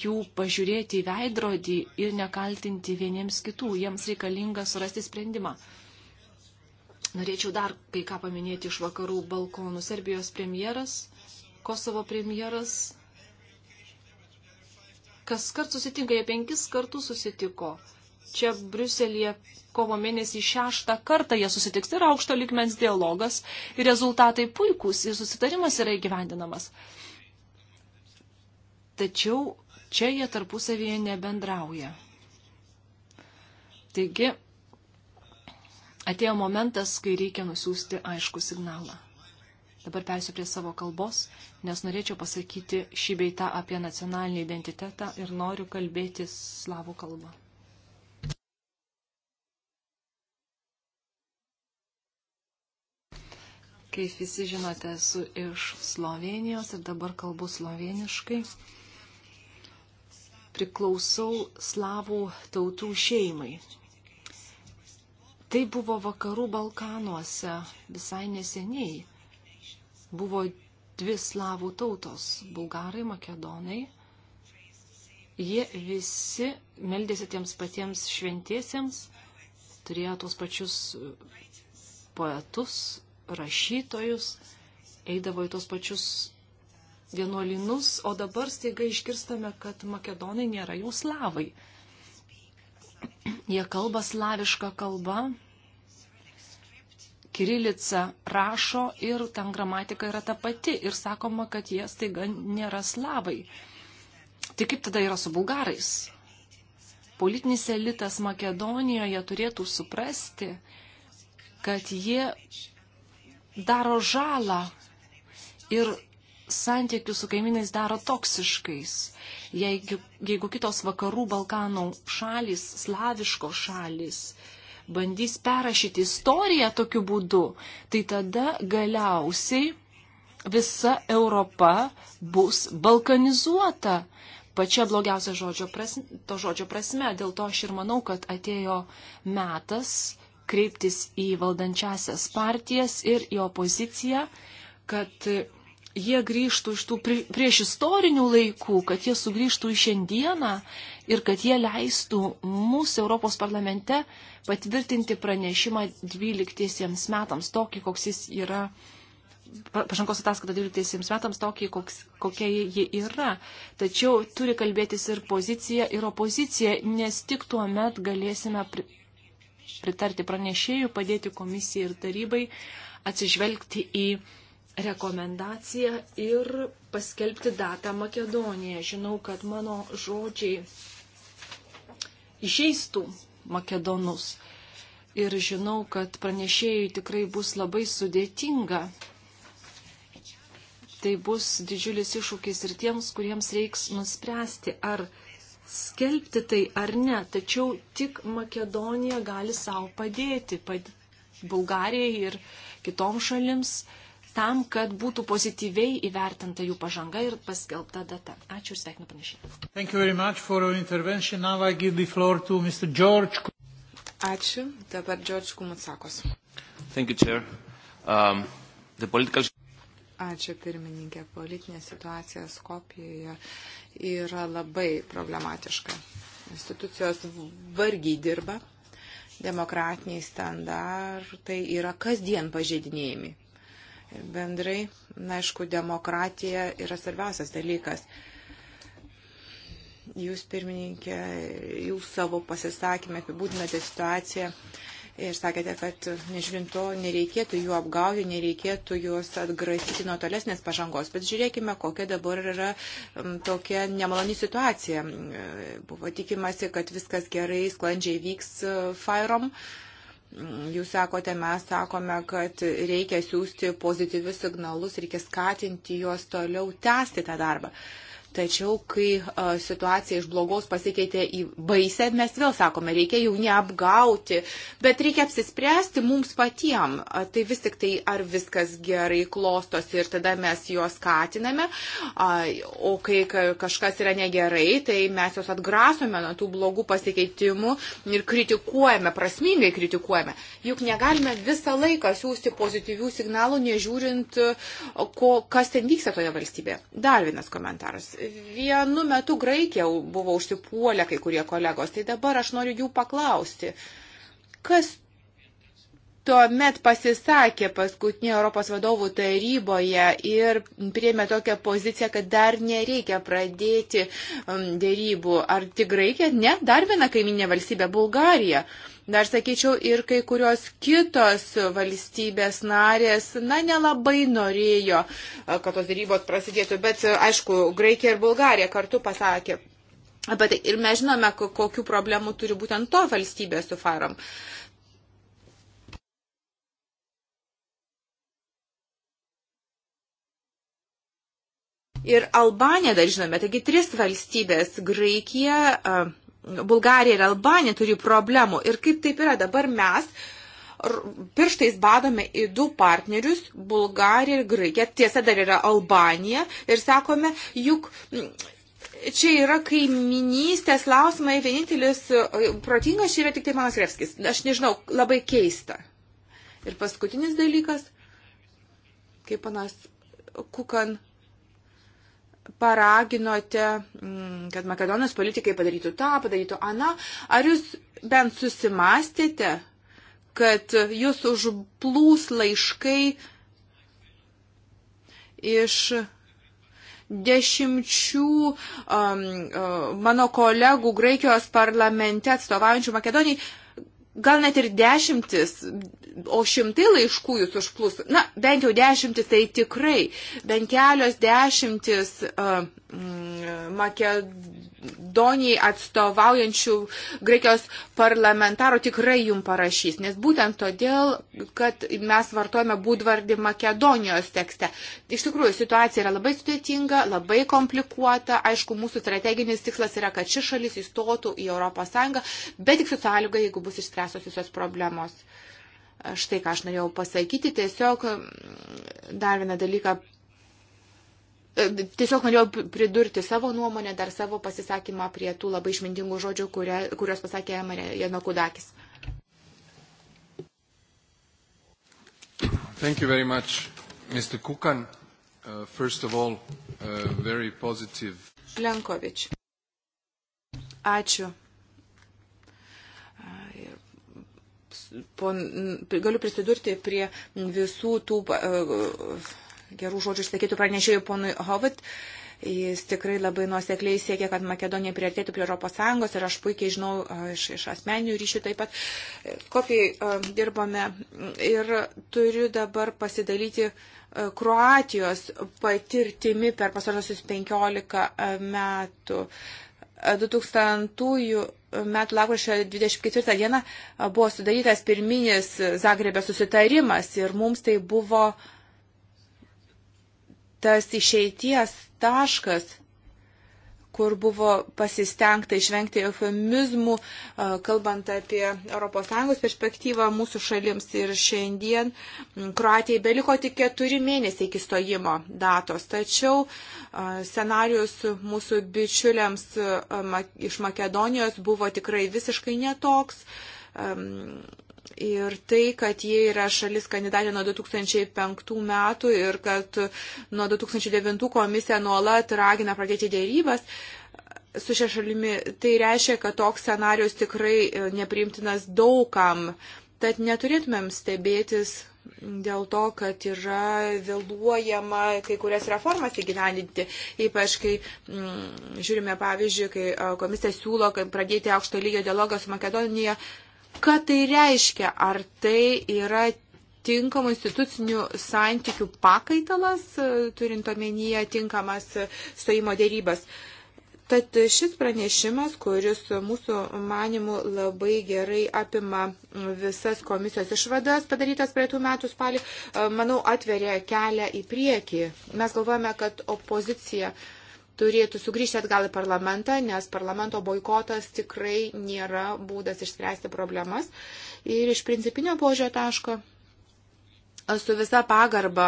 jų pažiūrėti į veidrodį ir nekaltinti vieniems kitų. Jiems reikalinga surasti sprendimą. Norėčiau dar kai ką paminėti iš vakarų balkonų. Serbijos premjeras, Kosovo premjeras. Kas kart susitinka, jie penkis kartus susitiko čia Bruselėje kovo mėnesį šeštą kartą jie susitiks. Tai yra aukšto likmens dialogas ir rezultatai puikūs ir susitarimas yra įgyvendinamas. Tačiau čia jie tarpusavyje nebendrauja. Taigi, atėjo momentas, kai reikia nusiųsti aišku signalą. Dabar persiu prie savo kalbos, nes norėčiau pasakyti šį beitą apie nacionalinį identitetą ir noriu kalbėti slavų kalbą. kaip visi žinote, esu iš Slovenijos ir dabar kalbu sloveniškai. Priklausau slavų tautų šeimai. Tai buvo vakarų Balkanuose visai neseniai. Buvo dvi slavų tautos - bulgarai, makedonai. Jie visi meldėsi tiems patiems šventiesiems, turėjo tuos pačius poetus, rašytojus, eidavo į tos pačius vienuolinus, o dabar staiga išgirstame, kad makedonai nėra jau slavai. Jie kalba slavišką kalbą, kirilica rašo ir ten gramatika yra ta pati ir sakoma, kad jie staiga nėra slavai. Tai kaip tada yra su bulgarais? Politinis elitas Makedonijoje turėtų suprasti, kad jie daro žalą ir santykius su kaimynais daro toksiškais. Jeigu, jeigu kitos vakarų Balkanų šalis, slaviško šalis, bandys perrašyti istoriją tokiu būdu, tai tada galiausiai visa Europa bus balkanizuota. Pačia blogiausia žodžio prasme, to žodžio prasme. Dėl to aš ir manau, kad atėjo metas kreiptis į valdančiasias partijas ir į opoziciją, kad jie grįžtų iš tų prieš istorinių laikų, kad jie sugrįžtų į šiandieną ir kad jie leistų mūsų Europos parlamente patvirtinti pranešimą 12 metams, tokį, koks jis yra. Pažangos ataskaita 12 metams tokį, koks, kokia ji yra. Tačiau turi kalbėtis ir pozicija, ir opozicija, nes tik tuo met galėsime pritarti pranešėjų, padėti komisijai ir tarybai atsižvelgti į rekomendaciją ir paskelbti datą Makedonija. Žinau, kad mano žodžiai išeistų Makedonus ir žinau, kad pranešėjai tikrai bus labai sudėtinga. Tai bus didžiulis iššūkis ir tiems, kuriems reiks nuspręsti, ar skelbti tai ar ne, tačiau tik Makedonija gali savo padėti, pad... Bulgarijai ir kitoms šalims, tam, kad būtų pozityviai įvertinta jų pažanga ir paskelbta data. Ačiū ir sveikinu panašiai. Ačiū. Dabar George Kumutsakos. Thank you, Chair. Um, the political... Ačiū pirmininkė. Politinė situacija Skopijoje yra labai problematiška. Institucijos vargiai dirba, demokratiniai standartai yra kasdien pažeidinėjami. Ir bendrai, na, aišku, demokratija yra svarbiausias dalykas. Jūs, pirmininkė, jūs savo pasisakymę apibūdinate situaciją ir sakėte, kad nežiūrint to, nereikėtų jų apgauti, nereikėtų juos atgrasyti nuo tolesnės pažangos. Bet žiūrėkime, kokia dabar yra tokia nemaloni situacija. Buvo tikimasi, kad viskas gerai, sklandžiai vyks e, Fairom. Jūs sakote, mes sakome, kad reikia siūsti pozityvius signalus, reikia skatinti juos toliau tęsti tą darbą. Uh, Tačiau, kai a, situacija iš blogos pasikeitė į baisę, mes vėl sakome, reikia jau neapgauti, bet reikia apsispręsti mums patiem. A, tai vis tik tai, ar viskas gerai klostosi ir tada mes juos skatiname, a, o kai kažkas yra negerai, tai mes juos atgrasome nuo tų blogų pasikeitimų ir kritikuojame, prasmingai kritikuojame. Juk negalime visą laiką siūsti pozityvių signalų, nežiūrint, e, ko, kas ten vyksta toje valstybėje. Dar vienas komentaras. Vienu metu Graikija buvo užsipuolę kai kurie kolegos, tai dabar aš noriu jų paklausti. Kas tuomet pasisakė paskutinė Europos vadovų taryboje ir priemė tokią poziciją, kad dar nereikia pradėti um, dėrybų. Ar tik Graikija? Ne, dar viena kaiminė valstybė - Bulgarija. Dar sakyčiau, ir kai kurios kitos valstybės narės, na, nelabai norėjo, e, kad tos dėrybos prasidėtų, bet e, aišku, Graikija ir Bulgarija kartu pasakė. Bet tai. ir mes žinome, kokiu problemu turi būtent to valstybė su farom. ir Albaniją dar žinome, taigi tris valstybės - Graikija, uh, Bulgarija ir Albanija turi problemų. Ir kaip taip yra, dabar mes pirštais badome į du partnerius - Bulgariją ir Graikiją. Tiesa, dar yra Albanija. Ir sakome, juk mm, čia yra kaiminystės klausimai, vienintelis e, protingas čia yra tik tai Manas Revskis. Aš nežinau, labai keista. Ir paskutinis dalykas, kaip panas Kukan paraginote, mm, kad Makedonijos politikai padarytų tą, padarytų aną. Ar jūs bent susimastėte, kad jūs užplūs laiškai iš dešimčių um, um, mano kolegų Graikijos parlamente atstovaujančių Makedonijai? gal net ir dešimtis, o šimtai laiškų jūs užplūs. Na, bent jau dešimtis tai tikrai, bent kelios dešimtis uh, mm, makedonų Donijai atstovaujančių Graikijos parlamentarų tikrai jum parašys, nes būtent todėl, kad mes vartojame būdvardį Makedonijos tekste. Iš tikrųjų, situacija yra labai sudėtinga, labai komplikuota. Aišku, mūsų strateginis tikslas yra, kad ši šalis įstotų į ES, bet tik su sąlyga, jeigu bus išspręstos visos problemos štai ką aš norėjau pasakyti, tiesiog mm, dar vieną dalyką Tiesiog norėjau pridurti savo nuomonę, dar savo pasisakymą prie tų labai išmintingų žodžių, kurie, kurios pasakė Jano Kudakis. Thank you very much, Mr. Kukan. Uh, first of all, uh, very positive. Lenkovič. Ačiū. Pon, galiu prisidurti prie visų tų. Uh, gerų žodžių išsakytų pranešėjų ponui Hobbit. Jis tikrai labai nuosekliai siekia, kad Makedonija priartėtų prie ES ir aš puikiai žinau iš, iš asmeninių ryšių taip pat, e, kopiai uh, dirbame ir turiu dabar pasidalyti uh, Kroatijos patirtimi per pasarosius 15 e, metų. 2000 metų lakrušio 24 dieną buvo sudarytas pirminis Zagrebė susitarimas ir mums tai buvo uh, tas išeities taškas, kur buvo pasistengta išvengti eufemizmų, kalbant apie ES perspektyvą mūsų šalims. Ir šiandien Kroatijai beliko tik keturi mėnesiai iki stojimo datos. Tačiau scenarius mūsų bičiuliams iš Makedonijos buvo tikrai visiškai netoks Ir tai, kad jie yra šalis kandidatė nuo 2005 metų ir kad nuo 2009 komisija nuolat ragina pradėti dėrybas su šia šalimi, tai reiškia, kad toks scenarius tikrai e, nepriimtinas daugam. Tad neturėtumėm stebėtis dėl to, kad yra vėluojama kai kurias reformas įgyvendinti. Ypač, kai m, mm, žiūrime, pavyzdžiui, kai e, komisija siūlo pradėti aukšto lygio dialogą su Makedonija, Ką tai reiškia? Ar tai yra tinkamų institucinių santykių pakaitalas, turint omenyje tinkamas stojimo dėrybas? Tad šis pranešimas, kuris mūsų manimų labai gerai apima visas komisijos išvadas padarytas praeitų metų spalį, manau, atveria kelią į priekį. Mes galvojame, kad opozicija uh, turėtų sugrįžti atgal į parlamentą, nes parlamento boikotas tikrai nėra būdas išspręsti problemas. Ir iš principinio požiūrio taško, su visa pagarba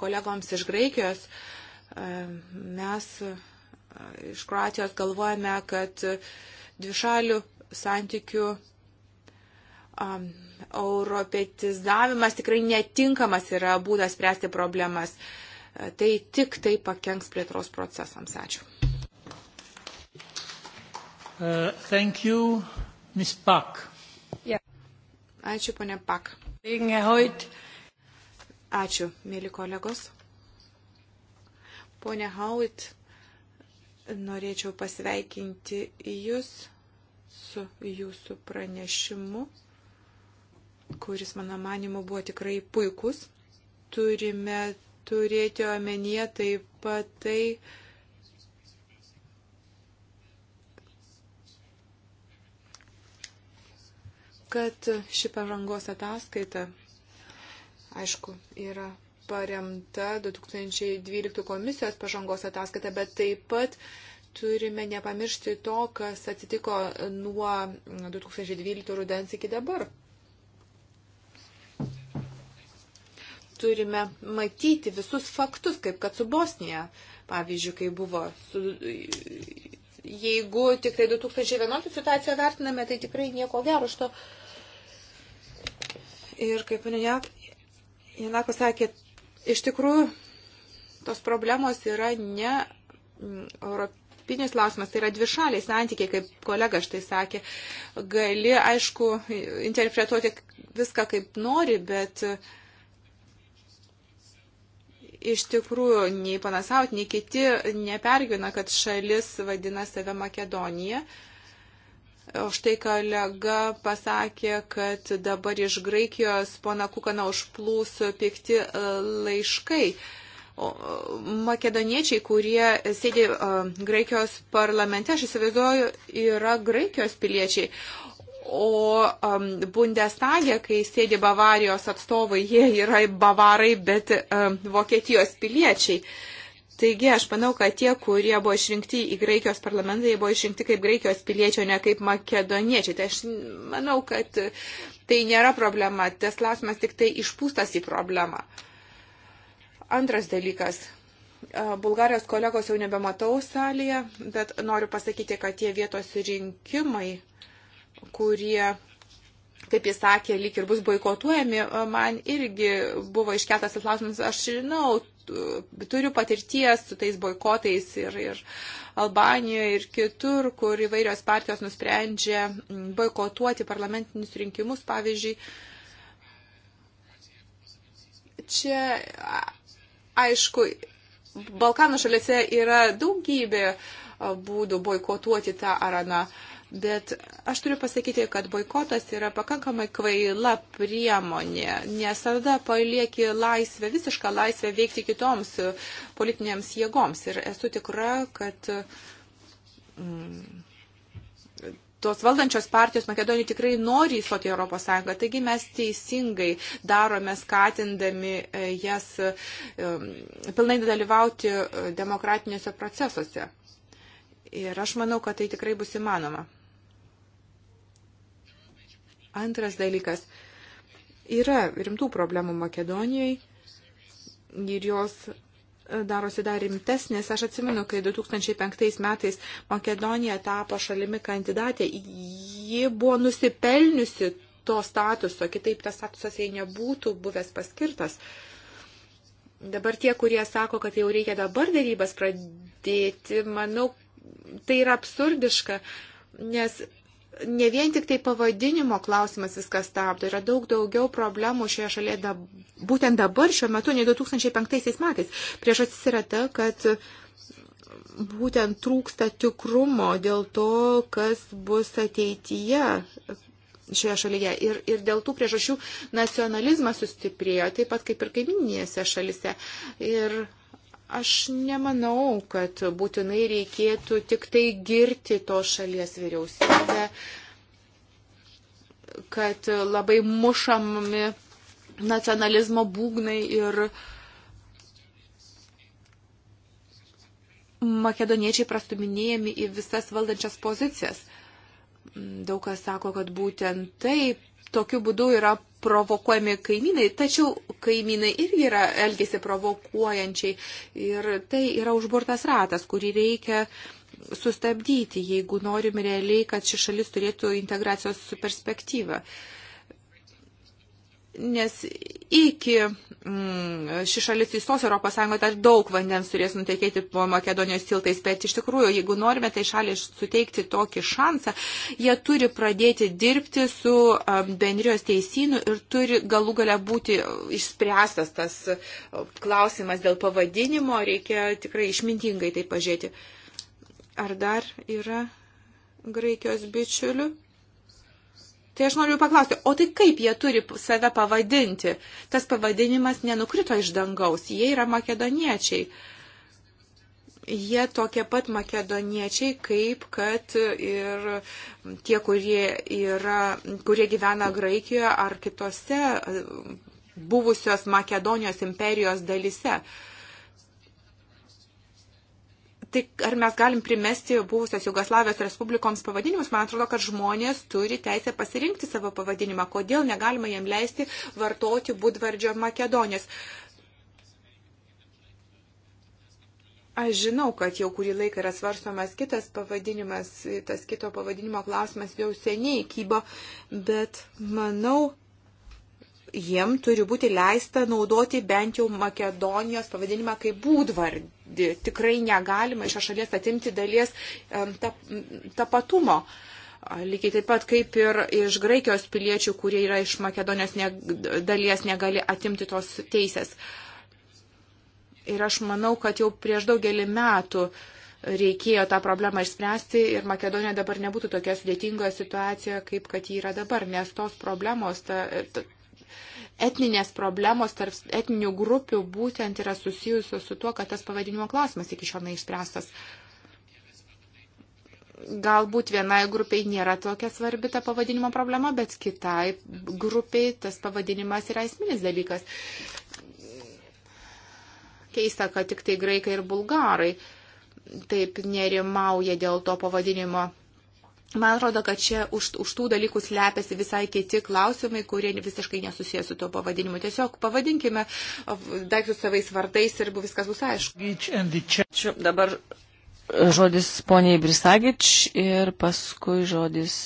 kolegoms iš Graikijos, mes iš Kroatijos galvojame, kad dvišalių santykių um, europetizavimas tikrai netinkamas yra būdas spręsti problemas. Uh, tai tik tai pakenks plėtros procesams. Ačiū. Uh, thank you, Ms. Pak. Yeah. Ačiū, ponė Pak. Ačiū, mėly kolegos. Pone Hauit, norėčiau pasveikinti Jūs su Jūsų pranešimu, kuris, mano manimu, buvo tikrai puikus. Turime turėti omenyje taip pat tai, kad ši pažangos ataskaita, aišku, yra paremta 2012 komisijos pažangos ataskaita, bet taip pat turime nepamiršti to, kas atsitiko nuo 2012 rudens iki dabar. turime matyti visus faktus, kaip kad su Bosnija, pavyzdžiui, kai buvo su, jeigu tik tai 2011 situaciją vertiname, tai tikrai nieko gero iš to. Ir kaip Jana pasakė, iš tikrųjų tos problemos yra ne mm, europinis klausimas, tai yra dvišaliai santykiai, kaip kolega štai sakė. Gali, aišku, interpretuoti viską kaip nori, bet uh, iš tikrųjų nei panas Aut, nei kiti nepergina, kad šalis vadina save Makedonija. O štai kolega pasakė, kad dabar iš Graikijos pona Kukana užplūs pikti e, laiškai. E, makedoniečiai, kurie sėdi e, Graikijos parlamente, aš įsivaizduoju, yra Graikijos piliečiai. O um, Bundestage, kai sėdi Bavarijos atstovai, jie yra bavarai, bet um, Vokietijos piliečiai. Taigi aš manau, kad tie, kurie buvo išrinkti į Graikijos parlamentą, jie buvo išrinkti kaip Graikijos piliečiai, ne kaip makedoniečiai. Tai aš manau, kad tai nėra problema. Tas klausimas tik tai išpūstas į problemą. Antras dalykas. Bulgarijos kolegos jau nebematau salėje, bet noriu pasakyti, kad tie vietos rinkimai kurie kaip jis sakė, lyg ir bus boikotuojami, man irgi buvo iškeltas klausimas, aš žinau, turiu patirties su tais boikotais ir, ir Albanijoje ir kitur, kur įvairios partijos nusprendžia boikotuoti parlamentinius rinkimus, pavyzdžiui. Čia, aišku, Balkanų šalise yra daugybė būdų boikotuoti tą araną. Uh, Bet aš turiu pasakyti, kad boikotas yra pakankamai kvaila priemonė, nes tada palieki laisvę, visišką laisvę veikti kitoms e, politinėms jėgoms. Ir esu tikra, kad. Mm, tos valdančios partijos Makedonijai tikrai nori įstoti į Europos Sąjungą, taigi mes teisingai darome, skatindami e, jas e, pilnai dalyvauti demokratiniuose procesuose. Ir aš manau, kad tai tikrai bus įmanoma. Antras dalykas. Yra rimtų problemų Makedonijai ir jos e, darosi dar rimtesnės. Aš atsimenu, kai 2005 metais Makedonija tapo šalimi kandidatė, ji buvo nusipelniusi to statuso, kitaip tas statusas jai nebūtų buvęs paskirtas. Dabar tie, kurie sako, kad jau reikia dabar darybas pradėti, manau, tai yra absurdiška, nes ne vien tik tai pavadinimo klausimas viskas stabdo, yra daug daugiau problemų šioje šalyje dab, būtent dabar, šiuo metu, nei 2005 metais. Priežastis yra ta, kad būtent trūksta tikrumo dėl to, kas bus ateityje šioje šalyje. Ir, ir dėl tų priežasčių nacionalizmas sustiprėjo, taip pat kaip ir kaiminėse šalise. Ir Aš nemanau, kad būtinai reikėtų tik tai girti to šalies vyriausybę, kad labai mušami nacionalizmo būgnai ir makedoniečiai prastuminėjami į visas valdančias pozicijas. Daug kas sako, kad būtent taip tokiu būdu yra provokuojami kaimynai, tačiau kaimynai irgi yra elgesi provokuojančiai ir tai yra užburtas ratas, kurį reikia sustabdyti, jeigu norim realiai, kad ši šalis turėtų integracijos perspektyvą. Uh, nes iki mm, ši šalis įstos Europos Sąjungoje, dar daug vandens turės nutekėti po Makedonijos tiltais, bet iš tikrųjų, jeigu norime tai šaliai suteikti tokį šansą, jie turi pradėti dirbti su bendrijos teisynu ir turi galų gale būti išspręstas tas klausimas dėl pavadinimo, reikia tikrai išmintingai tai pažiūrėti. Ar dar yra Graikijos bičiulių? Tai aš noriu paklausti, o tai kaip jie turi save pavadinti? Tas pavadinimas nenukrito iš dangaus, jie yra makedoniečiai. Jie tokie pat makedoniečiai, kaip kad ir tie, kurie, yra, kurie gyvena Graikijoje ar kitose e, buvusios Makedonijos imperijos dalise. Uh, Tai ar mes galim primesti buvusios Jugoslavijos Respublikoms pavadinimus? Man atrodo, kad žmonės turi teisę pasirinkti savo pavadinimą. Kodėl negalima jam leisti vartoti būdvardžio Makedonijos? Aš žinau, kad jau kurį laiką yra svarstomas kitas pavadinimas, tas kito pavadinimo klausimas jau seniai kybo, bet manau, jiem turi būti leista naudoti bent jau Makedonijos pavadinimą kaip būdvardį. Tikrai negalima iš šalies atimti dalies tapatumo. Ta Lygiai taip pat kaip ir iš Graikijos piliečių, kurie yra iš Makedonijos ne, dalies, negali atimti tos teisės. Ir aš manau, kad jau prieš daugelį metų uh, reikėjo tą problemą išspręsti ir Makedonija dabar nebūtų tokia sudėtingoje situacijoje, kaip kad ji yra dabar, nes tos problemos, ta, ta, etninės problemos tarp etninių grupių būtent yra susijusios su tuo, kad tas pavadinimo klausimas iki šiol neišspręstas. Galbūt vienai grupiai nėra tokia svarbi ta pavadinimo problema, bet kitai grupiai tas pavadinimas yra esminis dalykas. Keista, kad tik tai graikai ir bulgarai taip nerimauja dėl to pavadinimo Man atrodo, kad čia už, už tų dalykų slepiasi visai kiti klausimai, kurie visiškai nesusijęs su tuo pavadinimu. Tiesiog pavadinkime daiktus savais vardais ir viskas bus aišku. Ačiū. Dabar žodis poniai Brisagič ir paskui žodis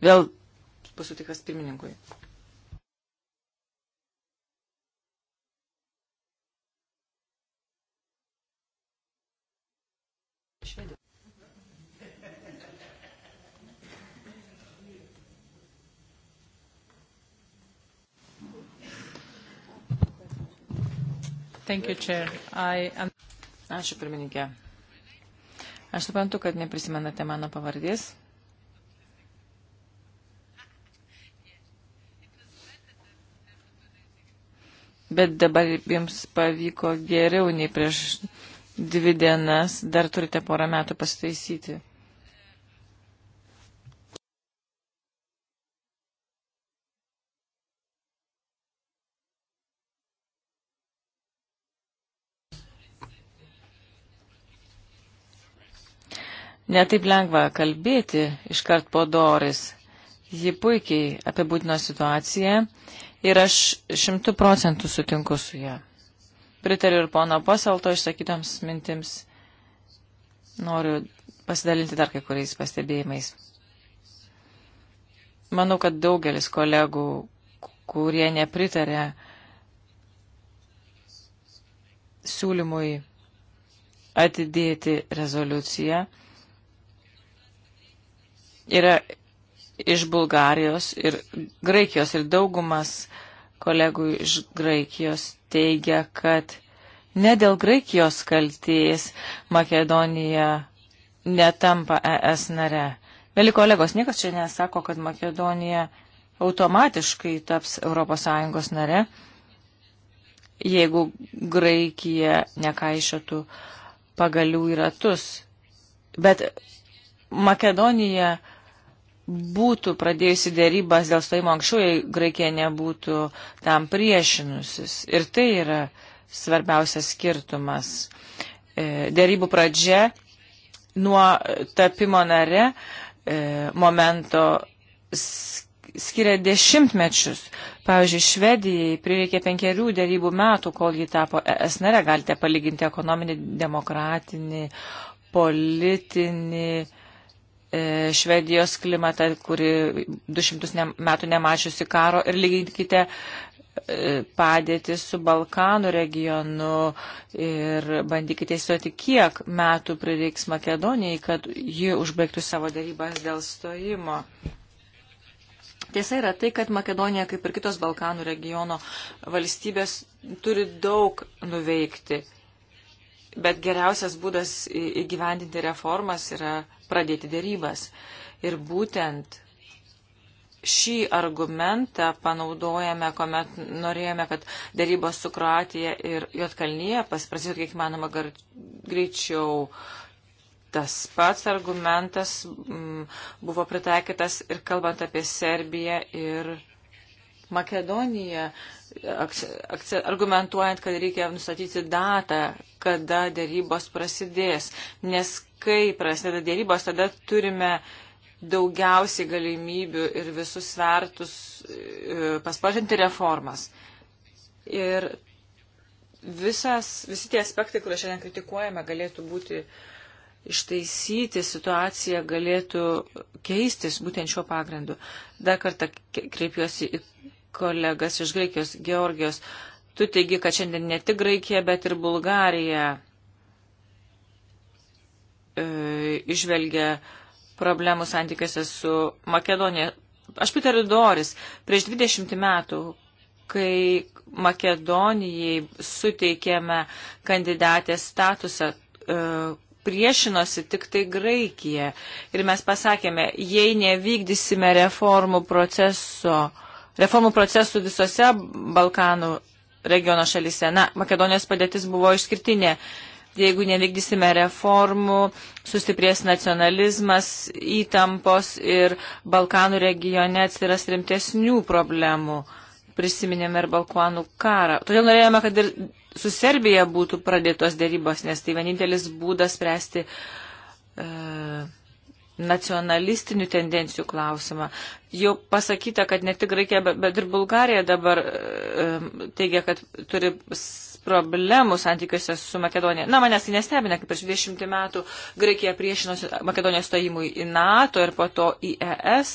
vėl pasutikas pirmininkui. Thank you, Chair. I am... Ačiū, pirmininkė. Aš suprantu, kad neprisimenate mano pavardės. Bet dabar jums pavyko geriau nei prieš dvi dienas. Dar turite porą metų pasitaisyti. netaip lengva kalbėti iškart po Doris. Ji puikiai apibūdino situaciją ir aš šimtų procentų sutinku su ją. Pritariu ir pono pasalto išsakytoms mintims. Noriu pasidalinti dar kai kuriais pastebėjimais. Manau, kad daugelis kolegų, kurie nepritarė siūlymui atidėti rezoliuciją, yra iš Bulgarijos ir Graikijos ir daugumas kolegų iš Graikijos teigia, kad ne dėl Graikijos kalties Makedonija netampa ES nare. Mėly kolegos, niekas čia nesako, kad Makedonija automatiškai taps ES nare, jeigu Graikija nekaišėtų pagalių į ratus. Bet Makedonija būtų pradėjusi dėrybas dėl stojimo anksčiau, jei Graikija nebūtų tam priešinusis. Ir tai yra svarbiausias skirtumas. E, dėrybų pradžia nuo tapimo nare e, momento skiria dešimtmečius. Pavyzdžiui, Švedijai prireikė penkerių dėrybų metų, kol ji tapo ES nare. Galite palyginti ekonominį, demokratinį, politinį E, Švedijos klimatą, kuri 200 ne, metų nemačiusi karo ir lyginkite e, padėti su Balkanų regionu ir bandykite įsivaizduoti, kiek metų prireiks Makedonijai, kad ji užbaigtų savo darybas dėl stojimo. Tiesa yra tai, kad Makedonija, kaip ir kitos Balkanų regiono valstybės, turi daug nuveikti Bet geriausias būdas įgyvendinti reformas yra pradėti dėrybas. Ir būtent šį argumentą panaudojame, kuomet norėjome, kad dėrybos su Kroatija ir Jotkalnyje prasidėtų kiek manoma greičiau. Tas pats argumentas m, mm, buvo pritaikytas ir kalbant apie Serbiją ir Makedoniją argumentuojant, kad reikia nustatyti datą, kada dėrybos prasidės. Nes kai prasideda dėrybos, tada turime daugiausiai galimybių ir visus svertus e, paspažinti reformas. Ir visas, visi tie aspektai, kuriuos šiandien kritikuojame, galėtų būti ištaisyti, situacija galėtų keistis būtent šiuo pagrindu. Dar kartą kreipiuosi į kolegas iš Graikijos, Georgijos. Tu teigi, kad šiandien ne tik Graikija, bet ir Bulgarija e, išvelgia problemų santykiuose su Makedonija. Aš pritariu Doris, prieš 20 metų, kai Makedonijai suteikėme kandidatės statusą, e, priešinosi tik tai Graikija. Ir mes pasakėme, jei nevykdysime reformų proceso, reformų procesų visose Balkanų regiono šalyse. Na, Makedonijos padėtis buvo išskirtinė. Jeigu nevykdysime reformų, sustiprės nacionalizmas, įtampos ir Balkanų regione atsiras rimtesnių problemų. Prisiminėme ir Balkanų karą. Todėl norėjome, kad ir su Serbija būtų pradėtos dėrybos, nes tai vienintelis būdas spręsti. Uh, e, nacionalistinių tendencijų klausimą. Jau pasakyta, kad ne tik Graikija, bet ir Bulgarija dabar e, e, teigia, kad turi problemų santykiuose su Makedonija. Na, manęs tai nestebina, kaip prieš 20 metų Graikija priešinosi Makedonijos stojimui į NATO ir po to į ES.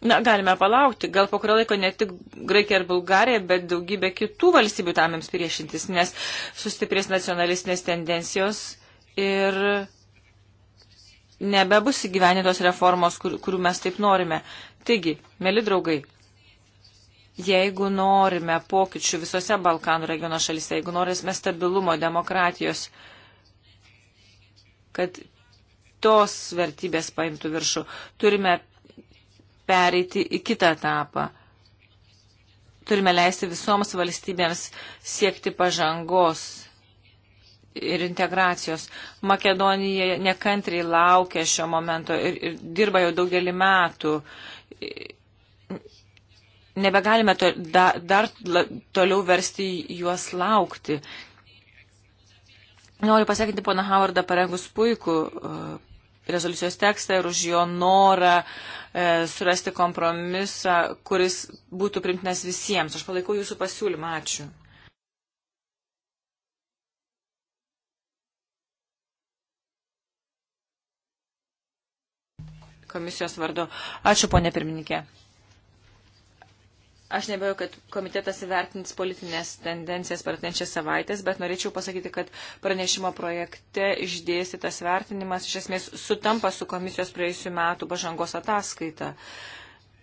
Na, galime palaukti, gal po kurio laiko ne tik Graikija ir Bulgarija, bet daugybė kitų valstybių tam jums priešintis, nes sustiprės nacionalistinės tendencijos ir nebebus įgyvenintos reformos, kur, kurių mes taip norime. Taigi, mėly draugai, jeigu norime pokyčių visose Balkanų regiono šalise, jeigu norime stabilumo, demokratijos, kad tos vertybės paimtų viršų, turime pereiti į kitą etapą. Turime leisti visoms valstybėms siekti pažangos ir integracijos. Makedonija nekantriai laukia šio momento ir, ir dirba jau daugelį metų. Nebegalime to, da, dar la, toliau versti juos laukti. Noriu pasakyti poną Howardą parengus puikų uh, rezoliucijos tekstą ir už jo norą e, surasti kompromisą, kuris būtų primtinas visiems. Aš palaikau jūsų pasiūlymą. Ačiū. komisijos vardu. Ačiū, ponė pirmininkė. Aš nebejoju, kad komitetas įvertins politinės tendencijas per atnečias savaitės, bet norėčiau pasakyti, kad pranešimo projekte išdėstytas vertinimas iš esmės sutampa su komisijos praėjusiu metu pažangos ataskaita. Uh,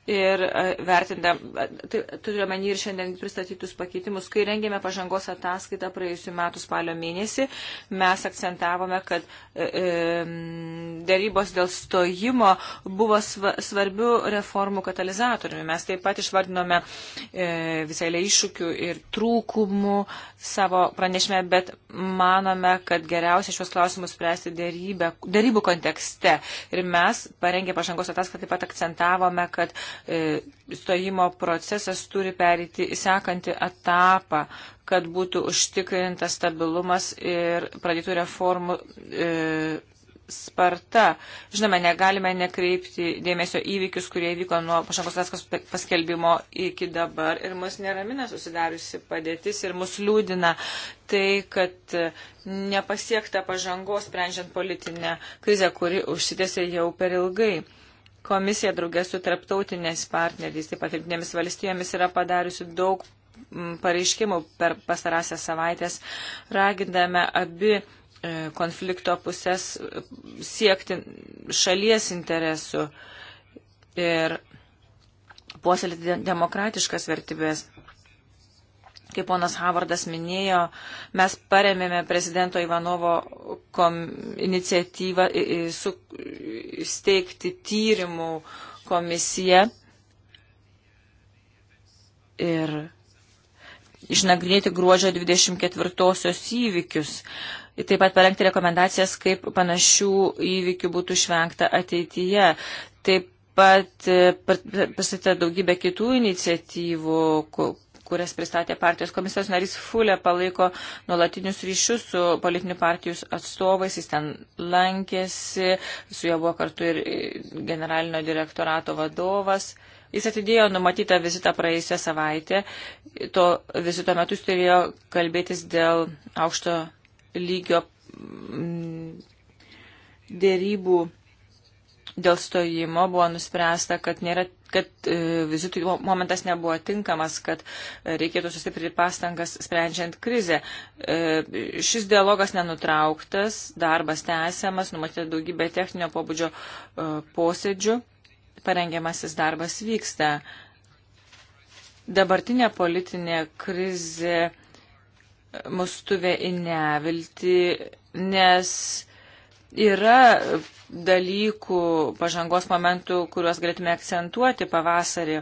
ir e, vertindam, e, tai, turime ir šiandien pristatytus pakeitimus. Kai rengėme pažangos ataskaitą praėjusiu metu spalio mėnesį, mes akcentavome, kad e, e dėrybos dėl stojimo buvo svarbių reformų katalizatoriumi. Mes taip pat išvardinome e, visai iššūkių ir trūkumų savo pranešime, bet manome, kad geriausia šios klausimus spręsti dėrybę, dėrybų kontekste. Ir mes parengė pažangos ataskaitą taip pat akcentavome, kad e, E, stojimo procesas turi perėti į sekantį etapą, kad būtų užtikrintas stabilumas ir pradėtų reformų e, sparta. Žinoma, negalime nekreipti dėmesio įvykius, kurie vyko nuo pašangos atskos paskelbimo iki dabar ir mus neramina susidariusi padėtis ir mus liūdina tai, kad e, nepasiekta pažangos, sprendžiant politinę krizę, kuri užsitėsi jau per ilgai. Komisija draugė su tarptautiniais partneriais, taip pat jungtinėmis valstijomis yra padariusi daug mm, pareiškimų per pastarąsias savaitės, ragindame abi e, konflikto pusės e, siekti šalies interesų ir puoselėti demokratiškas vertybės. Kaip ponas Havardas minėjo, mes paremėme prezidento Ivanovo kom, iniciatyvą su, steigti tyrimų komisiją ir išnagrinėti gruodžio 24-osios įvykius. Taip pat parengti rekomendacijas, kaip panašių įvykių būtų išvengta ateityje. Taip pat e, pasitė daugybę kitų iniciatyvų, kurias pristatė partijos komisijos narys Fulė, palaiko nuolatinius ryšius su politinių partijų atstovais, jis ten lankėsi, su juo buvo kartu ir generalinio direktorato vadovas. Jis atidėjo numatytą vizitą praėjusią savaitę. To vizito metu jis turėjo kalbėtis dėl aukšto lygio mm, dėrybų dėl stojimo buvo nuspręsta, kad, nėra, kad e, vizitų momentas nebuvo tinkamas, kad e, reikėtų sustiprinti pastangas sprendžiant krizę. E, šis dialogas nenutrauktas, darbas tęsiamas, numatė daugybę techninio pobūdžio posėdžių, parengiamasis darbas vyksta. Dabartinė politinė krizė mus tuvė į nevilti, nes Yra dalykų, pažangos momentų, kuriuos galėtume akcentuoti pavasario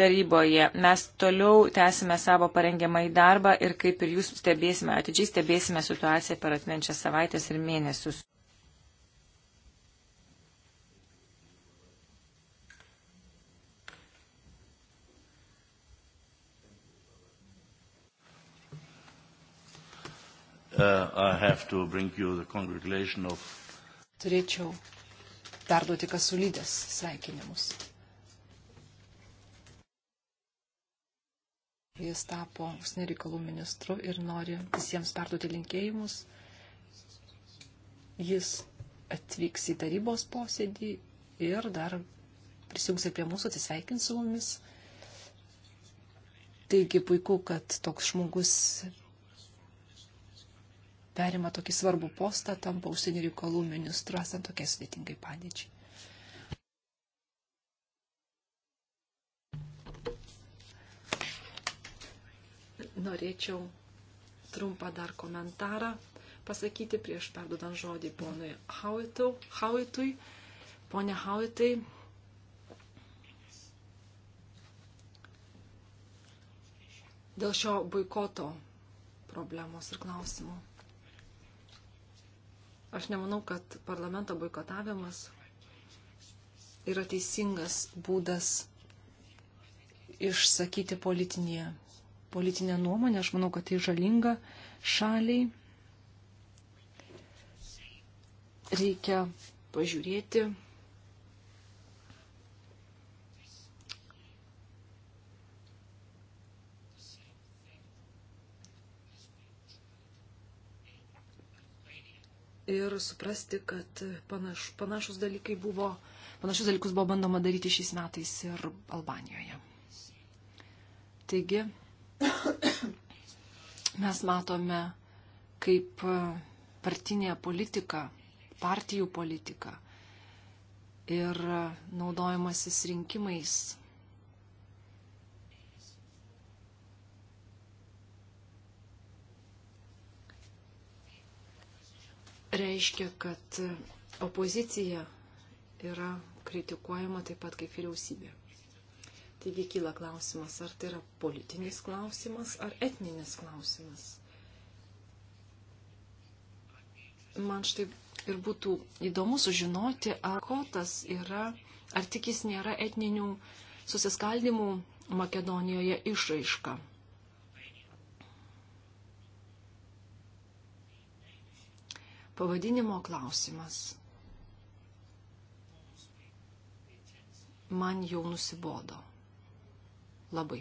taryboje. Mes toliau tęsime savo parengiamąjį darbą ir kaip ir jūs stebėsime, atidžiai stebėsime situaciją per atvenčias savaitės ir mėnesius. Uh, I have to bring you the congratulation of Turėčiau perduoti kasulydės sveikinimus. Jis tapo užsienio reikalų ministru ir nori visiems perduoti linkėjimus. Jis atvyks į tarybos posėdį ir dar prisijungs ir prie mūsų, atsisveikins su mumis. Taigi puiku, kad toks žmogus perima tokį svarbų postą, tampa užsienio reikalų ministru, esant tokiai sudėtingai padėčiai. Norėčiau trumpą dar komentarą pasakyti prieš perdodant žodį ponui Hauitui. Pone Hauitai, dėl šio boikoto problemos ir klausimų. Aš nemanau, kad parlamento boikotavimas yra teisingas būdas išsakyti politinė, politinę nuomonę. Aš manau, kad tai žalinga šaliai. Reikia pažiūrėti, ir suprasti, kad panaš, panašus dalykai buvo, panašus dalykus buvo bandoma daryti šiais metais ir Albanijoje. Taigi, mes matome, kaip partinė politika, partijų politika ir naudojimasis rinkimais reiškia, kad opozicija yra kritikuojama taip pat kaip vyriausybė. Taigi kyla klausimas, ar tai yra politinis klausimas, ar etninis klausimas. Man štai ir būtų įdomu sužinoti, ar kotas yra, ar tik jis nėra etninių susiskaldimų Makedonijoje išraiška. pavadinimo klausimas man jau nusibodo. Labai.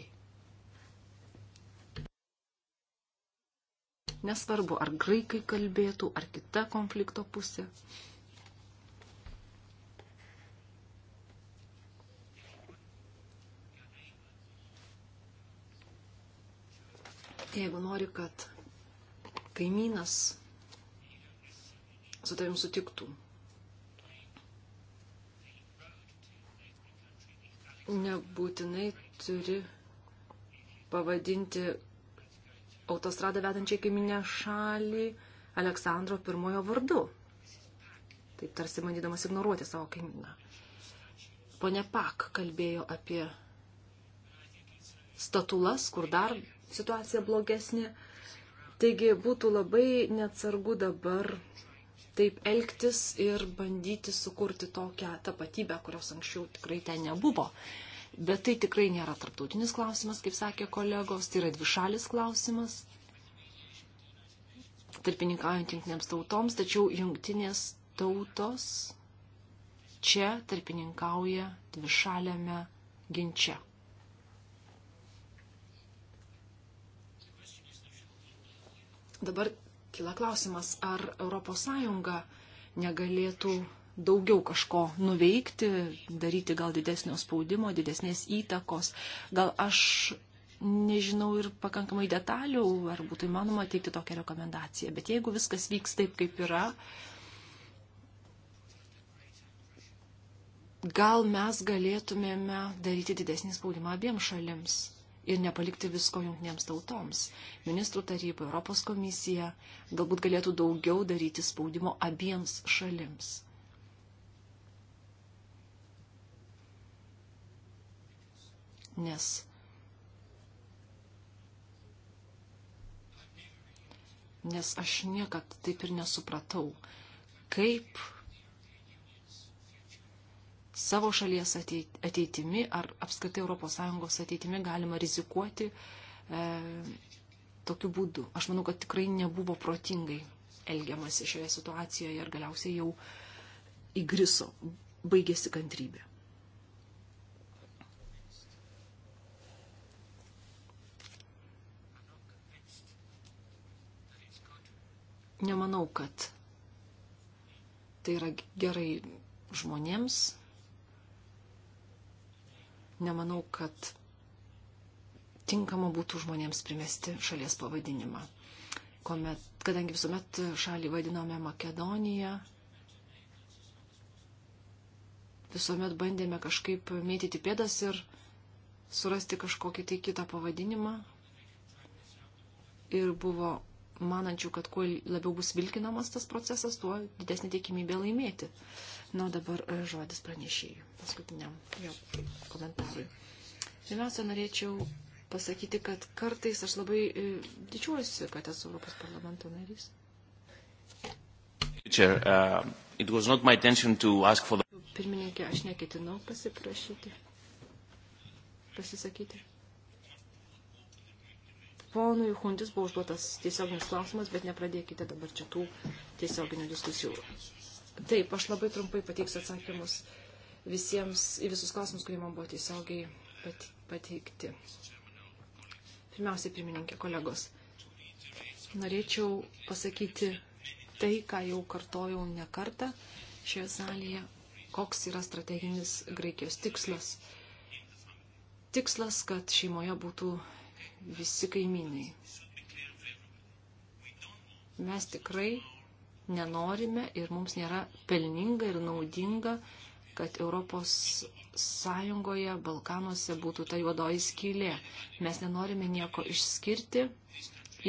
Nesvarbu, ar graikai kalbėtų, ar kita konflikto pusė. Jeigu nori, kad kaimynas su tavim sutiktų. Nebūtinai turi pavadinti autostradą vedančią kaiminę šalį Aleksandro pirmojo vardu. Taip tarsi manydamas ignoruoti savo kaimyną. Pone Pak kalbėjo apie statulas, kur dar situacija blogesnė. Taigi būtų labai neatsargu dabar taip elgtis ir bandyti sukurti tokią tapatybę, kurios anksčiau tikrai ten nebuvo. Bet tai tikrai nėra tarptautinis klausimas, kaip sakė kolegos, tai yra dvišalis klausimas, tarpininkaujant jungtinėms tautoms, tačiau jungtinės tautos čia tarpininkauja dvišaliame ginče. Dabar kila klausimas, ar ES negalėtų daugiau kažko nuveikti, daryti gal didesnio spaudimo, didesnės įtakos. Gal aš nežinau ir pakankamai detalių, ar būtų įmanoma teikti tokią rekomendaciją. Bet jeigu viskas vyks taip, kaip yra, gal mes galėtumėme daryti didesnį spaudimą abiems šalims ir nepalikti visko jungtinėms tautoms. Ministrų taryba, Europos komisija galbūt galėtų daugiau daryti spaudimo abiems šalims. Nes Nes aš niekad taip ir nesupratau, kaip savo šalies ateitimi ar apskritai ES ateitimi galima rizikuoti e, tokiu būdu. Aš manau, kad tikrai nebuvo protingai elgiamasi šioje situacijoje ir galiausiai jau įgriso, baigėsi kantrybė. Nemanau, kad tai yra gerai žmonėms, nemanau, kad tinkama būtų žmonėms primesti šalies pavadinimą. Komet, kadangi visuomet šalį vadinome Makedonija, visuomet bandėme kažkaip mėtyti pėdas ir surasti kažkokį tai kitą pavadinimą. Ir buvo manančių, kad kuo labiau bus vilkinamas tas procesas, tuo didesnė tikimybė laimėti. Uh, Na, nu, dabar e, žodis pranešėjai, paskutiniam jo komentarui. Pirmiausia, norėčiau pasakyti, kad kartais aš labai e, didžiuojuosi, kad esu Europos parlamento narys. Um, Pirmininkė, aš neketinau pasiprašyti, pasisakyti. Ponui Hundis buvo užduotas tiesioginis klausimas, bet nepradėkite dabar čia tų tiesioginių diskusijų. Taip, aš labai trumpai pateiksiu atsakymus visiems į visus klausimus, kurie man buvo tiesiogiai pateikti. Pirmiausiai, pirmininkė, kolegos, norėčiau pasakyti tai, ką jau kartojau ne kartą šioje salėje, koks yra strateginis Graikijos tikslas. Tikslas, kad šeimoje būtų visi kaimynai. Mes tikrai nenorime ir mums nėra pelninga ir naudinga, kad Europos Sąjungoje, Balkanuose būtų ta juodoji skylė. Mes nenorime nieko išskirti,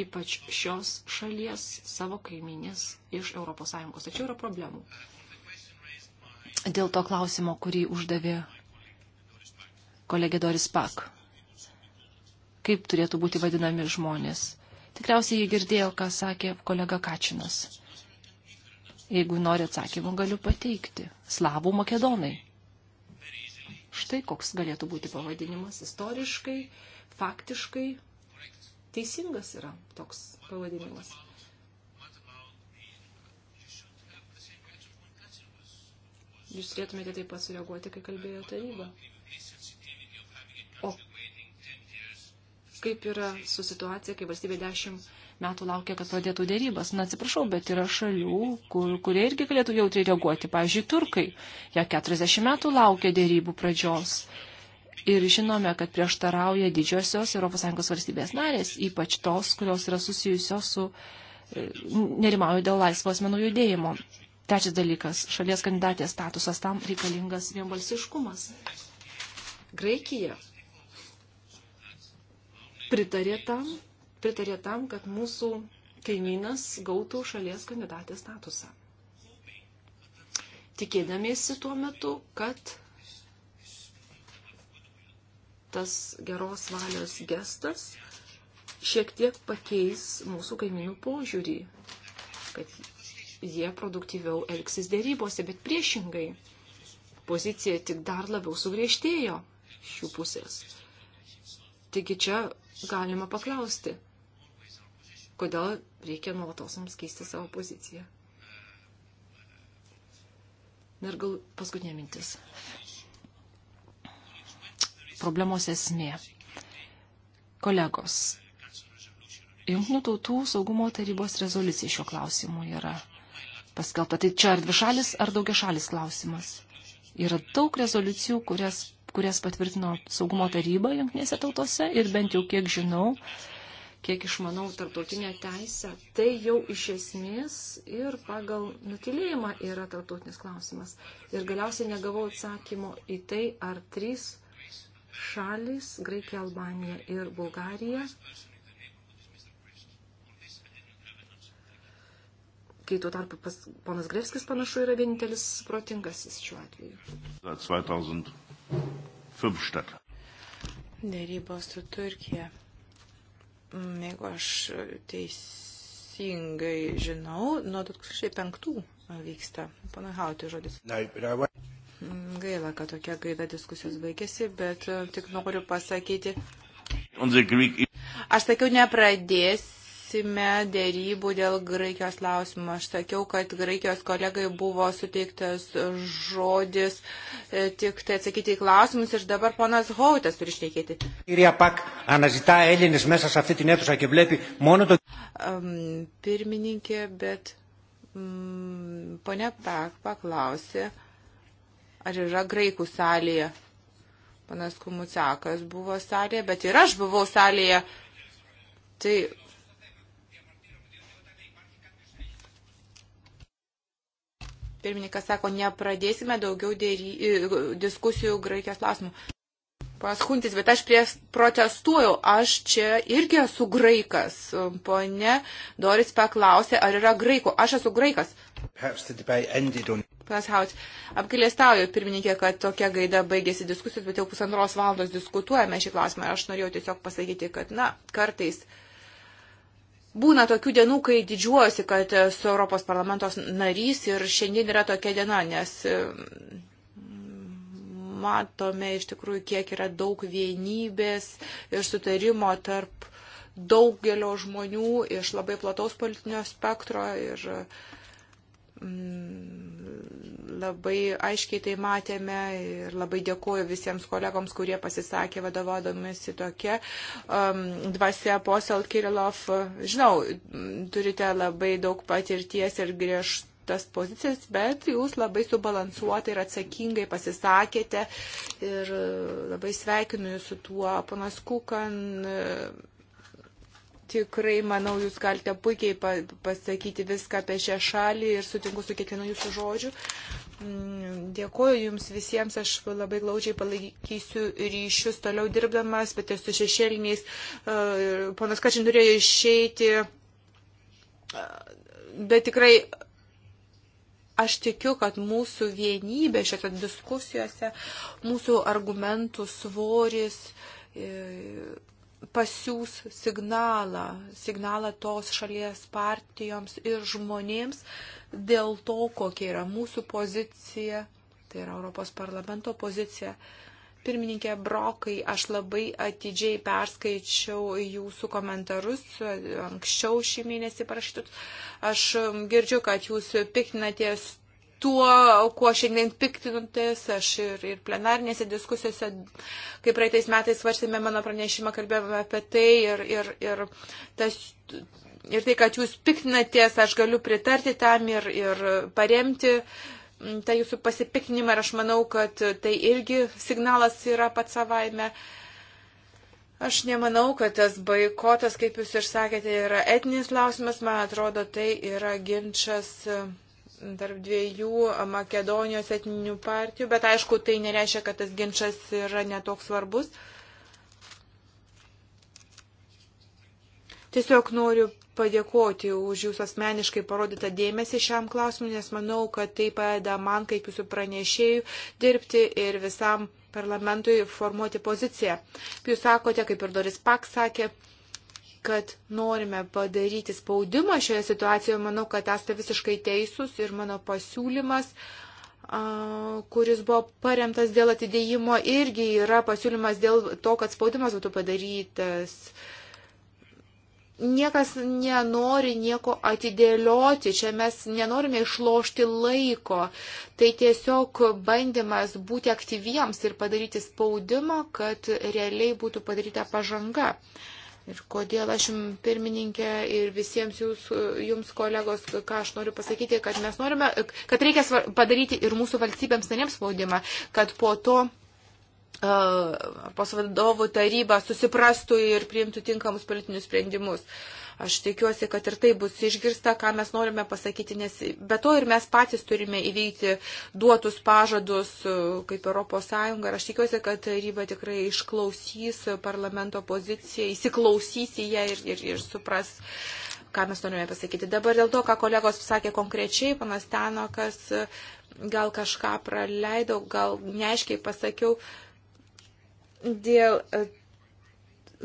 ypač šios šalies, savo kaiminės iš Europos Sąjungos. Tačiau yra problemų. Dėl to klausimo, kurį uždavė kolegė Doris Pak. Kaip turėtų būti vadinami žmonės? Tikriausiai jie girdėjo, ką sakė kolega Kačinas Jeigu nori atsakymų, galiu pateikti. Slavų makedonai. Štai koks galėtų būti pavadinimas. Istoriškai, faktiškai teisingas yra toks pavadinimas. Jūs turėtumėte taip pasireaguoti, kai kalbėjo taryba. O kaip yra su situacija, kai valstybė dešimt metų laukia, kad pradėtų dėrybas. Na, atsiprašau, bet yra šalių, kur, kurie irgi galėtų jautriai reaguoti. Pavyzdžiui, turkai. Jie 40 metų laukia dėrybų pradžios. Ir žinome, kad prieštarauja didžiosios ES valstybės narės, ypač tos, kurios yra susijusios su e, nerimauju dėl laisvo asmenų judėjimo. Trečias dalykas - šalies kandidatės statusas, tam reikalingas vienbalsiškumas. Graikija pritarė tam pritarė tam, kad mūsų kaimynas gautų šalies kandidatės statusą. Tikėdamiesi tuo metu, kad tas geros valios gestas šiek tiek pakeis mūsų kaimynų požiūrį, kad jie produktyviau elgsis dėrybose, bet priešingai pozicija tik dar labiau sugriežtėjo šių pusės. Taigi čia galima paklausti, kodėl reikia nuolatos mums keisti savo poziciją. Ir gal paskutinė mintis. Problemos esmė. Kolegos, Junktinių tautų saugumo tarybos rezoliucija šiuo klausimu yra paskelbta. Tai čia ar dvišalis, ar daugiašalis klausimas. Yra daug rezoliucijų, kurias, kurias patvirtino saugumo taryba jungtinėse tautose ir bent jau kiek žinau, kiek išmanau tarptautinę teisę, tai jau iš esmės ir pagal nutilėjimą yra tarptautinis klausimas. Ir galiausiai negavau atsakymo į tai, ar trys šalis - Graikija, Albanija ir Bulgarija kai tuo tarpu pas, ponas Grevskis panašu yra vienintelis protingasis šiuo atveju. Dėrybos su Turkija Mm, jeigu aš teisingai žinau, nuo 2005 vyksta. Pana Hauti žodis. Mm, gaila, kad tokia gaida diskusijos baigėsi, bet tik noriu pasakyti. Aš sakiau, nepradės lauksime dėrybų dėl Graikijos klausimo. Aš sakiau, kad Graikijos kolegai buvo suteiktas žodis e, tik tai atsakyti į klausimus ir dabar ponas Hautas turi išteikėti. Pirmininkė, bet mm, ponia Pak paklausė, ar yra graikų salėje. Panas Kumuciakas buvo salėje, bet ir aš buvau salėje. Tai Pirmininkas sako, nepradėsime daugiau dėry, e, diskusijų Graikijos klausimų. Pas Huntis, bet aš prie protestuoju, aš čia irgi esu graikas. Pone Doris paklausė, ar yra graikų. Aš esu graikas. On... Pas Haut, apgailėstauju, pirmininkė, kad tokia gaida baigėsi diskusijos, bet jau pusantros valandos diskutuojame šį klausimą. Aš norėjau tiesiog pasakyti, kad, na, kartais uh, Būna tokių dienų, kai didžiuosi, kad esu Europos parlamentos narys ir šiandien yra tokia diena, nes mm, matome iš tikrųjų, kiek yra daug vienybės ir sutarimo tarp daugelio žmonių iš labai plataus politinio spektro ir mm, labai aiškiai tai matėme ir labai dėkuoju visiems kolegoms, kurie pasisakė vadovaudomisi tokia um, dvasia posel Kirilov. Žinau, turite labai daug patirties ir griežtų tas pozicijas, bet jūs labai subalansuotai ir atsakingai pasisakėte ir labai sveikinu jūsų tuo. Panas Kukan Tikrai, manau, jūs galite puikiai pasakyti viską apie šią šalį ir sutinku su kiekvienu jūsų žodžiu. Mm, Dėkuoju Jums visiems, aš labai glaudžiai palaikysiu ryšius toliau dirbdamas, bet ir su šešėliniais. E, ponas Kačin turėjo išeiti, e, bet tikrai aš tikiu, kad mūsų vienybė šiose diskusijose, mūsų argumentų svoris. E, pasiūs signalą, signalą tos šalies partijoms ir žmonėms dėl to, kokia yra mūsų pozicija, tai yra Europos parlamento pozicija. Pirmininkė Brokai, aš labai atidžiai perskaičiau jūsų komentarus, anksčiau šį mėnesį parašytus. Aš girdžiu, kad jūs piktinatės tuo, kuo šiandien piktinutės, aš ir, ir plenarnėse diskusijose, kai praeitais metais svarstėme mano pranešimą, kalbėjome apie tai ir, ir, ir, tas, ir tai, kad jūs piktinatės, aš galiu pritarti tam ir, ir paremti mm, tą jūsų pasipiktinimą ir aš manau, kad tai irgi signalas yra pats savaime. Aš nemanau, kad tas boikotas, kaip jūs ir sakėte, yra etinis klausimas, man atrodo, tai yra ginčas tarp dviejų Makedonijos etninių partijų, bet aišku, tai nereiškia, kad tas ginčas yra netoks svarbus. Tiesiog noriu padėkoti už Jūsų asmeniškai parodytą dėmesį šiam klausimui, nes manau, kad tai padeda man, kaip Jūsų pranešėjų, dirbti ir visam parlamentui formuoti poziciją. Jūs sakote, kaip ir Doris Pak sakė, kad norime padaryti spaudimą šioje situacijoje, manau, kad esate visiškai teisūs ir mano pasiūlymas, kuris buvo paremtas dėl atidėjimo, irgi yra pasiūlymas dėl to, kad spaudimas būtų padarytas. Niekas nenori nieko atidėlioti, čia mes nenorime išlošti laiko. Tai tiesiog bandymas būti aktyviems ir padaryti spaudimą, kad realiai būtų padaryta pažanga. Uh, Ir kodėl aš jums pirmininkė ir visiems jūs, jums kolegos, ką aš noriu pasakyti, kad mes norime, kad reikia padaryti ir mūsų valstybėms narėms spaudimą, kad po to Europos vadovų taryba susiprastų ir priimtų tinkamus politinius sprendimus. Aš tikiuosi, kad ir tai bus išgirsta, ką mes norime pasakyti, nes be to ir mes patys turime įveikti duotus pažadus kaip ES. Ir aš tikiuosi, kad taryba tikrai išklausys parlamento poziciją, įsiklausys į ją ir, ir, ir supras, ką mes norime pasakyti. Dabar dėl to, ką kolegos sakė konkrečiai, panas Tenokas, gal kažką praleidau, gal neaiškiai pasakiau. Uh, dėl e,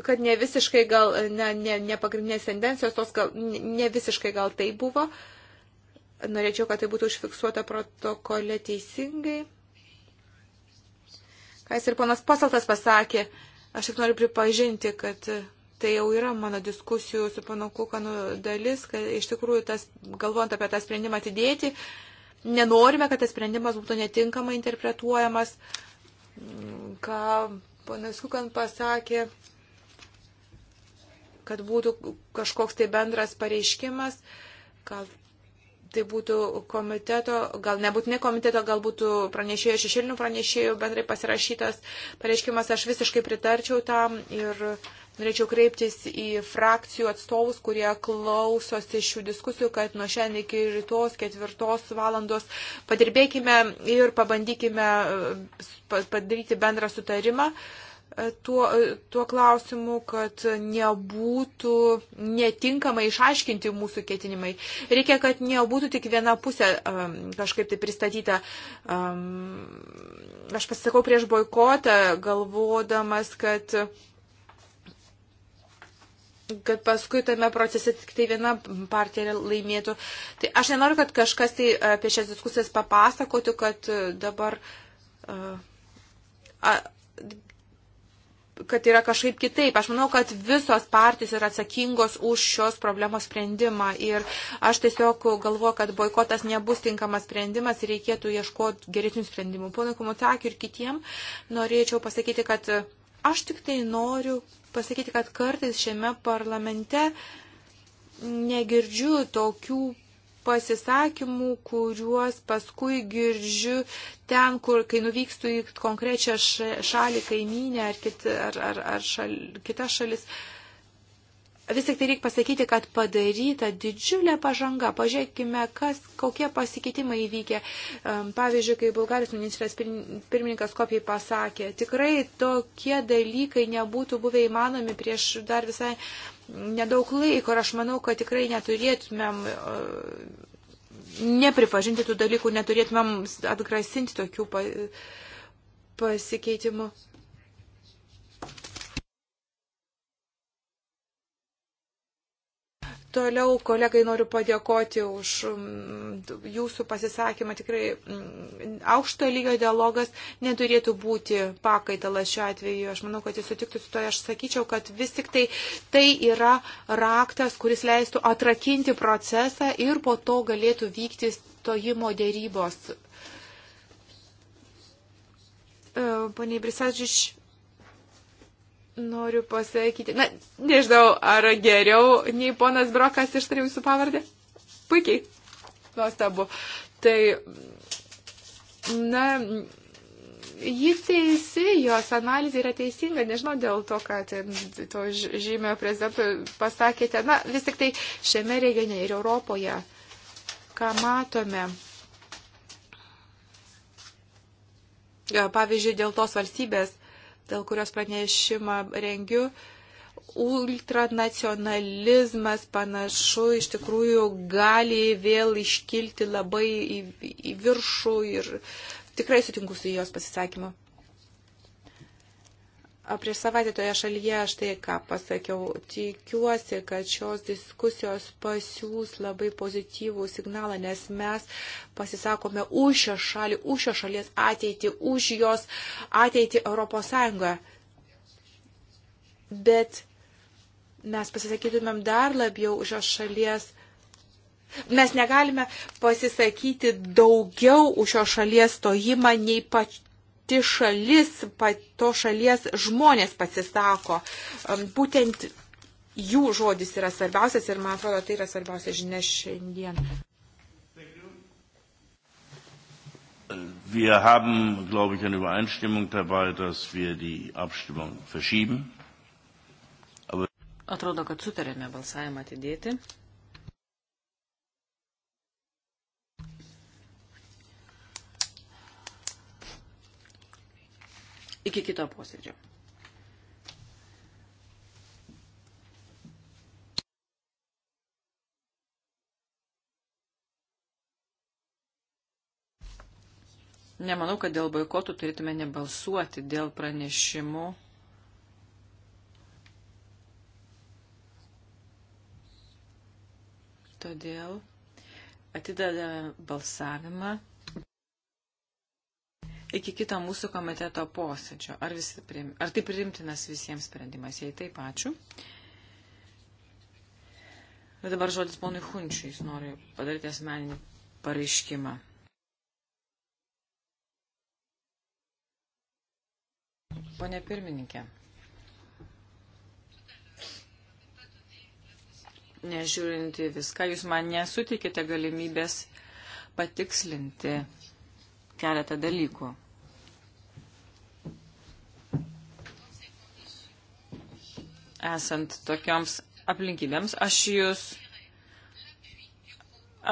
kad ne visiškai gal, ne, ne, ne pagrindinės tendencijos, tos gal, ne visiškai gal tai buvo. Norėčiau, kad tai būtų užfiksuota protokole teisingai. Ką jis ir ponas Pasaltas pasakė, aš tik noriu pripažinti, kad tai jau yra mano diskusijų su panu Kukanu dalis, kad iš tikrųjų tas, galvojant apie tą sprendimą atidėti, nenorime, kad tas sprendimas būtų netinkamai interpretuojamas, ką Ponas Kukan pasakė, kad būtų kažkoks tai bendras pareiškimas, gal tai būtų komiteto, gal nebūtinai komiteto, gal būtų pranešėjų, šešėlinių pranešėjų bendrai pasirašytas pareiškimas, aš visiškai pritarčiau tam ir uh, Norėčiau kreiptis į frakcijų atstovus, kurie klausosi šių diskusijų, kad nuo šiandien iki rytos ketvirtos valandos padirbėkime ir pabandykime e, padaryti bendrą sutarimą e, tuo, e, tuo klausimu, kad nebūtų netinkamai išaiškinti mūsų ketinimai. Reikia, kad nebūtų tik viena pusė um, kažkaip tai pristatyta. Um, aš pasisakau prieš boikotą, galvodamas, kad uh, kad paskui tame procese tik tai viena partija laimėtų. Tai aš nenoriu, kad kažkas tai apie šias diskusijas papasakotų, kad e, dabar uh, a, kad yra kažkaip kitaip. Aš manau, kad visos partijos yra atsakingos už šios problemos sprendimą. Ir aš tiesiog galvoju, kad boikotas nebus tinkamas sprendimas ir reikėtų ieškoti geresnių sprendimų. Ponai Kumutakį ir kitiem norėčiau pasakyti, kad aš tik tai noriu pasakyti, kad kartais šiame parlamente negirdžiu tokių pasisakymų, kuriuos paskui girdžiu ten, kur, kai nuvykstu į konkrečią šalį, kaimynę ar, kit, ar, ar, ar šal, kitas šalis. Uh, vis tik tai reikia pasakyti, kad padaryta didžiulė pažanga. Pažiūrėkime, kas, kokie pasikeitimai įvykė. Pavyzdžiui, kai Bulgarijos ministras pirmininkas kopijai pasakė, tikrai tokie dalykai nebūtų buvę įmanomi prieš dar visai nedaug laiko. Ir aš manau, kad tikrai neturėtumėm e, nepripažinti tų dalykų, neturėtumėm atgrasinti tokių pasikeitimų. Toliau kolegai noriu padėkoti už mm, jūsų pasisakymą. Tikrai mm, aukšto lygio dialogas neturėtų būti pakaitalas šiuo atveju. Aš manau, kad jis sutiktų su to. Aš sakyčiau, kad vis tik tai tai yra raktas, kuris leistų atrakinti procesą ir po to galėtų vykti stojimo dėrybos. E, Pane Brisadžiš Noriu pasakyti, na, nežinau, ar geriau nei ponas Brokas ištarė jūsų pavardę. Puikiai. Nuostabu. Tai, na, ji teisi, jos analizė yra teisinga, nežinau dėl to, kad to žymio prezidentui pasakėte, na, vis tik tai šiame regione ir Europoje, ką matome. E, pavyzdžiui, dėl tos valstybės, dėl kurios pranešimą rengiu, ultranacionalizmas panašu iš tikrųjų gali vėl iškilti labai į, į viršų ir tikrai sutinku su jos pasisakymu. Prieš savaitę toje šalyje aš tai ką pasakiau. Tikiuosi, kad šios diskusijos pasiūs labai pozityvų signalą, nes mes pasisakome už šią šalį, už šios šalies ateitį, už jos ateitį Europos Sąjungoje. Bet mes pasisakytumėm dar labiau už šios šalies. Mes negalime pasisakyti daugiau už šios šalies stojimą nei pačiu pati šalis, to šalies žmonės pasisako. Būtent jų žodis yra svarbiausias ir, man atrodo, tai yra svarbiausia žinia šiandien. Wir haben, glaube ich, eine Übereinstimmung dabei, dass wir die Abstimmung verschieben. Aber Atrodo, kad sutarėme balsavimą atidėti. iki kito posėdžio. Nemanau, kad dėl boikotų turėtume nebalsuoti dėl pranešimų. Todėl atideda balsavimą iki kito mūsų komiteto posėdžio. Ar, prim, ar tai priimtinas visiems sprendimas? Jei taip, ačiū. Bet dabar žodis ponui Hunčiui, jis nori padaryti asmeninį pareiškimą. Pone pirmininkė, nežiūrinti viską, jūs man nesutikite galimybės patikslinti keletą dalykų. esant tokioms aplinkybėms. Aš jūs,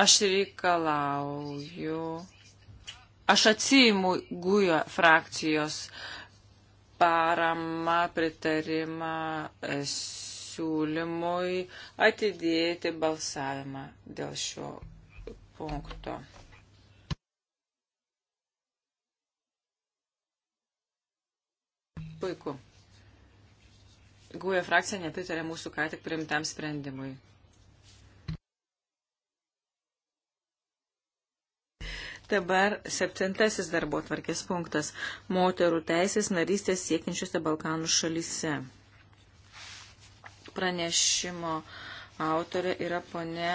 aš reikalauju, aš atsijimu gujo frakcijos paramą, pritarimą e, siūlymui atidėti balsavimą dėl šio punkto. Puiku. GUE frakcija nepritarė mūsų ką tik priimtam sprendimui. Dabar septintasis darbo tvarkės punktas - moterų teisės narystės siekiančiose Balkanų šalyse. Pranešimo autorė yra ponė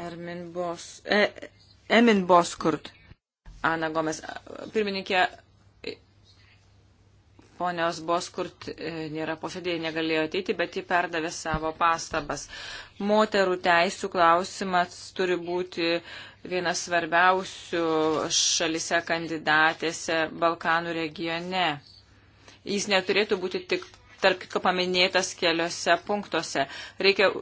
Ermin Bos, e, Emin Boskurt. Ana Gomes, pirmininkė, ponios Boskurt e, nėra posėdėje, negalėjo ateiti, bet ji perdavė savo pastabas. Moterų teisų klausimas turi būti vienas svarbiausių šalise kandidatėse Balkanų regione. Jis neturėtų būti tik tarp paminėtas keliose punktuose. Reikia e,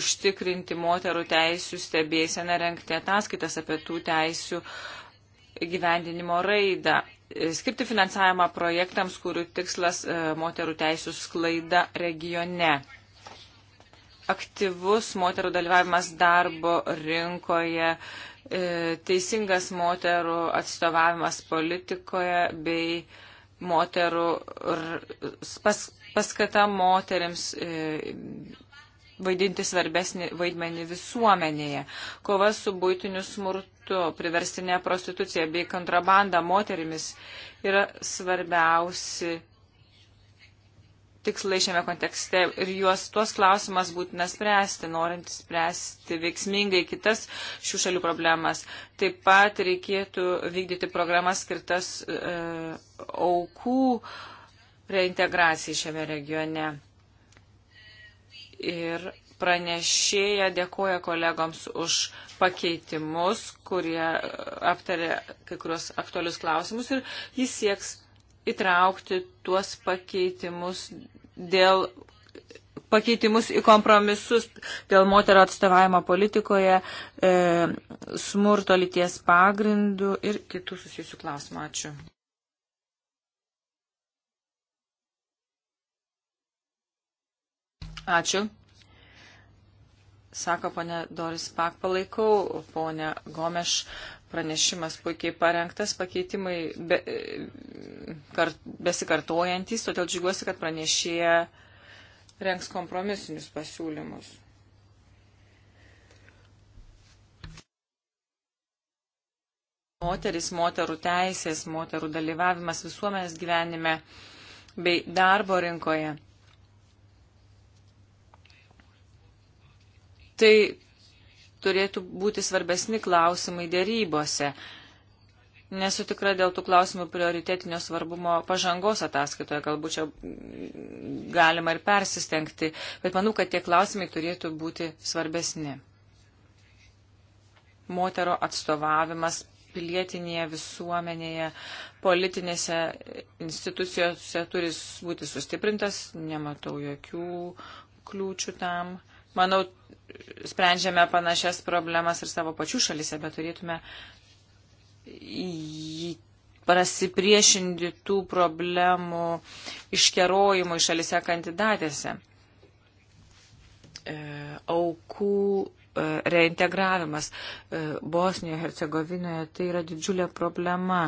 užtikrinti moterų teisų stebėseną, renkti ataskaitas apie tų teisų gyvendinimo raidą skirti finansavimą projektams, kurių tikslas e, moterų teisų sklaida regione. Aktyvus moterų dalyvavimas darbo rinkoje, e, teisingas moterų atstovavimas politikoje bei moterų pas, paskata moteriams e, vaidinti svarbesnį vaidmenį visuomenėje. Kova su būtiniu smurtu smurtu, priverstinė prostitucija bei kontrabanda moterimis yra svarbiausi tikslai šiame kontekste ir juos tuos klausimas būtina spręsti, norint spręsti veiksmingai kitas šių šalių problemas. Taip pat reikėtų vykdyti programas skirtas e, aukų reintegracijai šiame regione. Ir pranešėja dėkoja kolegoms už pakeitimus, kurie e, aptarė kai kurios aktualius klausimus ir jis sieks įtraukti tuos pakeitimus dėl pakeitimus į kompromisus dėl moterų atstovavimo politikoje, e, smurto lyties pagrindų ir kitų susijusių klausimų. Ačiū. Ačiū sako ponė Doris Pak, palaikau ponė Gomeš, pranešimas puikiai parengtas, pakeitimai be, kart, besikartojantis, todėl džiugiuosi, kad pranešėja rengs kompromisinius pasiūlymus. Moteris, moterų teisės, moterų dalyvavimas visuomenės gyvenime bei darbo rinkoje Tai turėtų būti svarbesni klausimai dėrybose. Nesu tikra dėl tų klausimų prioritetinio svarbumo pažangos ataskaitoje, galbūt čia galima ir persistengti, bet manau, kad tie klausimai turėtų būti svarbesni. Motero atstovavimas pilietinėje visuomenėje, politinėse institucijose turi būti sustiprintas, nematau jokių kliūčių tam manau, sprendžiame panašias problemas ir savo pačių šalise, bet turėtume prasipriešinti tų problemų iškerojimų iš šalise kandidatėse. E, aukų e, reintegravimas e, Bosnijoje, Hercegovinoje tai yra didžiulė problema.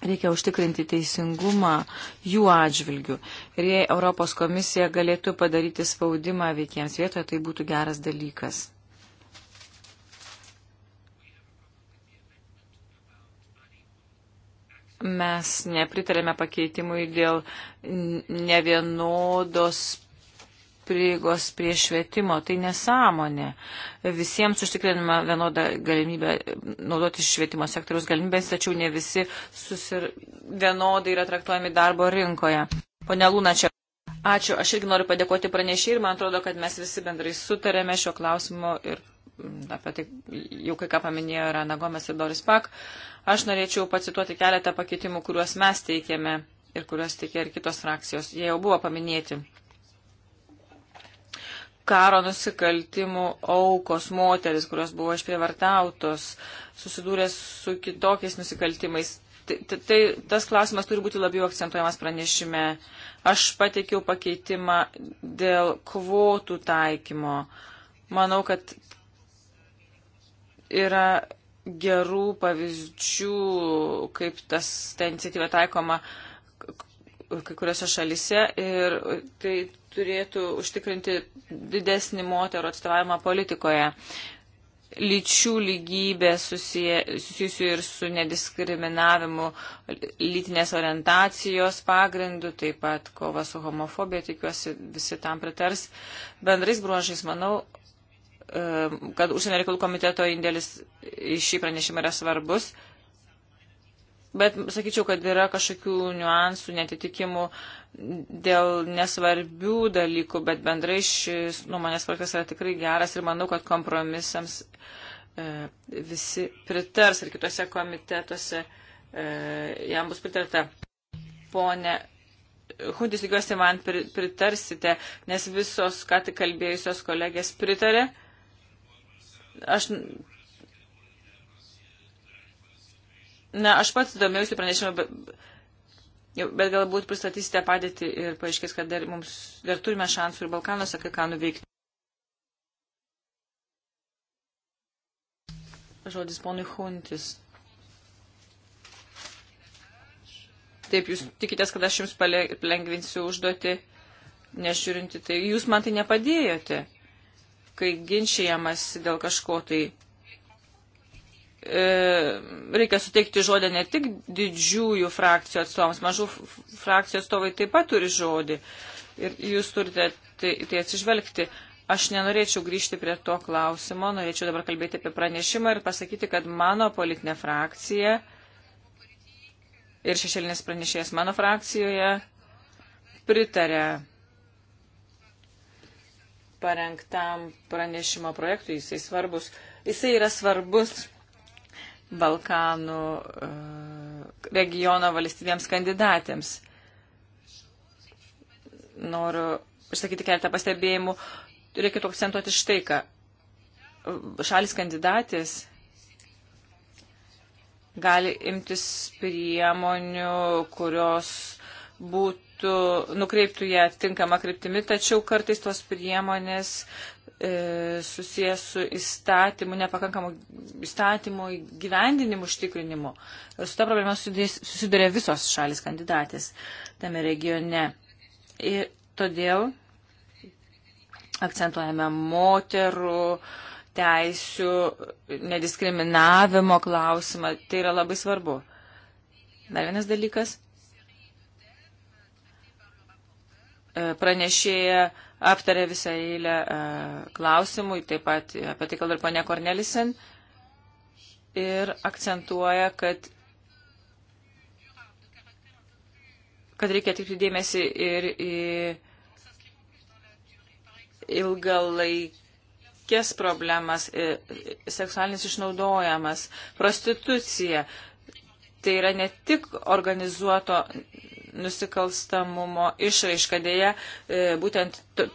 Reikia užtikrinti teisingumą jų atžvilgių. Ir jei Europos komisija galėtų padaryti spaudimą veikiems vietoje, tai būtų geras dalykas. Mes nepritarėme pakeitimui dėl nevienodos prieigos prie švietimo. Tai nesąmonė. Visiems užtikrinama vienoda galimybė naudoti švietimo sektoriaus galimybės, tačiau ne visi susir... vienodai yra traktuojami darbo rinkoje. Pone Lūna, čia. Ačiū. Aš irgi noriu padėkoti pranešiai ir man atrodo, kad mes visi bendrai sutarėme šio klausimo ir mm, apie tai jau kai ką paminėjo ir Ana Gomes ir Doris Pak. Aš norėčiau pacituoti keletą pakeitimų, kuriuos mes teikėme ir kuriuos teikė ir kitos frakcijos. Jie jau buvo paminėti karo nusikaltimų aukos moteris, kurios buvo išprievartautos, susidūrė su kitokiais nusikaltimais. Tai, tai, tai tas klausimas turi būti labiau akcentuojamas pranešime. Aš pateikiau pakeitimą dėl kvotų taikymo. Manau, kad yra gerų pavyzdžių, kaip tas, ta iniciatyva taikoma kai kuriuose šalise ir tai turėtų užtikrinti didesnį moterų atstovavimą politikoje. Lyčių lygybė susijusi ir su nediskriminavimu lytinės orientacijos pagrindu, taip pat kova su homofobija, tikiuosi visi tam pritars. Bendrais bruožais, manau, e, kad užsienio reikalų komiteto indėlis į šį pranešimą yra svarbus. Bet sakyčiau, kad yra kažkokių niuansų, netitikimų dėl nesvarbių dalykų, bet bendrai šis nuomonės projektas yra tikrai geras ir manau, kad kompromisams e, visi pritars ir kitose komitetuose e, jam bus pritarta. Pone Hudis, tikiuosi, man pritarsite, nes visos, ką tik kalbėjusios kolegės pritarė. Aš Na, aš pats domėjausi pranešimu, bet, bet galbūt pristatysite padėtį ir paaiškės, kad dar, mums, dar turime šansų ir Balkanuose kai ką nuveikti. Žodis ponui Huntis. Taip, jūs tikitės, kad aš jums palengvinsiu užduoti, nežiūrinti tai. Jūs man tai nepadėjote, kai ginčiamas dėl kažko tai. E, reikia suteikti žodį ne tik didžiųjų frakcijų atstovams, mažų frakcijų atstovai taip pat turi žodį. Ir jūs turite tai, tai atsižvelgti. Aš nenorėčiau grįžti prie to klausimo, norėčiau dabar kalbėti apie pranešimą ir pasakyti, kad mano politinė frakcija ir šešėlinės pranešėjas mano frakcijoje pritarė parengtam pranešimo projektui, jisai svarbus. Jisai yra svarbus Balkanų e, regiono valstybėms kandidatėms. Noriu išsakyti keletą pastebėjimų. Reikėtų akcentuoti štai ką. Šalis kandidatės gali imtis priemonių, kurios būtų nukreiptų ją tinkamą kryptimį, tačiau kartais tos priemonės E, susijęs su įstatymu, nepakankamu įstatymu gyvendinimu užtikrinimu. Su ta problema susiduria visos šalis kandidatės tame regione. Ir todėl akcentuojame moterų teisių nediskriminavimo klausimą. Tai yra labai svarbu. Dar vienas dalykas. E, pranešėja aptarė visą eilę e, klausimų, taip pat apie tai kalba ir ponė Kornelisen, ir akcentuoja, kad kad reikia atkreipti dėmesį ir į ilgalaikės problemas, e, e, seksualinis išnaudojamas, prostitucija. Tai yra ne tik organizuoto nusikalstamumo išraiška. Dėja, e, būtent to,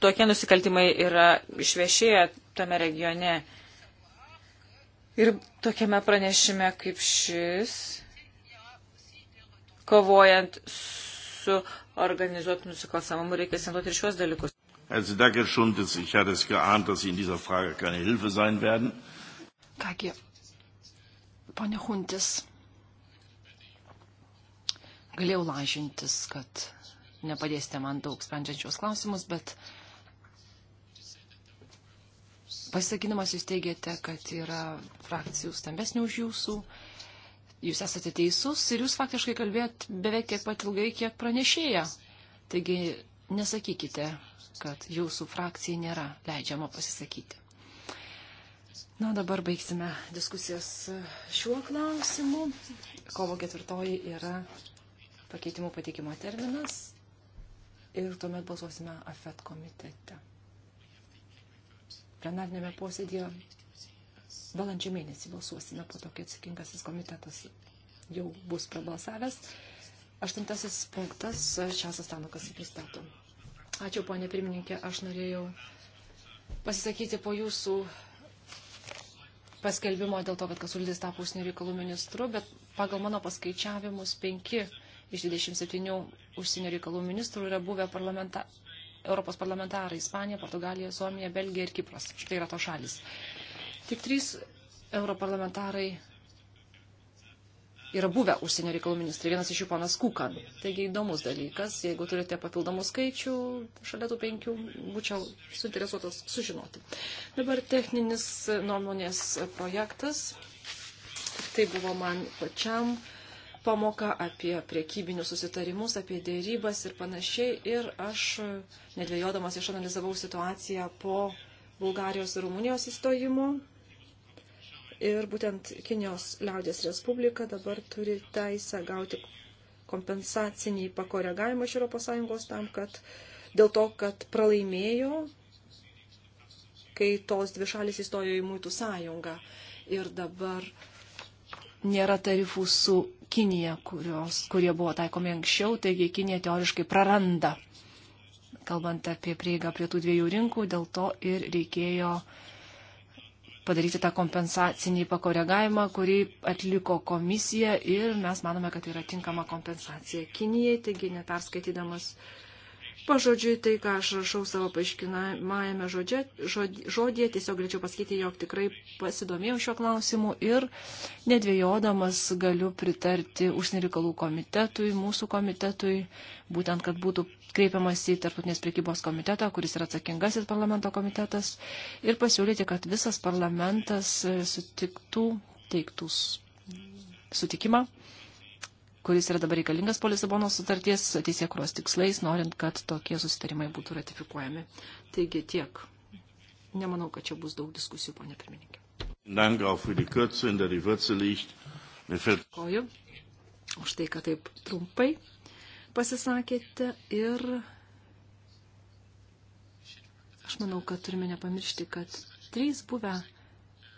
tokie nusikaltimai yra išvešėję tame regione. Ir tokiame pranešime kaip šis, kovojant su organizuotų nusikalstamumų, reikia sentuoti ir šios dalykus. Herr Sedakir Schuntis, ich hatte es geahnt, dass Sie in dieser Frage keine Hilfe sein werden. Kągi, ponia Huntis, Galėjau lažintis, kad nepadėsite man daug sprendžiančios klausimus, bet pasisakydamas jūs teigiate, kad yra frakcijų stambesnių už jūsų. Jūs esate teisus ir jūs faktiškai kalbėjot beveik tiek pat ilgai, kiek pranešėja. Taigi nesakykite, kad jūsų frakcijai nėra leidžiama pasisakyti. Na, dabar baigsime diskusijas šiuo klausimu. Kovo ketvirtoji yra pakeitimų pateikimo terminas ir tuomet balsuosime AFET komitete. Plenarnėme posėdėje valandžio mėnesį balsuosime po to, kai atsakingasis komitetas jau bus prabalsavęs. Aštuntasis punktas, šias astanukas pristato. Ačiū, ponė pirmininkė, aš norėjau pasisakyti po jūsų paskelbimo dėl to, kad Kasulis tapo užsienio reikalų ministru, bet pagal mano paskaičiavimus penki iš 27 užsienio reikalų ministrų yra buvę parlamenta, Europos parlamentarai - Ispanija, Portugalija, Suomija, Belgija ir Kipras. Štai yra to šalis. Tik trys europarlamentarai yra buvę užsienio reikalų ministrai, vienas iš jų panas Kukan. Taigi įdomus dalykas, jeigu turite papildomų skaičių, šalia tų penkių būčiau suinteresuotas sužinoti. Dabar techninis nuomonės projektas. Tai buvo man pačiam pamoka apie priekybinius susitarimus, apie dėrybas ir panašiai. Ir aš, nedvėjodamas, išanalizavau situaciją po Bulgarijos ir Rumunijos įstojimo. Ir būtent Kinijos liaudės Respublika dabar turi teisę gauti kompensacinį pakoregavimą iš ES tam, kad dėl to, kad pralaimėjo, kai tos dvi šalis įstojo į Mūtų sąjungą. Ir dabar uh, nėra tarifų su Kinija, kurios, kurie buvo taikomi anksčiau, taigi Kinija teoriškai praranda, kalbant apie prieigą prie tų dviejų rinkų, dėl to ir reikėjo padaryti tą kompensacinį pakoregavimą, kurį atliko komisija ir mes manome, kad tai yra tinkama kompensacija Kinijai, taigi neperskaitydamas uh, pažodžiui tai, ką aš rašau savo paaiškinamajame žodžia, žodėje, tiesiog galėčiau pasakyti, jog tikrai pasidomėjau šiuo klausimu ir nedvėjodamas galiu pritarti užsienio reikalų komitetui, mūsų komitetui, būtent, kad būtų kreipiamas į tarptautinės priekybos komitetą, kuris yra atsakingasis parlamento komitetas, ir pasiūlyti, kad visas parlamentas sutiktų, teiktų sutikimą kuris yra dabar reikalingas po Lisabonos sutarties teisėkuros tikslais, norint, kad tokie susitarimai būtų ratifikuojami. Taigi tiek. Nemanau, kad čia bus daug diskusijų, ponė pirmininkė. Dėkoju už tai, kad taip trumpai pasisakėte ir aš manau, kad turime nepamiršti, kad trys buvę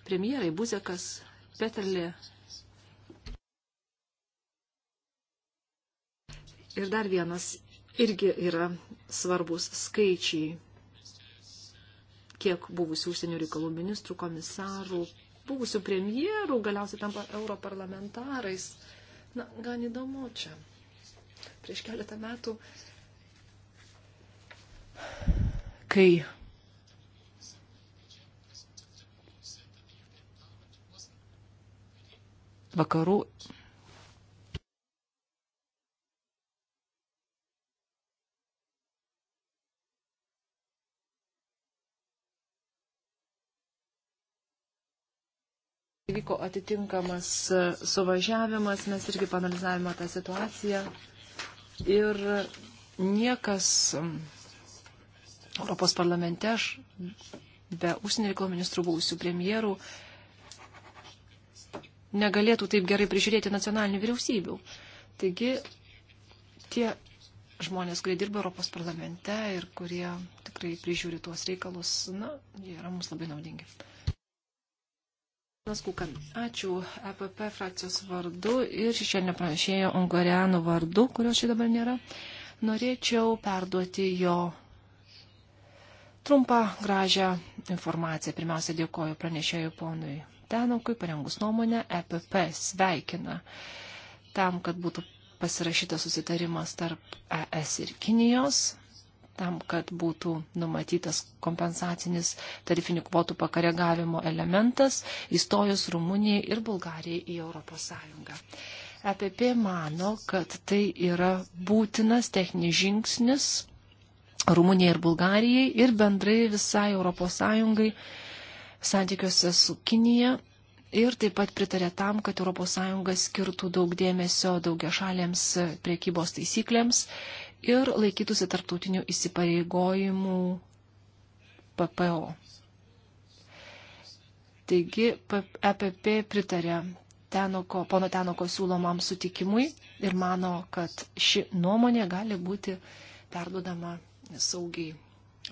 premjerai Buzekas, Peterlė Ir dar vienas irgi yra svarbus skaičiai, kiek buvusių užsienio reikalų ministrų, komisarų, buvusių premjerų galiausiai tampa europarlamentarais. Na, gan įdomu čia. Prieš keletą metų, kai vakarų Vyko atitinkamas e, suvažiavimas, mes irgi panalizavome tą situaciją ir niekas Europos parlamente, aš be užsienio reikalų ministrų buvusių premjerų, negalėtų taip gerai prižiūrėti nacionalinių vyriausybių. Taigi tie žmonės, kurie dirba Europos parlamente ir kurie tikrai prižiūri tuos reikalus, na, jie yra mums labai naudingi. Panas Kukan, ačiū EPP frakcijos vardu ir šiandien pranešėjo Ungarianų vardu, kurio šį dabar nėra. Norėčiau perduoti jo trumpą gražią informaciją. Pirmiausia, dėkoju pranešėjų ponui Tenokui, parengus nuomonę, EPP sveikina tam, kad būtų pasirašytas susitarimas tarp ES ir Kinijos tam, kad būtų numatytas kompensacinis tarifinių kvotų pakoregavimo elementas įstojus Rumunijai ir Bulgarijai į ES. EPP mano, kad tai yra būtinas techninis žingsnis Rumunijai ir Bulgarijai ir bendrai visai ES santykiuose su Kinija ir taip pat pritarė tam, kad ES skirtų daug dėmesio daugia šalėms priekybos taisyklėms ir laikytųsi tarptautinių įsipareigojimų PPO. Taigi EPP e pritarė tenoko, pono Tenoko siūlomam sutikimui ir mano, kad ši nuomonė gali būti perdodama saugiai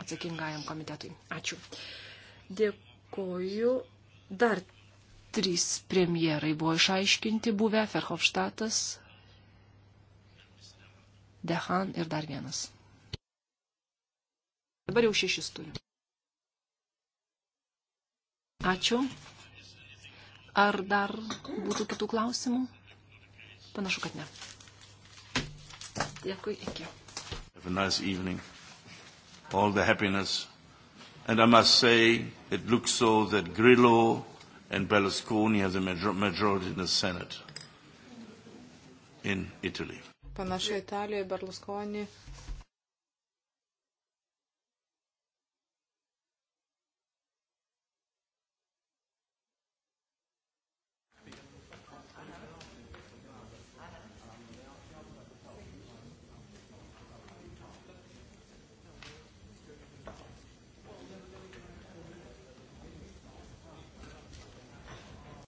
atsakingajam komitetui. Ačiū. Dėkoju. Dar trys premjerai buvo išaiškinti buvę Ferhofštatas, Dehan ir dar vienas. Dabar jau šešis turim. Ačiū. Ar dar būtų kitų klausimų? Panašu, kad ne. Dėkui, iki. Have a nice evening. All the happiness. And I must say, it looks so that Grillo and Berlusconi have the majority in the Senate in Italy. Panašiai Italijoje Berlusconi